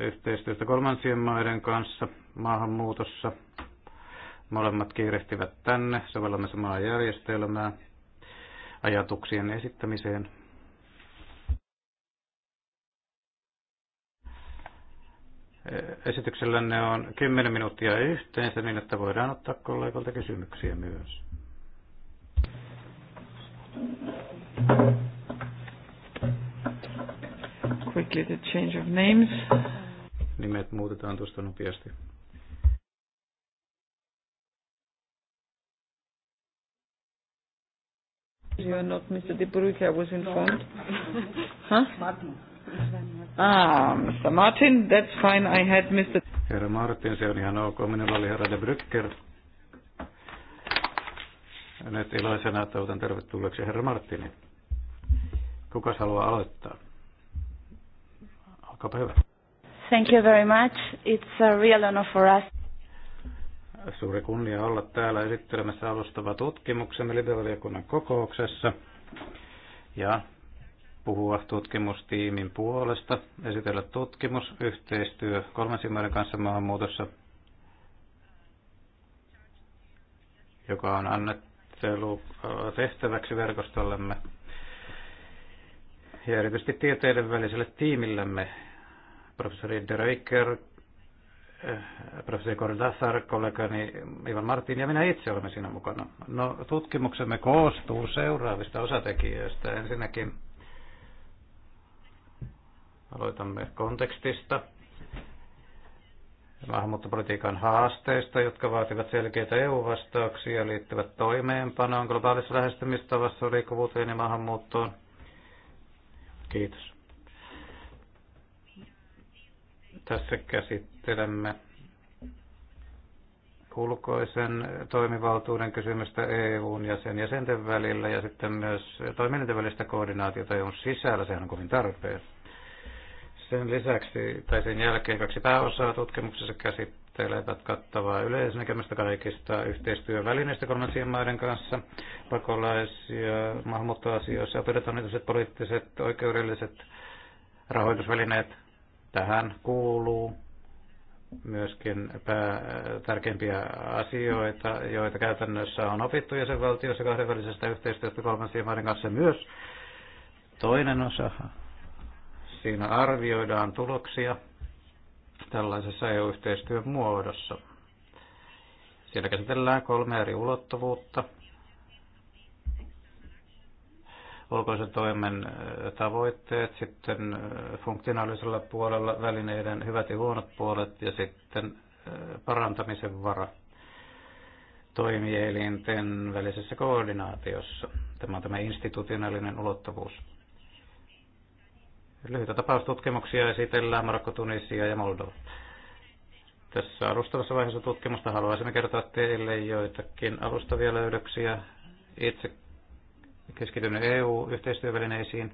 yhteistyöstä kolmansien maiden kanssa maahanmuutossa. Molemmat kiirehtivät tänne, sovellamme samaa järjestelmää ajatuksien esittämiseen. Esityksellänne on 10 minuuttia yhteensä niin, että voidaan ottaa kollegalta kysymyksiä myös. Quickly the change of names. Nimet muutetaan tuosta nopeasti. uh, not Mr. De Bruyke, I was informed. huh? Martin. Ah, Mr. Martin, that's fine. I had Mr. Herra Martin, se on ihan ok. Minulla oli herra De Brücker. Nyt iloisena toivotan tervetulleeksi herra Martini. Kukas haluaa aloittaa? Olkaapa hyvä. Thank you very much. It's a real honor for us suuri kunnia olla täällä esittelemässä alustava tutkimuksemme libevaliokunnan kokouksessa ja puhua tutkimustiimin puolesta, esitellä tutkimus, yhteistyö kolmansien maiden kanssa maahanmuutossa, joka on annettelu äh, tehtäväksi verkostollemme ja erityisesti tieteiden väliselle tiimillemme. Professori Derriker Eh, professori Kordassar, kollegani Ivan Martin ja minä itse olemme siinä mukana. No, tutkimuksemme koostuu seuraavista osatekijöistä. Ensinnäkin aloitamme kontekstista, maahanmuuttopolitiikan haasteista, jotka vaativat selkeitä EU-vastauksia, liittyvät toimeenpanoon, globaalissa lähestymistavassa, liikkuvuuteen ja maahanmuuttoon. Kiitos. Tässä käsit käsittelemme ulkoisen toimivaltuuden kysymystä EUn ja sen jäsenten välillä ja sitten myös toiminnan välistä koordinaatiota EUn sisällä, sehän on kovin tarpeen. Sen lisäksi tai sen jälkeen kaksi pääosaa tutkimuksessa käsittelevät kattavaa yleisnäkemystä kaikista yhteistyövälineistä kolmansien maiden kanssa, pakolais- ja maahanmuuttoasioissa, operationaaliset, poliittiset, oikeudelliset rahoitusvälineet. Tähän kuuluu myöskin pää, tärkeimpiä asioita, joita käytännössä on opittu jäsenvaltioissa kahdenvälisestä yhteistyöstä kolmansien maiden kanssa myös. Toinen osa, siinä arvioidaan tuloksia tällaisessa EU-yhteistyön muodossa. Siellä käsitellään kolme eri ulottuvuutta, ulkoisen toimen äh, tavoitteet, sitten äh, funktionaalisella puolella välineiden hyvät ja huonot puolet ja sitten äh, parantamisen vara toimielinten välisessä koordinaatiossa. Tämä on tämä institutionaalinen ulottuvuus. Lyhyitä tapaustutkimuksia esitellään Marokko, Tunisia ja Moldova. Tässä alustavassa vaiheessa tutkimusta haluaisimme kertoa teille joitakin alustavia löydöksiä itse keskitymme EU-yhteistyövälineisiin.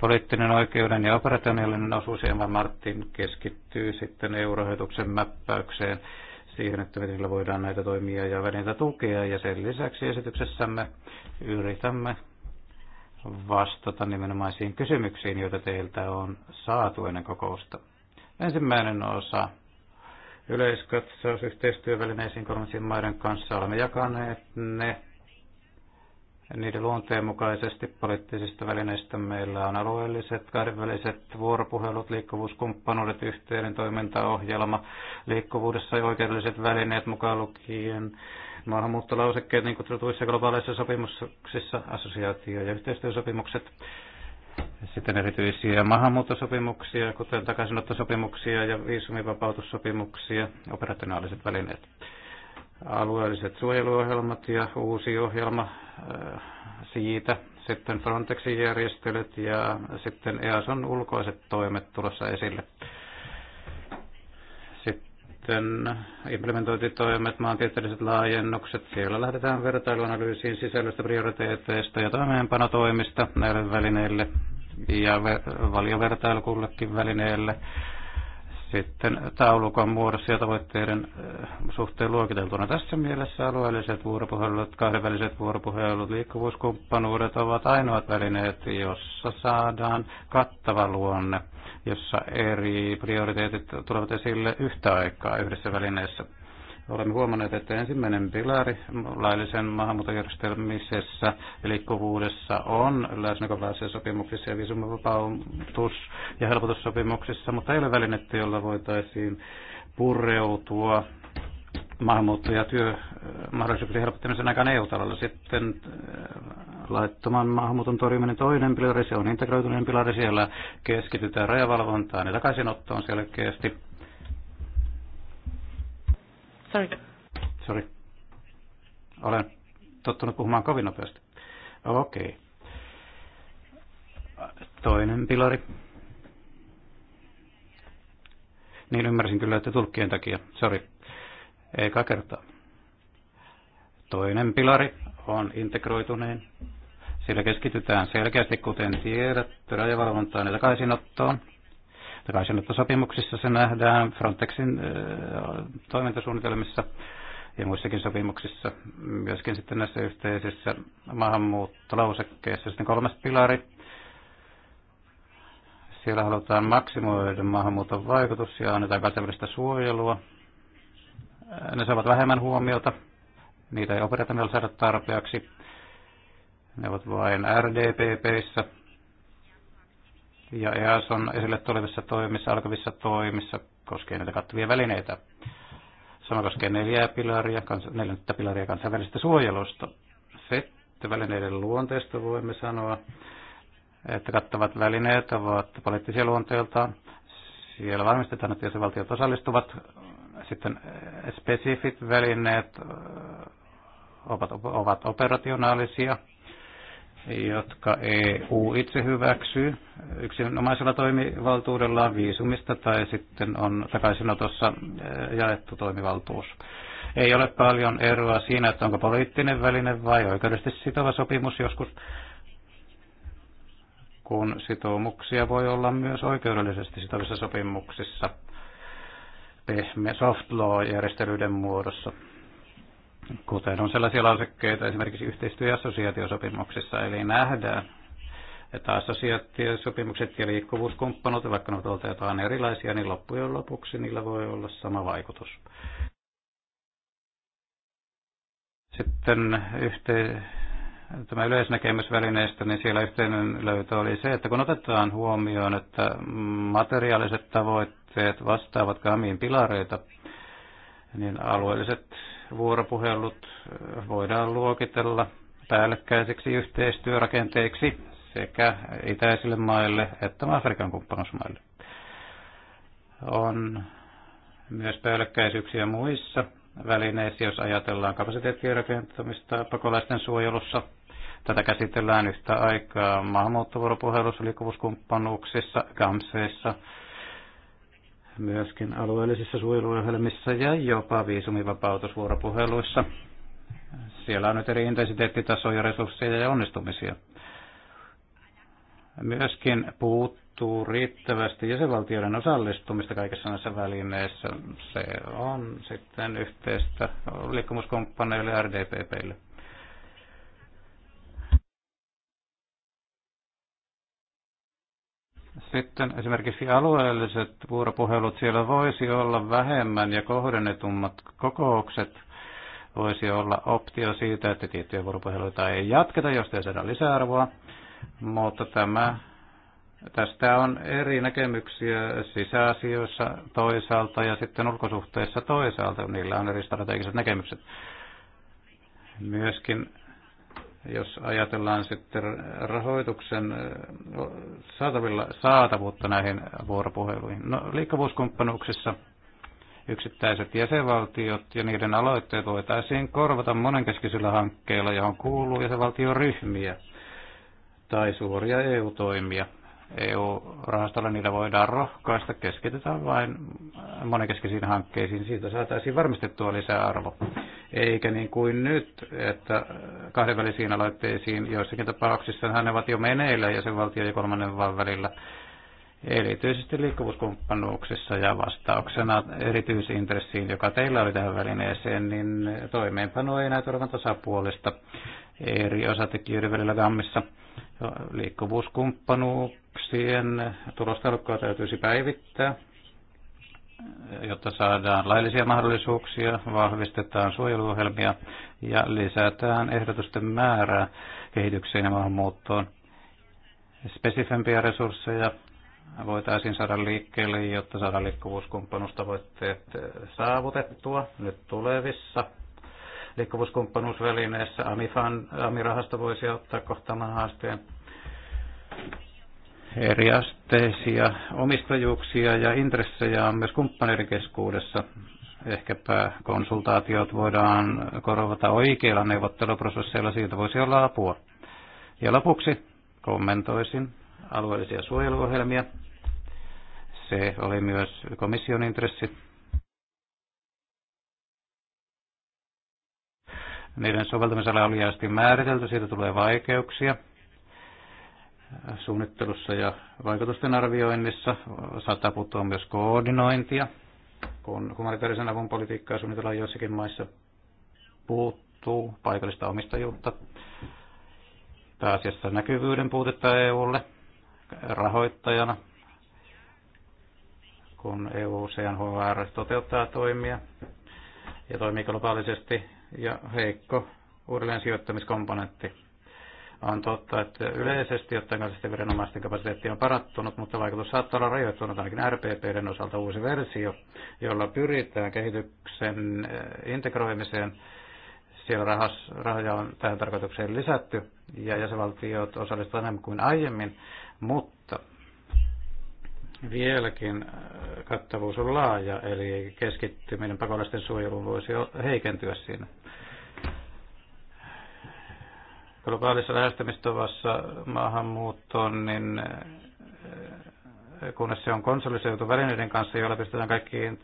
Poliittinen oikeuden ja operationaalinen osuus ja Martin keskittyy sitten EU-rahoituksen mäppäykseen siihen, että sillä voidaan näitä toimia ja välineitä tukea. Ja sen lisäksi esityksessämme yritämme vastata nimenomaisiin kysymyksiin, joita teiltä on saatu ennen kokousta. Ensimmäinen osa yleiskatsaus yhteistyövälineisiin kolmansien maiden kanssa. Olemme jakaneet ne niiden luonteen mukaisesti poliittisista välineistä meillä on alueelliset, kahdenväliset vuoropuhelut, liikkuvuuskumppanuudet, yhteinen toimintaohjelma, liikkuvuudessa ja oikeudelliset välineet mukaan lukien maahanmuuttolausekkeet, niin kutsutuissa globaaleissa sopimuksissa, assosiaatio- ja yhteistyösopimukset, sitten erityisiä maahanmuuttosopimuksia, kuten takaisinottosopimuksia ja viisumivapautussopimuksia, operationaaliset välineet alueelliset suojeluohjelmat ja uusi ohjelma äh, siitä, sitten Frontexin järjestelyt ja sitten EASON ulkoiset toimet tulossa esille. Sitten implementointitoimet, maantieteelliset laajennukset, siellä lähdetään vertailuanalyysiin sisällöstä, prioriteeteista ja toimeenpanotoimista näille välineille ja valiovertailu kullekin välineelle sitten taulukon muodossa ja tavoitteiden suhteen luokiteltuna. Tässä mielessä alueelliset vuoropuhelut, kahdenväliset vuoropuhelut, liikkuvuuskumppanuudet ovat ainoat välineet, jossa saadaan kattava luonne, jossa eri prioriteetit tulevat esille yhtä aikaa yhdessä välineessä olemme huomanneet, että ensimmäinen pilari laillisen maahanmuuttojärjestelmisessä ja liikkuvuudessa on läsnäkolaisissa sopimuksissa ja viisumivapautus- ja helpotussopimuksissa, mutta ei ole välinettä, jolla voitaisiin pureutua maahanmuutto- ja työmahdollisuuksien helpottamisen aikaan EU-talolla. Sitten äh, laittoman maahanmuuton torjuminen toinen pilari, se on integroituneen pilari, siellä keskitytään rajavalvontaan ja takaisinottoon selkeästi Sorry. Sorry. Olen tottunut puhumaan kovin nopeasti. Okei. Okay. Toinen pilari. Niin ymmärsin kyllä, että tulkkien takia. Sori. Ei kertaa. Toinen pilari on integroituneen. Sillä keskitytään selkeästi, kuten tiedät, rajavalvontaan ja takaisinottoon sopimuksissa se nähdään Frontexin toimintasuunnitelmissa ja muissakin sopimuksissa, myöskin sitten näissä yhteisissä maahanmuuttolausekkeissa. Sitten kolmas pilari. Siellä halutaan maksimoida maahanmuuton vaikutus ja annetaan kansainvälistä suojelua. Ne saavat vähemmän huomiota. Niitä ei operationilla saada tarpeeksi. Ne ovat vain RDPPissä, ja EAS on esille tulevissa toimissa, alkavissa toimissa, koskee näitä kattavia välineitä. Sama koskee neljää pilaria, neljättä pilaria kansainvälistä suojelusta. Sitten välineiden luonteesta voimme sanoa, että kattavat välineet ovat poliittisia luonteeltaan. Siellä varmistetaan, että jäsenvaltiot osallistuvat. Sitten spesifit välineet ovat, ovat operationaalisia, jotka EU itse hyväksyy yksinomaisella toimivaltuudellaan viisumista tai sitten on takaisinotossa eh, jaettu toimivaltuus. Ei ole paljon eroa siinä, että onko poliittinen väline vai oikeudellisesti sitova sopimus joskus, kun sitoumuksia voi olla myös oikeudellisesti sitovissa sopimuksissa pehme soft law-järjestelyiden muodossa kuten on sellaisia lausekkeita esimerkiksi yhteistyö- ja assosiaatiosopimuksissa, eli nähdään, että assosiaatiosopimukset ja liikkuvuuskumppanut, vaikka ne ovat jotain erilaisia, niin loppujen lopuksi niillä voi olla sama vaikutus. Sitten yhte, tämä yleisnäkemysvälineistä, niin siellä yhteinen löytö oli se, että kun otetaan huomioon, että materiaaliset tavoitteet vastaavat kamiin pilareita, niin alueelliset vuoropuhelut äh, voidaan luokitella päällekkäiseksi yhteistyörakenteiksi sekä itäisille maille että Afrikan kumppanuusmaille. On myös päällekkäisyyksiä muissa välineissä, jos ajatellaan kapasiteettien rakentamista pakolaisten suojelussa. Tätä käsitellään yhtä aikaa maahanmuuttovuoropuhelussa, liikkuvuuskumppanuuksissa, GAMSeissa – myöskin alueellisissa suojeluohjelmissa ja jopa viisumivapautusvuoropuheluissa. Siellä on nyt eri intensiteettitasoja, resursseja ja onnistumisia. Myöskin puuttuu riittävästi jäsenvaltioiden osallistumista kaikissa näissä välineissä. Se on sitten yhteistä ja RDPPille. Sitten esimerkiksi alueelliset vuoropuhelut siellä voisi olla vähemmän ja kohdennetummat kokoukset voisi olla optio siitä, että tiettyjä vuoropuheluita ei jatketa, jos ei saada lisäarvoa, mutta tämä, tästä on eri näkemyksiä sisäasioissa toisaalta ja sitten ulkosuhteissa toisaalta, niillä on eri strategiset näkemykset. Myöskin jos ajatellaan sitten rahoituksen saatavilla, saatavuutta näihin vuoropuheluihin. No, liikkuvuuskumppanuuksissa yksittäiset jäsenvaltiot ja niiden aloitteet voitaisiin korvata monenkeskisillä hankkeilla, johon kuuluu jäsenvaltioryhmiä tai suoria EU-toimia – EU-rahastolla, niillä voidaan rohkaista, keskitytään vain monikeskeisiin hankkeisiin, siitä saataisiin varmistettua lisäarvo. Eikä niin kuin nyt, että kahdenvälisiin aloitteisiin joissakin tapauksissa ne ovat jo meneillä ja valtio ja kolmannen vaan välillä, erityisesti liikkuvuuskumppanuuksissa ja vastauksena erityisintressiin, joka teillä oli tähän välineeseen, niin toimeenpano ei näytä olevan tasapuolista eri osatekijöiden välillä gammissa liikkuvuuskumppanuus tuloksien tulostaulukkoa täytyisi päivittää, jotta saadaan laillisia mahdollisuuksia, vahvistetaan suojeluohjelmia ja lisätään ehdotusten määrää kehitykseen ja maahanmuuttoon. Spesifempiä resursseja voitaisiin saada liikkeelle, jotta saadaan liikkuvuuskumppanuustavoitteet saavutettua nyt tulevissa liikkuvuuskumppanuusvälineessä. AMIFAN, AMI-rahasto voisi ottaa kohtaamaan haasteen eriasteisia omistajuuksia ja intressejä on myös kumppaneiden keskuudessa. Ehkäpä konsultaatiot voidaan korvata oikeilla neuvotteluprosesseilla, siitä voisi olla apua. Ja lopuksi kommentoisin alueellisia suojeluohjelmia. Se oli myös komission intressi. Niiden soveltamisala oli jäysti määritelty, siitä tulee vaikeuksia suunnittelussa ja vaikutusten arvioinnissa. Saattaa puuttua myös koordinointia, kun humanitaarisen avun politiikkaa suunnitellaan joissakin maissa puuttuu paikallista omistajuutta. Pääasiassa näkyvyyden puutetta EUlle rahoittajana, kun EU-CNHR toteuttaa toimia ja toimii globaalisesti ja heikko uudelleen sijoittamiskomponentti on totta, että yleisesti ottaen kansallisten viranomaisten kapasiteetti on parantunut, mutta vaikutus saattaa olla rajoittunut ainakin RPPiden osalta uusi versio, jolla pyritään kehityksen eh, integroimiseen. Siellä rahas, rahoja on tähän tarkoitukseen lisätty ja jäsenvaltiot osallistuvat enemmän kuin aiemmin, mutta vieläkin eh, kattavuus on laaja, eli keskittyminen pakolaisten suojeluun voisi heikentyä siinä globaalissa lähestymistavassa maahanmuuttoon, niin eh, kunnes se on konsolisoitu välineiden kanssa, joilla pystytään kaikkiin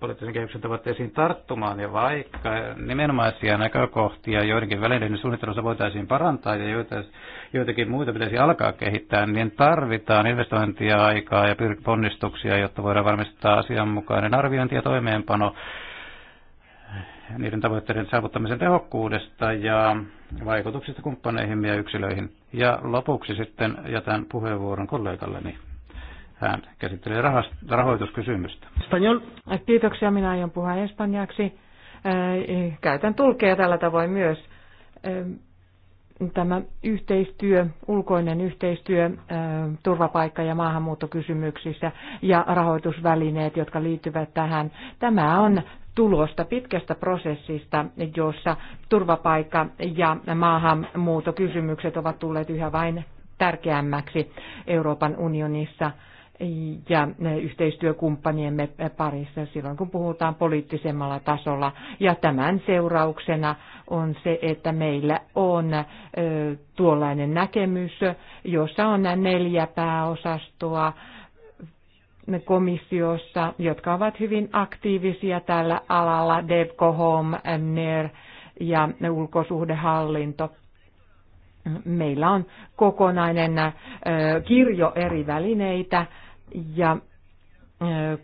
poliittisen kehityksen tavoitteisiin tarttumaan. Ja vaikka nimenomaisia näkökohtia joidenkin välineiden suunnittelussa voitaisiin parantaa ja joitakin muita pitäisi alkaa kehittää, niin tarvitaan investointia, aikaa ja ponnistuksia, jotta voidaan varmistaa asianmukainen arviointi ja toimeenpano niiden tavoitteiden saavuttamisen tehokkuudesta ja vaikutuksista kumppaneihin ja yksilöihin. Ja lopuksi sitten jätän puheenvuoron kollegalleni. Hän käsittelee rahoituskysymystä. Espanjol. Kiitoksia, minä aion puhua espanjaksi. Eh, käytän tulkea tällä tavoin myös. Tämä yhteistyö, ulkoinen yhteistyö turvapaikka- ja maahanmuuttokysymyksissä ja rahoitusvälineet, jotka liittyvät tähän. Tämä on tulosta pitkästä prosessista, jossa turvapaikka- ja maahanmuutokysymykset ovat tulleet yhä vain tärkeämmäksi Euroopan unionissa ja yhteistyökumppaniemme parissa silloin, kun puhutaan poliittisemmalla tasolla. Ja tämän seurauksena on se, että meillä on tuollainen näkemys, jossa on neljä pääosastoa, Komissiossa, jotka ovat hyvin aktiivisia tällä alalla, Devco Home, NER ja ulkosuhdehallinto. Meillä on kokonainen kirjo eri välineitä ja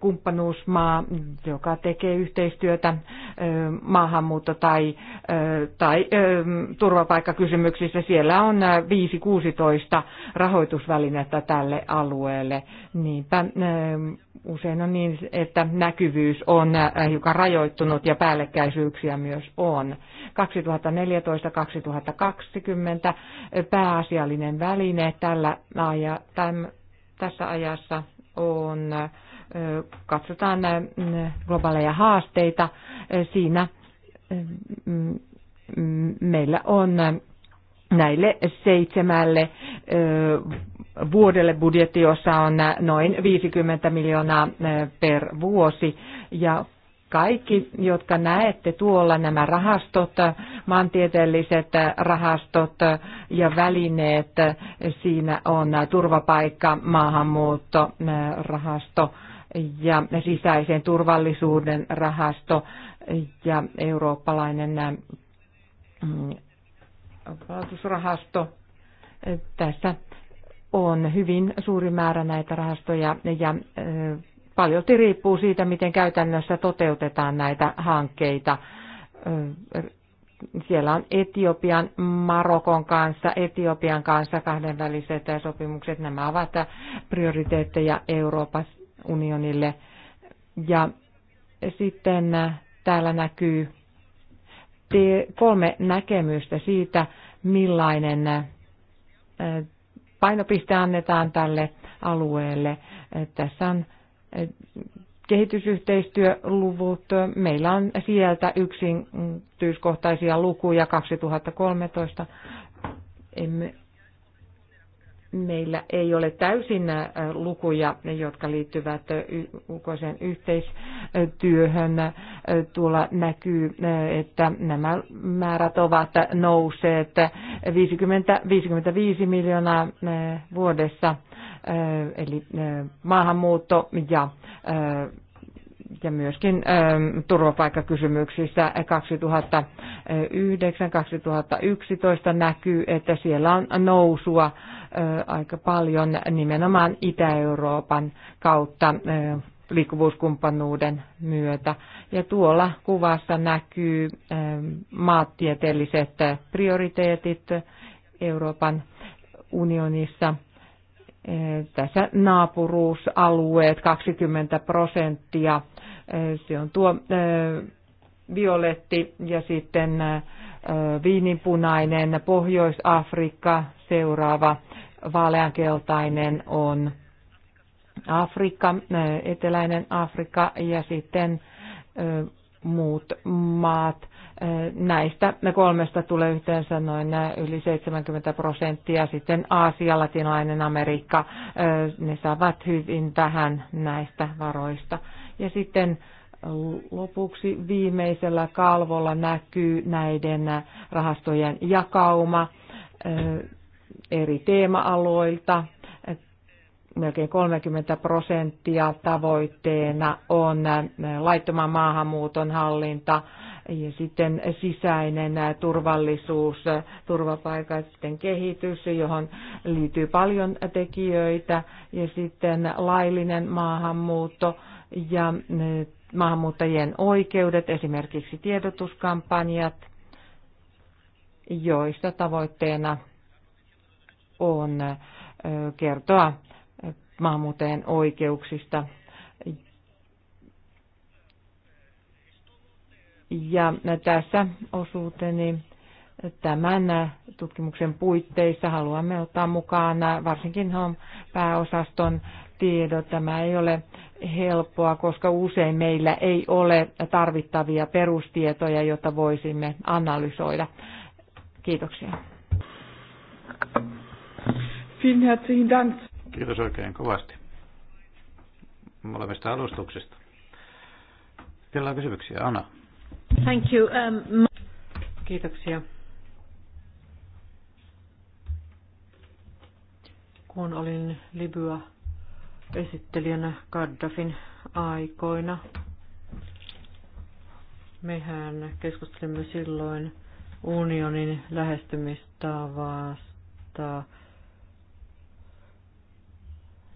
kumppanuusmaa, joka tekee yhteistyötä maahanmuutto- tai, tai turvapaikkakysymyksissä. Siellä on 5-16 rahoitusvälinettä tälle alueelle. Niinpä usein on niin, että näkyvyys on hiukan rajoittunut ja päällekkäisyyksiä myös on. 2014-2020 pääasiallinen väline tällä aja, tässä ajassa on katsotaan globaaleja haasteita. Siinä meillä on näille seitsemälle vuodelle budjetti, jossa on noin 50 miljoonaa per vuosi. Ja kaikki, jotka näette tuolla nämä rahastot, maantieteelliset rahastot ja välineet, siinä on turvapaikka, maahanmuutto, rahasto, ja sisäisen turvallisuuden rahasto ja eurooppalainen mm, valtuusrahasto. Tässä on hyvin suuri määrä näitä rahastoja ja paljolti riippuu siitä, miten käytännössä toteutetaan näitä hankkeita. Siellä on Etiopian, Marokon kanssa, Etiopian kanssa kahdenväliset sopimukset. Nämä ovat prioriteetteja Euroopassa unionille. Ja sitten äh, täällä näkyy kolme näkemystä siitä, millainen äh, painopiste annetaan tälle alueelle. Äh, tässä on kehitysyhteistyöluvut. Meillä on sieltä yksityiskohtaisia lukuja 2013. Emme meillä ei ole täysin äh, lukuja, jotka liittyvät äh, ulkoiseen yhteistyöhön. Äh, tuolla näkyy, että nämä määrät ovat nousseet 50, 55 miljoonaa vuodessa, eli maahanmuutto ja ja myöskin turvapaikkakysymyksissä 2009-2011 näkyy, että siellä on nousua aika paljon nimenomaan Itä-Euroopan kautta liikkuvuuskumppanuuden myötä. Ja tuolla kuvassa näkyy maatieteelliset prioriteetit Euroopan unionissa – tässä naapuruusalueet 20 prosenttia se on tuo violetti ja sitten viininpunainen Pohjois-Afrikka, seuraava vaaleankeltainen on Afrikka, eteläinen Afrikka ja sitten muut maat. Näistä me kolmesta tulee yhteensä noin yli 70 prosenttia. Sitten Aasia, Latinalainen Amerikka, ne saavat hyvin vähän näistä varoista. Ja sitten lopuksi viimeisellä kalvolla näkyy näiden rahastojen jakauma eh, eri teema-aloilta. Melkein 30 prosenttia tavoitteena on eh, laittoman maahanmuuton hallinta ja sitten sisäinen eh, turvallisuus, turvapaikat, sitten kehitys, johon liittyy paljon tekijöitä ja sitten laillinen maahanmuutto ja e, maahanmuuttajien oikeudet, esimerkiksi tiedotuskampanjat, joista tavoitteena on e, kertoa maahanmuuttajien oikeuksista. Ja tässä osuuteni tämän tutkimuksen puitteissa haluamme ottaa mukaan varsinkin HOM-pääosaston tiedot. Tämä ei ole helppoa, koska usein meillä ei ole tarvittavia perustietoja, joita voisimme analysoida. Kiitoksia. Kiitos oikein kovasti molemmista alustuksista. Kyllä on kysymyksiä, Anna. Thank you. Um, Kiitoksia. Kun olin Libya esittelijänä Gaddafin aikoina. Mehän keskustelimme silloin unionin lähestymistavasta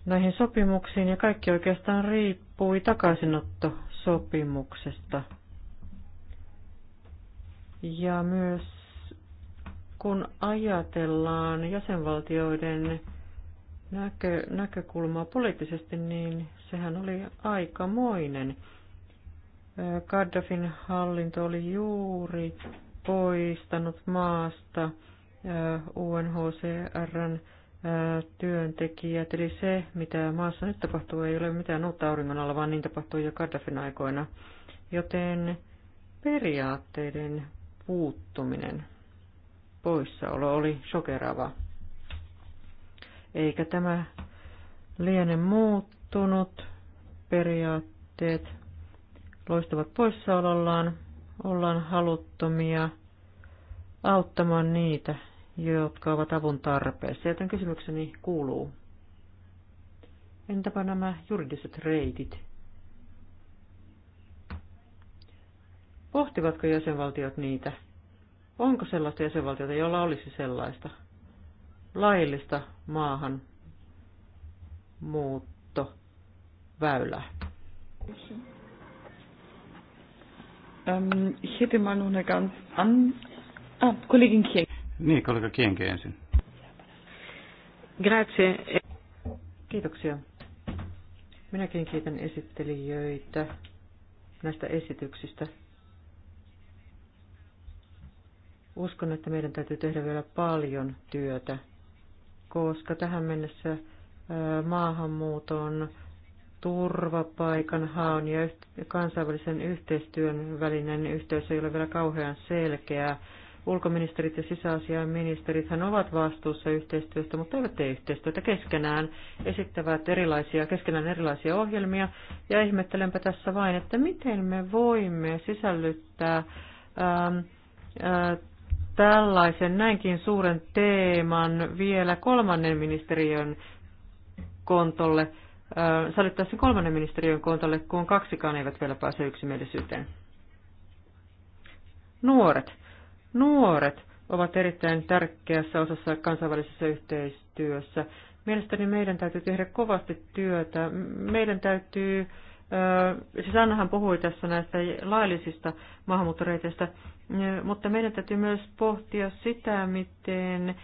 näihin sopimuksiin ja kaikki oikeastaan riippui takaisinotto sopimuksesta Ja myös kun ajatellaan jäsenvaltioiden näkö, näkökulmaa poliittisesti, niin sehän oli aikamoinen. Gaddafin hallinto oli juuri poistanut maasta UNHCRn työntekijät, eli se, mitä maassa nyt tapahtuu, ei ole mitään uutta auringon alla, vaan niin tapahtui jo Gaddafin aikoina. Joten periaatteiden puuttuminen, poissaolo oli shokeravaa eikä tämä liene muuttunut. Periaatteet loistavat poissaolollaan. Ollaan haluttomia auttamaan niitä, jotka ovat avun tarpeessa. Joten kysymykseni kuuluu, entäpä nämä juridiset reitit? Pohtivatko jäsenvaltiot niitä? Onko sellaista jäsenvaltiota, jolla olisi sellaista? laillista maahan muuttoväylää. Ähm, ich hätte mal noch eine ganz an... Ah, Kollegin Kienke. Niin, kollega Kienke ensin. Grazie. Kiitoksia. Minäkin kiitän esittelijöitä näistä esityksistä. Uskon, että meidän täytyy tehdä vielä paljon työtä koska tähän mennessä maahanmuuton, turvapaikan haun ja kansainvälisen yhteistyön välinen yhteys ei ole vielä kauhean selkeää. Ulkoministerit ja sisäasiainministerit ovat vastuussa yhteistyöstä, mutta eivät tee yhteistyötä keskenään, esittävät erilaisia, keskenään erilaisia ohjelmia. Ja ihmettelenpä tässä vain, että miten me voimme sisällyttää ähm, tällaisen näinkin suuren teeman vielä kolmannen ministeriön kontolle, äh, salittaisiin kolmannen ministeriön kontolle, kun kaksikaan eivät vielä pääse yksimielisyyteen. Nuoret. Nuoret ovat erittäin tärkeässä osassa kansainvälisessä yhteistyössä. Mielestäni meidän täytyy tehdä kovasti työtä. Meidän täytyy, siis Annahan puhui tässä näistä laillisista maahanmuuttoreiteistä mutta meidän täytyy myös pohtia sitä, miten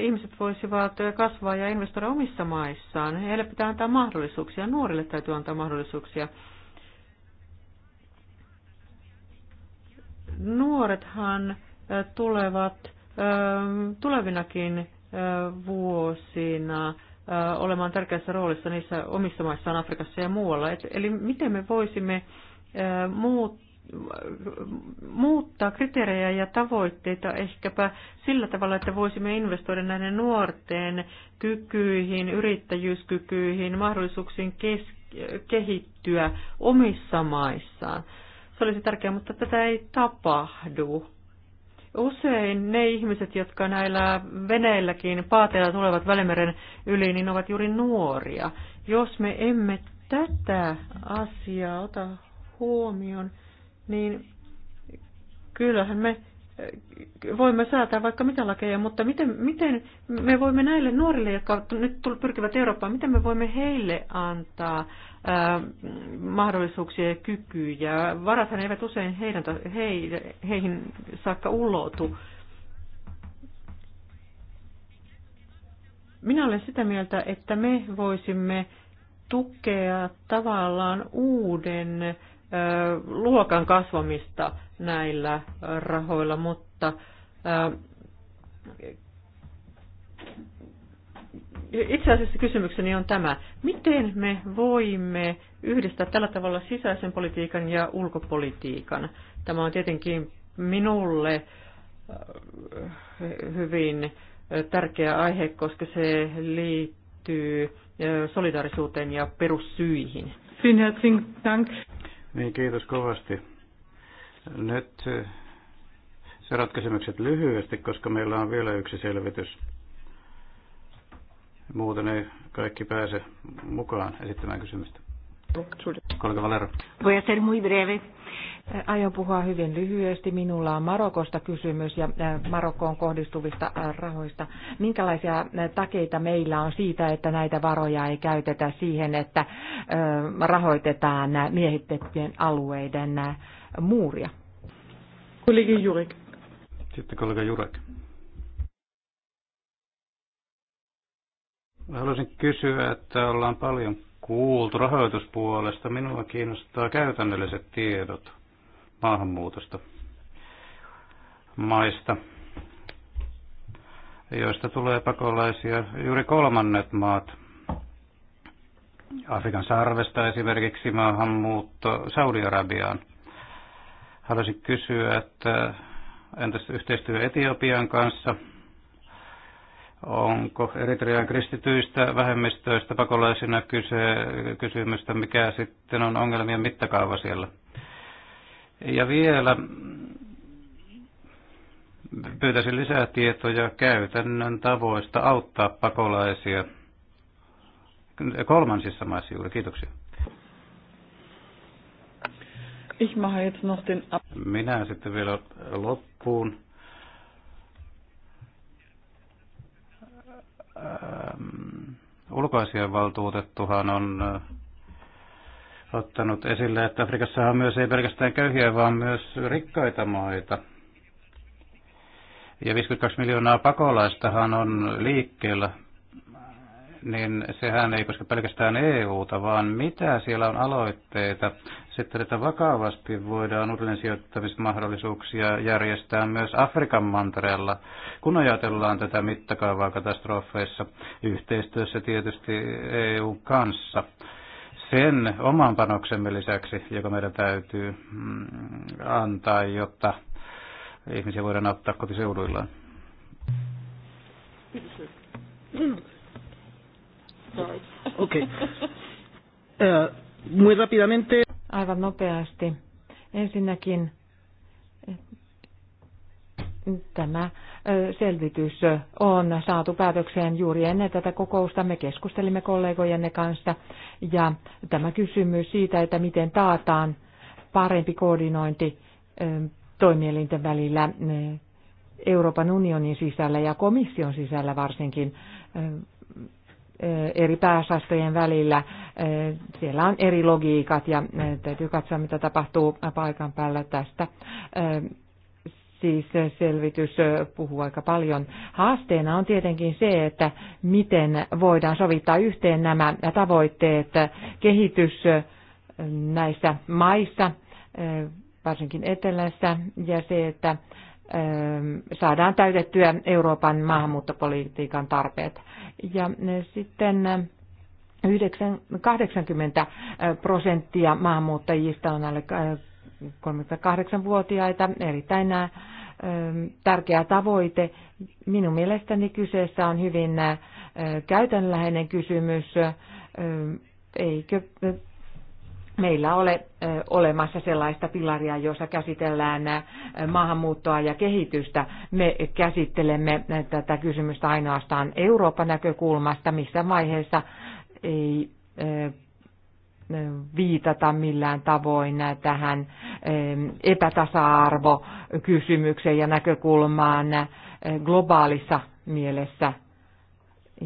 ihmiset voisivat kasvaa ja investoida omissa maissaan. Heille pitää antaa mahdollisuuksia, nuorille täytyy antaa mahdollisuuksia. Nuorethan tulevat tulevinakin vuosina olemaan tärkeässä roolissa niissä omissa maissaan Afrikassa ja muualla. Eli miten me voisimme muuttaa muuttaa kriteerejä ja tavoitteita ehkäpä sillä tavalla, että voisimme investoida näiden nuorten kykyihin, yrittäjyyskykyihin, mahdollisuuksiin kehittyä omissa maissaan. Se olisi tärkeää, mutta tätä ei tapahdu. Usein ne ihmiset, jotka näillä veneilläkin paateilla tulevat Välimeren yli, niin ovat juuri nuoria. Jos me emme tätä asiaa ota huomioon, niin kyllähän me eh, voimme säätää vaikka mitä lakeja, mutta miten, miten me voimme näille nuorille, jotka nyt pyrkivät Eurooppaan, miten me voimme heille antaa ää, eh, mahdollisuuksia ja kykyjä? Varathan eivät usein heidän, he, heihin saakka ulotu. Minä olen sitä mieltä, että me voisimme tukea tavallaan uuden luokan kasvamista näillä rahoilla, mutta itse asiassa kysymykseni on tämä, miten me voimme yhdistää tällä tavalla sisäisen politiikan ja ulkopolitiikan? Tämä on tietenkin minulle hyvin tärkeä aihe, koska se liittyy solidaarisuuteen ja perussyihin. Finja, niin, kiitos kovasti. Nyt eh, se ratkaisemukset lyhyesti, koska meillä on vielä yksi selvitys. Muuten ei kaikki pääse mukaan esittämään kysymystä. Kollega Valero. Voy ser muy breve. Aion puhua hyvin lyhyesti. Minulla on Marokosta kysymys ja Marokkoon kohdistuvista rahoista. Minkälaisia takeita meillä on siitä, että näitä varoja ei käytetä siihen, että rahoitetaan miehitettyjen alueiden muuria? Kollega Jurek. Sitten kollega Jurek. Haluaisin kysyä, että ollaan paljon kuultu rahoituspuolesta. Minua kiinnostaa käytännölliset tiedot maahanmuutosta maista, joista tulee pakolaisia juuri kolmannet maat. Afrikan sarvesta esimerkiksi maahanmuutto Saudi-Arabiaan. Haluaisin kysyä, että entäs yhteistyö Etiopian kanssa – onko Eritrean kristityistä vähemmistöistä pakolaisina kyse, kysymystä, mikä sitten on ongelmien mittakaava siellä. Ja vielä pyytäisin lisää tietoja käytännön tavoista auttaa pakolaisia kolmansissa maissa juuri. Kiitoksia. Ich mache jetzt noch den Minä sitten vielä loppuun valtuutettuhan on ottanut esille, että Afrikassa on myös ei pelkästään köyhiä, vaan myös rikkaita maita. Ja 52 miljoonaa pakolaistahan on liikkeellä niin sehän ei koske pelkästään EUta, vaan mitä siellä on aloitteita. Sitten, että vakavasti voidaan uudelleen sijoittamismahdollisuuksia järjestää myös Afrikan mantereella, kun ajatellaan tätä mittakaavaa katastrofeissa yhteistyössä tietysti EUn kanssa. Sen oman panoksemme lisäksi, joka meidän täytyy mm, antaa, jotta ihmisiä voidaan auttaa kotiseuduillaan. you. Okay. Uh, muy rápidamente. Aivan nopeasti. Ensinnäkin eh, tämä eh, selvitys on saatu päätökseen juuri ennen tätä kokousta. Me keskustelimme kollegojenne kanssa ja tämä kysymys siitä, että miten taataan parempi koordinointi toimielinten välillä Euroopan unionin sisällä ja komission sisällä varsinkin Eh, eri pääsastojen välillä. Eh, siellä on eri logiikat ja eh, täytyy katsoa, mitä tapahtuu paikan päällä tästä. Siis selvitys puhuu aika paljon. Haasteena on tietenkin se, että miten voidaan sovittaa yhteen nämä tavoitteet kehitys näissä maissa, varsinkin etelässä, ja se, että saadaan täytettyä Euroopan maahanmuuttopolitiikan tarpeet. Ja sitten 80 prosenttia maahanmuuttajista on alle 38-vuotiaita, erittäin tärkeä tavoite. Minun mielestäni kyseessä on hyvin käytännönläheinen kysymys. Eikö meillä ole olemassa sellaista pilaria, jossa käsitellään maahanmuuttoa ja kehitystä. Me käsittelemme tätä kysymystä ainoastaan Euroopan näkökulmasta, missä vaiheessa ei viitata millään tavoin tähän epätasa-arvokysymykseen ja näkökulmaan globaalissa mielessä,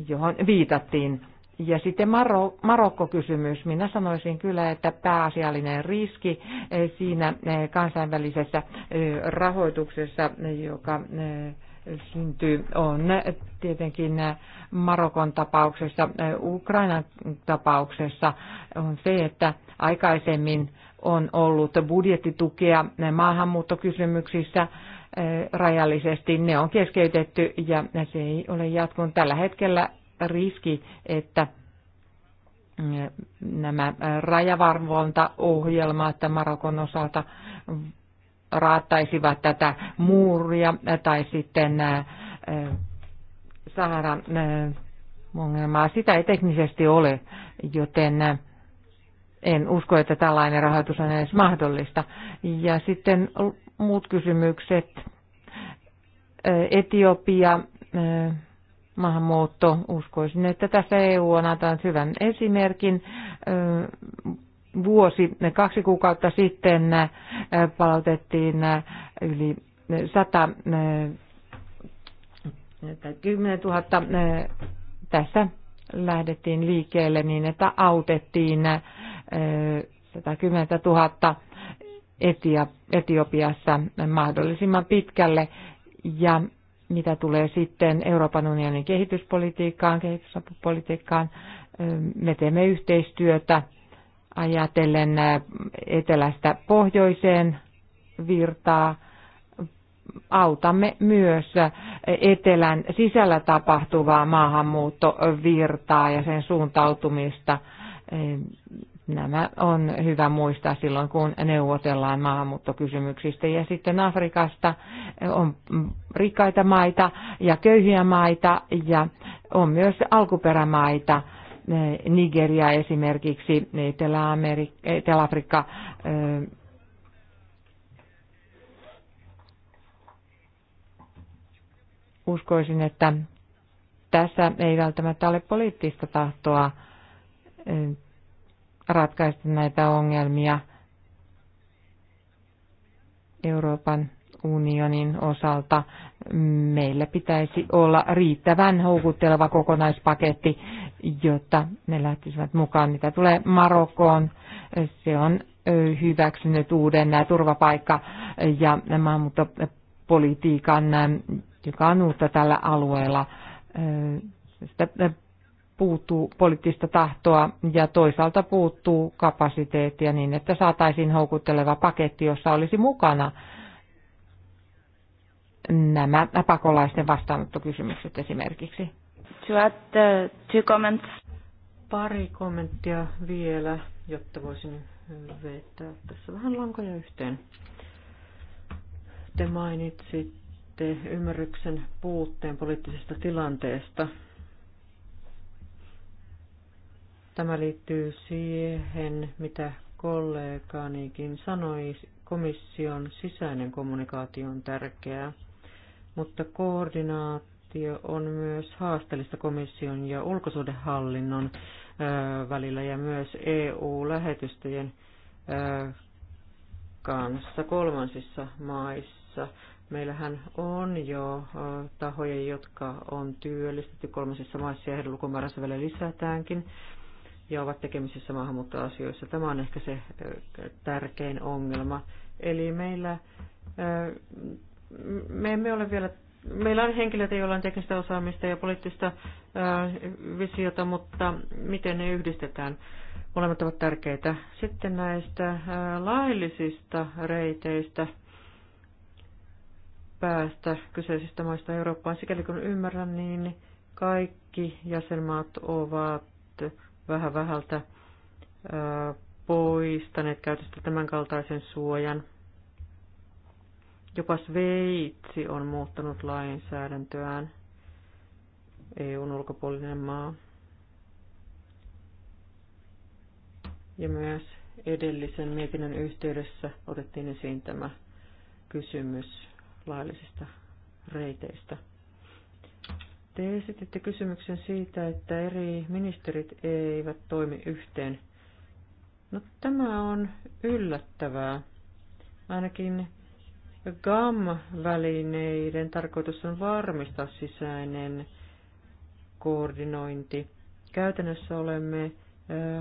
johon viitattiin ja sitten Maro, Marokko-kysymys. Minä sanoisin kyllä, että pääasiallinen riski eh, siinä eh, kansainvälisessä eh, rahoituksessa, joka syntyy, on tietenkin Marokon tapauksessa, Ukrainan tapauksessa on se, että aikaisemmin on ollut budjettitukea maahanmuuttokysymyksissä rajallisesti. Ne on keskeytetty ja se ei ole jatkunut. Tällä hetkellä riski, että mm, nämä rajavarvontaohjelmat Marokon osalta raattaisivat tätä muuria tai sitten äh, Saharan äh, ongelmaa. Sitä ei teknisesti ole, joten äh, en usko, että tällainen rahoitus on edes mahdollista. Ja sitten muut kysymykset. Etiopia, maahanmuutto. Uskoisin, että tässä EU on antanut hyvän esimerkin. Vuosi, kaksi kuukautta sitten palautettiin yli 100 10 000 tässä lähdettiin liikkeelle niin, että autettiin 110 000 Etiopiassa mahdollisimman pitkälle ja mitä tulee sitten Euroopan unionin kehityspolitiikkaan, kehitysapupolitiikkaan, me teemme yhteistyötä ajatellen etelästä pohjoiseen virtaa. Autamme myös etelän sisällä tapahtuvaa maahanmuuttovirtaa ja sen suuntautumista Nämä on hyvä muistaa silloin, kun neuvotellaan maahanmuuttokysymyksistä. Ja sitten Afrikasta on rikkaita maita ja köyhiä maita ja on myös alkuperämaita. Nigeria esimerkiksi, Etelä-Afrikka, eh, uskoisin, että tässä ei välttämättä ole poliittista tahtoa eh, ratkaista näitä ongelmia Euroopan unionin osalta. Meillä pitäisi olla riittävän houkutteleva kokonaispaketti, jotta ne lähtisivät mukaan. Mitä tulee Marokkoon, se on hyväksynyt uuden turvapaikka- ja maahanmuuttopolitiikan, joka on uutta tällä alueella. Sitä puuttuu poliittista tahtoa ja toisaalta puuttuu kapasiteettia niin, että saataisiin houkutteleva paketti, jossa olisi mukana nämä pakolaisten vastaanottokysymykset esimerkiksi. To add uh, two comments. Pari kommenttia vielä, jotta voisin vetää tässä vähän lankoja yhteen. Te mainitsitte ymmärryksen puutteen poliittisesta tilanteesta Tämä liittyy siihen, mitä kollegaanikin sanoi, komission sisäinen kommunikaatio on tärkeää, mutta koordinaatio on myös haasteellista komission ja ulkosuhdehallinnon välillä ja myös EU-lähetystöjen kanssa kolmansissa maissa. Meillähän on jo tahoja, jotka on työllistetty kolmansissa maissa ja heidän lukumääränsä vielä lisätäänkin ja ovat tekemisissä maahanmuuttoasioissa. Tämä on ehkä se tärkein ongelma. Eli meillä, me emme ole vielä, meillä on henkilöitä, joilla on teknistä osaamista ja poliittista visiota, mutta miten ne yhdistetään? Molemmat ovat tärkeitä. Sitten näistä laillisista reiteistä päästä kyseisistä maista Eurooppaan. Sikäli kun ymmärrän, niin kaikki jäsenmaat ovat vähän vähältä poistaneet käytöstä tämän kaltaisen suojan. Jopa Sveitsi on muuttanut lainsäädäntöään. EUn ulkopuolinen maa. Ja myös edellisen mietinnön yhteydessä otettiin esiin tämä kysymys laillisista reiteistä. Te esititte kysymyksen siitä, että eri ministerit eivät toimi yhteen. No tämä on yllättävää. Ainakin GAM-välineiden tarkoitus on varmistaa sisäinen koordinointi. Käytännössä olemme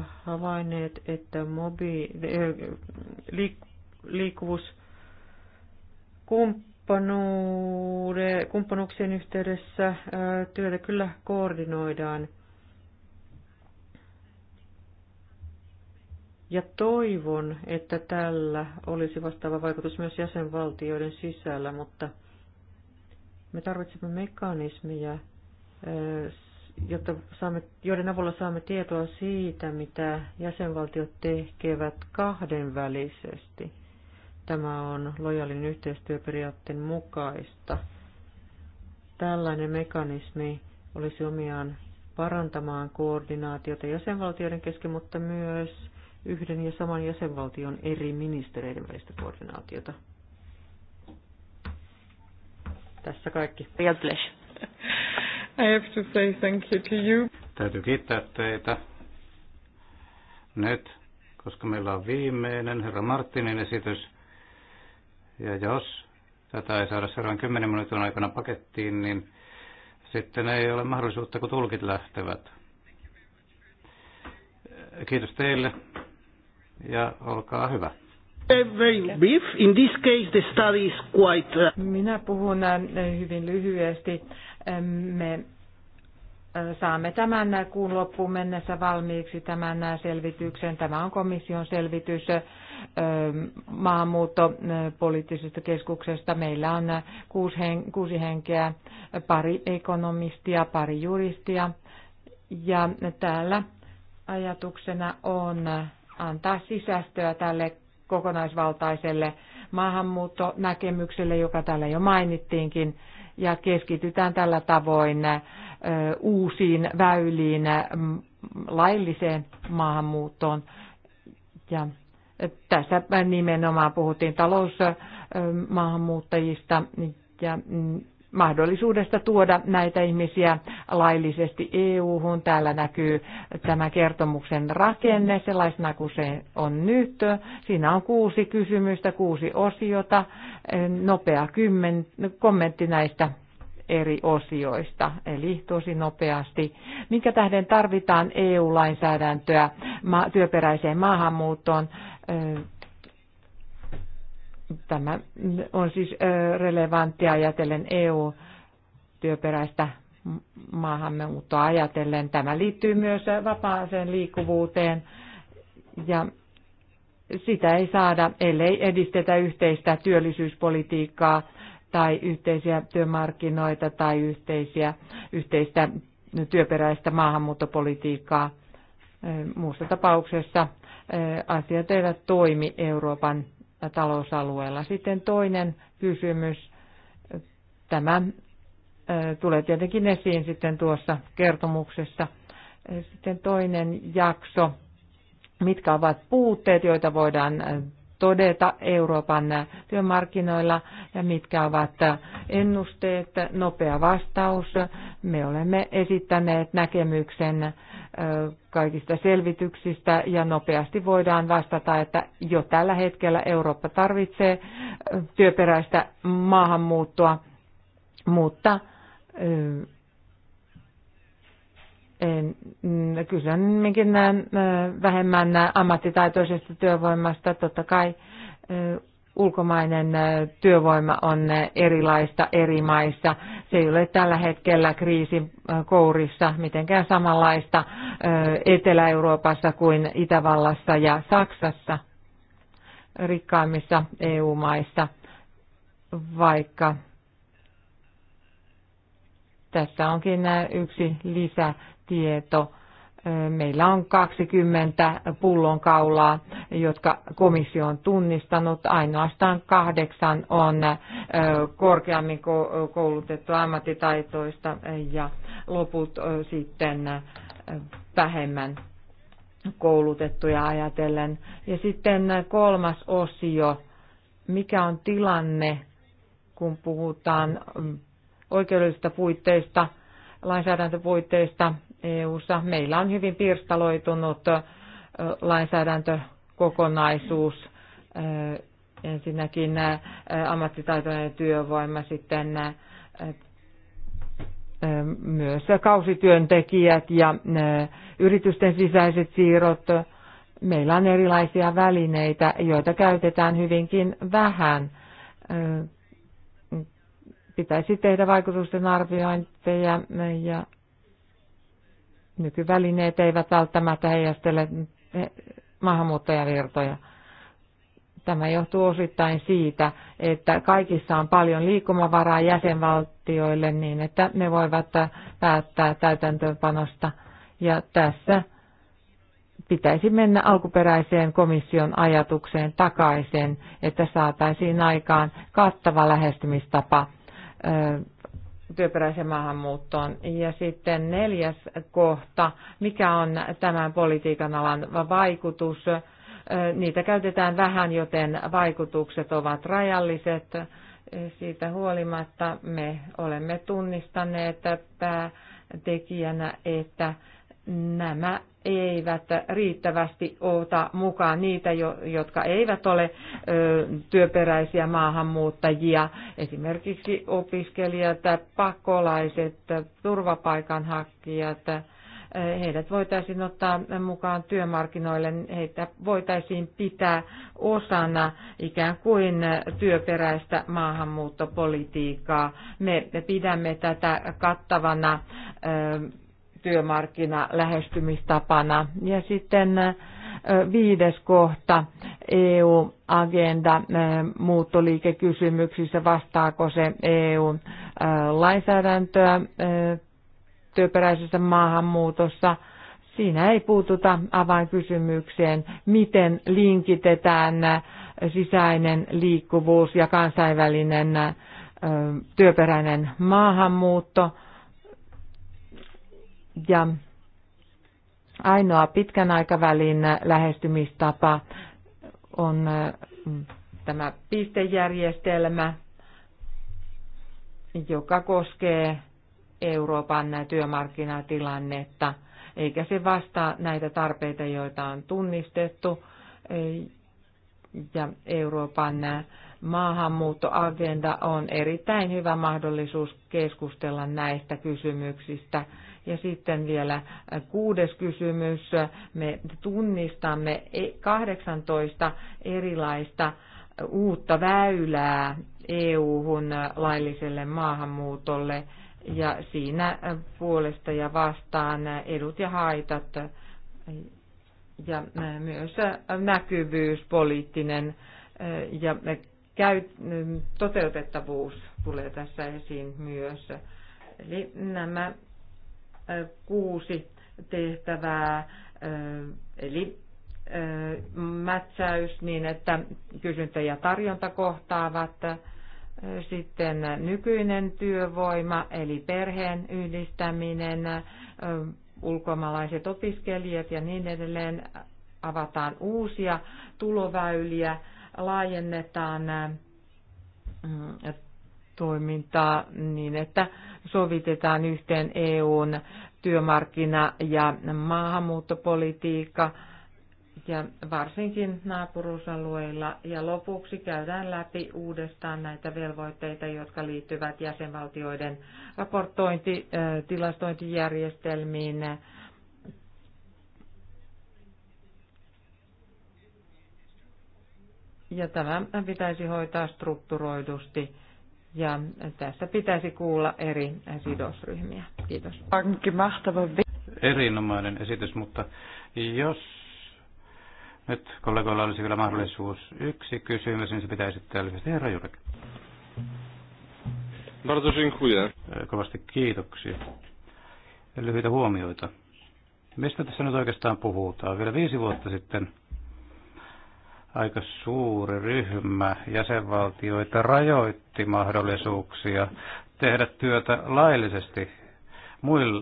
havainneet, että mobi, liik, liikkuvuus kumppanuuksien yhteydessä työtä kyllä koordinoidaan. Ja toivon, että tällä olisi vastaava vaikutus myös jäsenvaltioiden sisällä, mutta me tarvitsemme mekanismeja, jotta saamme, joiden avulla saamme tietoa siitä, mitä jäsenvaltiot tekevät kahdenvälisesti. Tämä on lojalin yhteistyöperiaatteen mukaista. Tällainen mekanismi olisi omiaan parantamaan koordinaatiota jäsenvaltioiden kesken, mutta myös yhden ja saman jäsenvaltion eri ministereiden välistä koordinaatiota. Tässä kaikki. Real pleasure. I have to say thank you to you. Täytyy kiittää teitä nyt, koska meillä on viimeinen herra Martinin esitys. Ja jos tätä ei saada seuraavan 10 minuutin aikana pakettiin, niin sitten ei ole mahdollisuutta, kun tulkit lähtevät. Kiitos teille ja olkaa hyvä. In this case the study is quite... Uh, Minä puhun äh, hyvin lyhyesti. Me saamme tämän kuun loppuun mennessä valmiiksi tämän selvityksen. Tämä on komission selvitys maahanmuuttopoliittisesta keskuksesta. Meillä on kuusi henkeä, pari ekonomistia, pari juristia. Ja täällä ajatuksena on antaa sisästöä tälle kokonaisvaltaiselle maahanmuuttonäkemykselle, joka täällä jo mainittiinkin – ja keskitytään tällä tavoin uusiin väyliin lailliseen maahanmuuttoon. Ja tässä nimenomaan puhuttiin talousmaahanmuuttajista ja mm, mahdollisuudesta tuoda näitä ihmisiä laillisesti EU-hun. Täällä näkyy tämä kertomuksen rakenne sellaisena kuin se on nyt. Siinä on kuusi kysymystä, kuusi osiota, nopea kymmen, kommentti näistä eri osioista, eli tosi nopeasti. Minkä tähden tarvitaan EU-lainsäädäntöä työperäiseen maahanmuuttoon? Tämä on siis relevantti ajatellen EU-työperäistä maahanmuuttoa ajatellen. Tämä liittyy myös vapaaseen liikkuvuuteen ja sitä ei saada, ellei edistetä yhteistä työllisyyspolitiikkaa tai yhteisiä työmarkkinoita tai yhteisiä, yhteistä työperäistä maahanmuuttopolitiikkaa. Muussa tapauksessa asiat eivät toimi Euroopan talousalueella. Sitten toinen kysymys. Tämä tulee tietenkin esiin sitten tuossa kertomuksessa. Sitten toinen jakso. Mitkä ovat puutteet, joita voidaan todeta Euroopan työmarkkinoilla ja mitkä ovat ennusteet. Nopea vastaus. Me olemme esittäneet näkemyksen kaikista selvityksistä ja nopeasti voidaan vastata, että jo tällä hetkellä Eurooppa tarvitsee työperäistä maahanmuuttoa, mutta Mm, kyllä on näen vähemmän ammattitaitoisesta työvoimasta. Totta kai ulkomainen työvoima on erilaista eri maissa. Se ei ole tällä hetkellä kriisin kourissa mitenkään samanlaista Etelä-Euroopassa kuin Itävallassa ja Saksassa rikkaimmissa EU-maissa, vaikka tässä onkin yksi lisätieto. Meillä on 20 pullonkaulaa, jotka komissio on tunnistanut. Ainoastaan kahdeksan on korkeammin koulutettu ammattitaitoista ja loput sitten vähemmän koulutettuja ajatellen. Ja sitten kolmas osio, mikä on tilanne, kun puhutaan oikeudellisista puitteista, lainsäädäntöpuitteista EU-ssa. Meillä on hyvin pirstaloitunut lainsäädäntökokonaisuus, ensinnäkin ammattitaitoinen työvoima, sitten myös kausityöntekijät ja yritysten sisäiset siirrot. Meillä on erilaisia välineitä, joita käytetään hyvinkin vähän pitäisi tehdä vaikutusten arviointeja ja nykyvälineet eivät välttämättä heijastele maahanmuuttajavirtoja. Tämä johtuu osittain siitä, että kaikissa on paljon liikkumavaraa jäsenvaltioille niin, että ne voivat päättää täytäntöönpanosta. Ja tässä pitäisi mennä alkuperäiseen komission ajatukseen takaisin, että saataisiin aikaan kattava lähestymistapa työperäiseen maahanmuuttoon. Ja sitten neljäs kohta, mikä on tämän politiikan alan vaikutus. Niitä käytetään vähän, joten vaikutukset ovat rajalliset. Siitä huolimatta me olemme tunnistaneet päätekijänä, että nämä eivät riittävästi ota mukaan niitä, jotka eivät ole työperäisiä maahanmuuttajia, esimerkiksi opiskelijat, pakolaiset, turvapaikanhakijat. Heidät voitaisiin ottaa mukaan työmarkkinoille, heitä voitaisiin pitää osana ikään kuin työperäistä maahanmuuttopolitiikkaa. Me pidämme tätä kattavana työmarkkinalähestymistapana. Ja sitten viides kohta, EU-agenda muuttoliikekysymyksissä, vastaako se EU-lainsäädäntöä työperäisessä maahanmuutossa. Siinä ei puututa avainkysymykseen, miten linkitetään sisäinen liikkuvuus ja kansainvälinen työperäinen maahanmuutto – ja ainoa pitkän aikavälin lähestymistapa on tämä pistejärjestelmä, joka koskee Euroopan työmarkkinatilannetta, eikä se vastaa näitä tarpeita, joita on tunnistettu. Ja Euroopan maahanmuuttoagenda on erittäin hyvä mahdollisuus keskustella näistä kysymyksistä ja sitten vielä äh, kuudes kysymys. Me tunnistamme 18 e- erilaista äh, uutta väylää EU-hun äh, lailliselle maahanmuutolle ja siinä puolesta ja vastaan edut ja haitat ja myös näkyvyys, poliittinen ja mm, toteutettavuus tulee tässä esiin myös. Eli nämä kuusi tehtävää, eli mätsäys niin, että kysyntä ja tarjonta kohtaavat, sitten nykyinen työvoima eli perheen yhdistäminen, ulkomaalaiset opiskelijat ja niin edelleen, avataan uusia tuloväyliä, laajennetaan toimintaa niin, että sovitetaan yhteen EUn työmarkkina- ja maahanmuuttopolitiikka ja varsinkin naapuruusalueilla. Ja lopuksi käydään läpi uudestaan näitä velvoitteita, jotka liittyvät jäsenvaltioiden raportointi, tilastointijärjestelmiin, ja tämä pitäisi hoitaa strukturoidusti ja tästä pitäisi kuulla eri sidosryhmiä. Kiitos. Erinomainen esitys, mutta jos nyt kollegoilla olisi vielä mahdollisuus yksi kysymys, niin se pitäisi esittää lyhyesti. Herra Jurek. Kovasti kiitoksia. Lyhyitä huomioita. Mistä tässä nyt oikeastaan puhutaan? Vielä viisi vuotta sitten aika suuri ryhmä jäsenvaltioita rajoitti mahdollisuuksia tehdä työtä laillisesti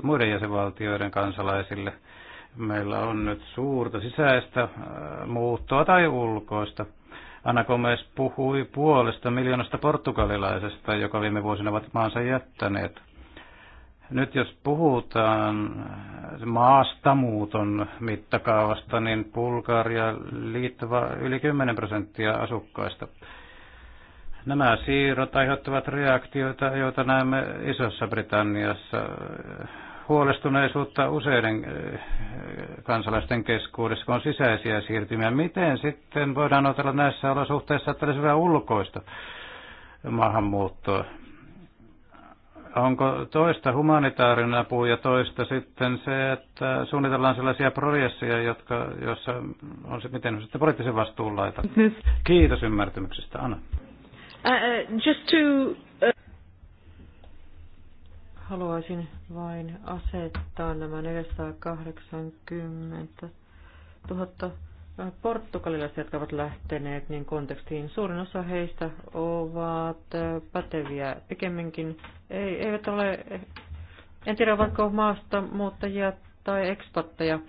muiden jäsenvaltioiden kansalaisille. Meillä on nyt suurta sisäistä äh, muuttoa tai ulkoista. Anna Gomez puhui puolesta miljoonasta portugalilaisesta, joka viime vuosina ovat maansa jättäneet. Nyt jos puhutaan maastamuuton mittakaavasta, niin Bulgaria liittyvä yli 10 prosenttia asukkaista. Nämä siirrot aiheuttavat reaktioita, joita näemme Isossa Britanniassa. Huolestuneisuutta useiden eh, kansalaisten keskuudessa, kun on sisäisiä siirtymiä. Miten sitten voidaan otella näissä olosuhteissa tällaisella ulkoista maahanmuuttoa? onko toista humanitaarinen apu ja toista sitten se, että suunnitellaan sellaisia prosesseja, jotka, joissa on se, miten on sitten poliittisen vastuun laita. Kiitos ymmärtämyksestä, Anna. Uh, uh, just to, uh... Haluaisin vain asettaa nämä 480 000 Portugalilaiset jotka ovat lähteneet, niin kontekstiin suurin osa heistä ovat äh, päteviä. Pikemminkin ei, eivät ole, en tiedä vaikka maasta muuttajia tai ekspatteja,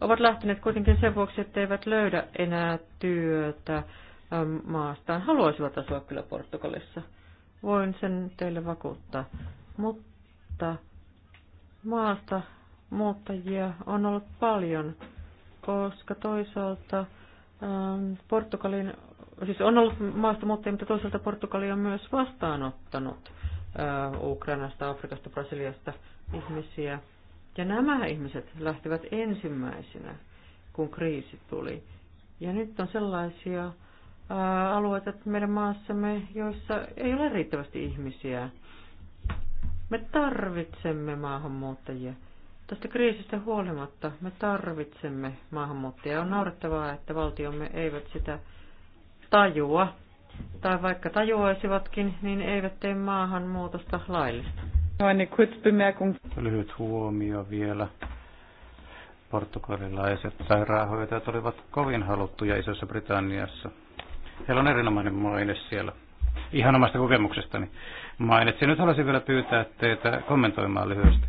ovat lähteneet kuitenkin sen vuoksi, että eivät löydä enää työtä äh, maastaan. Haluaisivat asua kyllä Portugalissa. Voin sen teille vakuuttaa. Mutta maasta muuttajia on ollut paljon koska toisaalta ähm, Portugalin, siis on ollut maasta muuttajia, mutta toisaalta Portugali on myös vastaanottanut äh, Ukrainasta, Afrikasta, Brasiliasta ihmisiä. Ja nämä ihmiset lähtivät ensimmäisenä, kun kriisi tuli. Ja nyt on sellaisia äh, alueita meidän maassamme, joissa ei ole riittävästi ihmisiä. Me tarvitsemme maahanmuuttajia. Tästä kriisistä huolimatta me tarvitsemme maahanmuuttajia. On naurettavaa, että valtiomme eivät sitä tajua. Tai vaikka tajuaisivatkin, niin eivät tee maahanmuutosta laillista. No, niin lyhyt huomio vielä. Portugalilaiset sairaanhoitajat olivat kovin haluttuja Isossa Britanniassa. Heillä on erinomainen maine siellä. Ihan omasta kokemuksestani mainitsin. Nyt haluaisin vielä pyytää teitä kommentoimaan lyhyesti.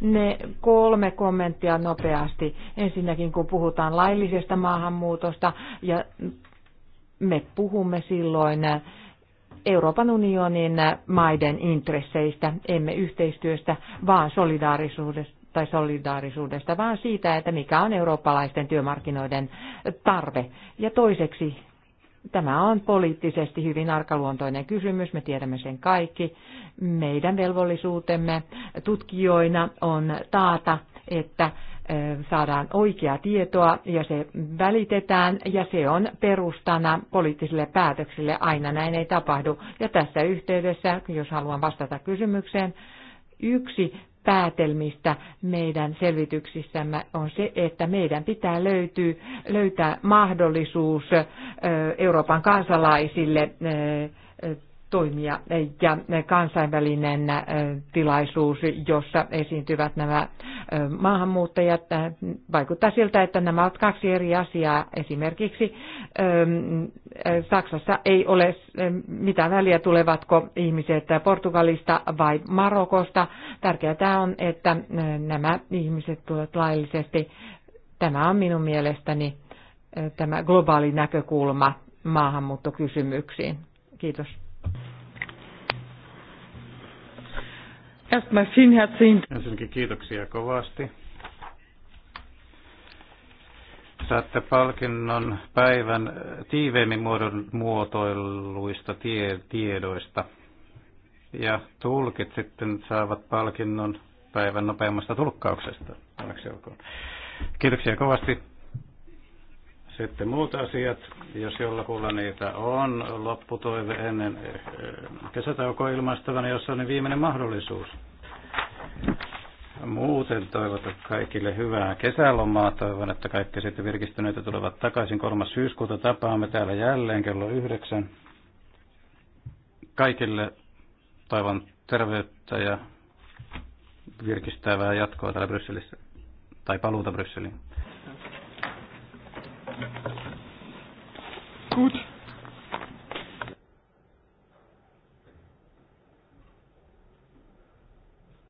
Ne kolme kommenttia nopeasti. Ensinnäkin kun puhutaan laillisesta maahanmuutosta ja me puhumme silloin Euroopan unionin maiden intresseistä, emme yhteistyöstä, vaan solidaarisuudesta tai solidaarisuudesta, vaan siitä, että mikä on eurooppalaisten työmarkkinoiden tarve. Ja toiseksi Tämä on poliittisesti hyvin arkaluontoinen kysymys, me tiedämme sen kaikki. Meidän velvollisuutemme tutkijoina on taata, että saadaan oikeaa tietoa ja se välitetään ja se on perustana poliittisille päätöksille. Aina näin ei tapahdu. Ja tässä yhteydessä, jos haluan vastata kysymykseen, yksi päätelmistä meidän selvityksissämme on se, että meidän pitää löytyy, löytää mahdollisuus Euroopan kansalaisille toimia ja kansainvälinen tilaisuus, jossa esiintyvät nämä maahanmuuttajat. Vaikuttaa siltä, että nämä ovat kaksi eri asiaa. Esimerkiksi Saksassa ei ole mitään väliä, tulevatko ihmiset Portugalista vai Marokosta. Tärkeää on, että nämä ihmiset tulevat laillisesti. Tämä on minun mielestäni tämä globaali näkökulma maahanmuuttokysymyksiin. Kiitos. Erstmal vielen herzlichen Ensinnäkin kiitoksia kovasti. Saatte palkinnon päivän tiiveimmin muodon muotoiluista tie, tiedoista. Ja tulkit sitten saavat palkinnon päivän nopeammasta tulkkauksesta. Onneksi olkoon. Kiitoksia kovasti. Sitten muut asiat, jos jollakulla niitä on, lopputoive ennen eh, kesätaukoa ilmaistavana, jossa on niin viimeinen mahdollisuus. Muuten toivotan kaikille hyvää kesälomaa. Toivon, että kaikki sitten virkistyneitä tulevat takaisin. 3. syyskuuta tapaamme täällä jälleen kello yhdeksän. Kaikille toivon terveyttä ja virkistävää jatkoa täällä Brysselissä tai paluuta Brysseliin. Gut.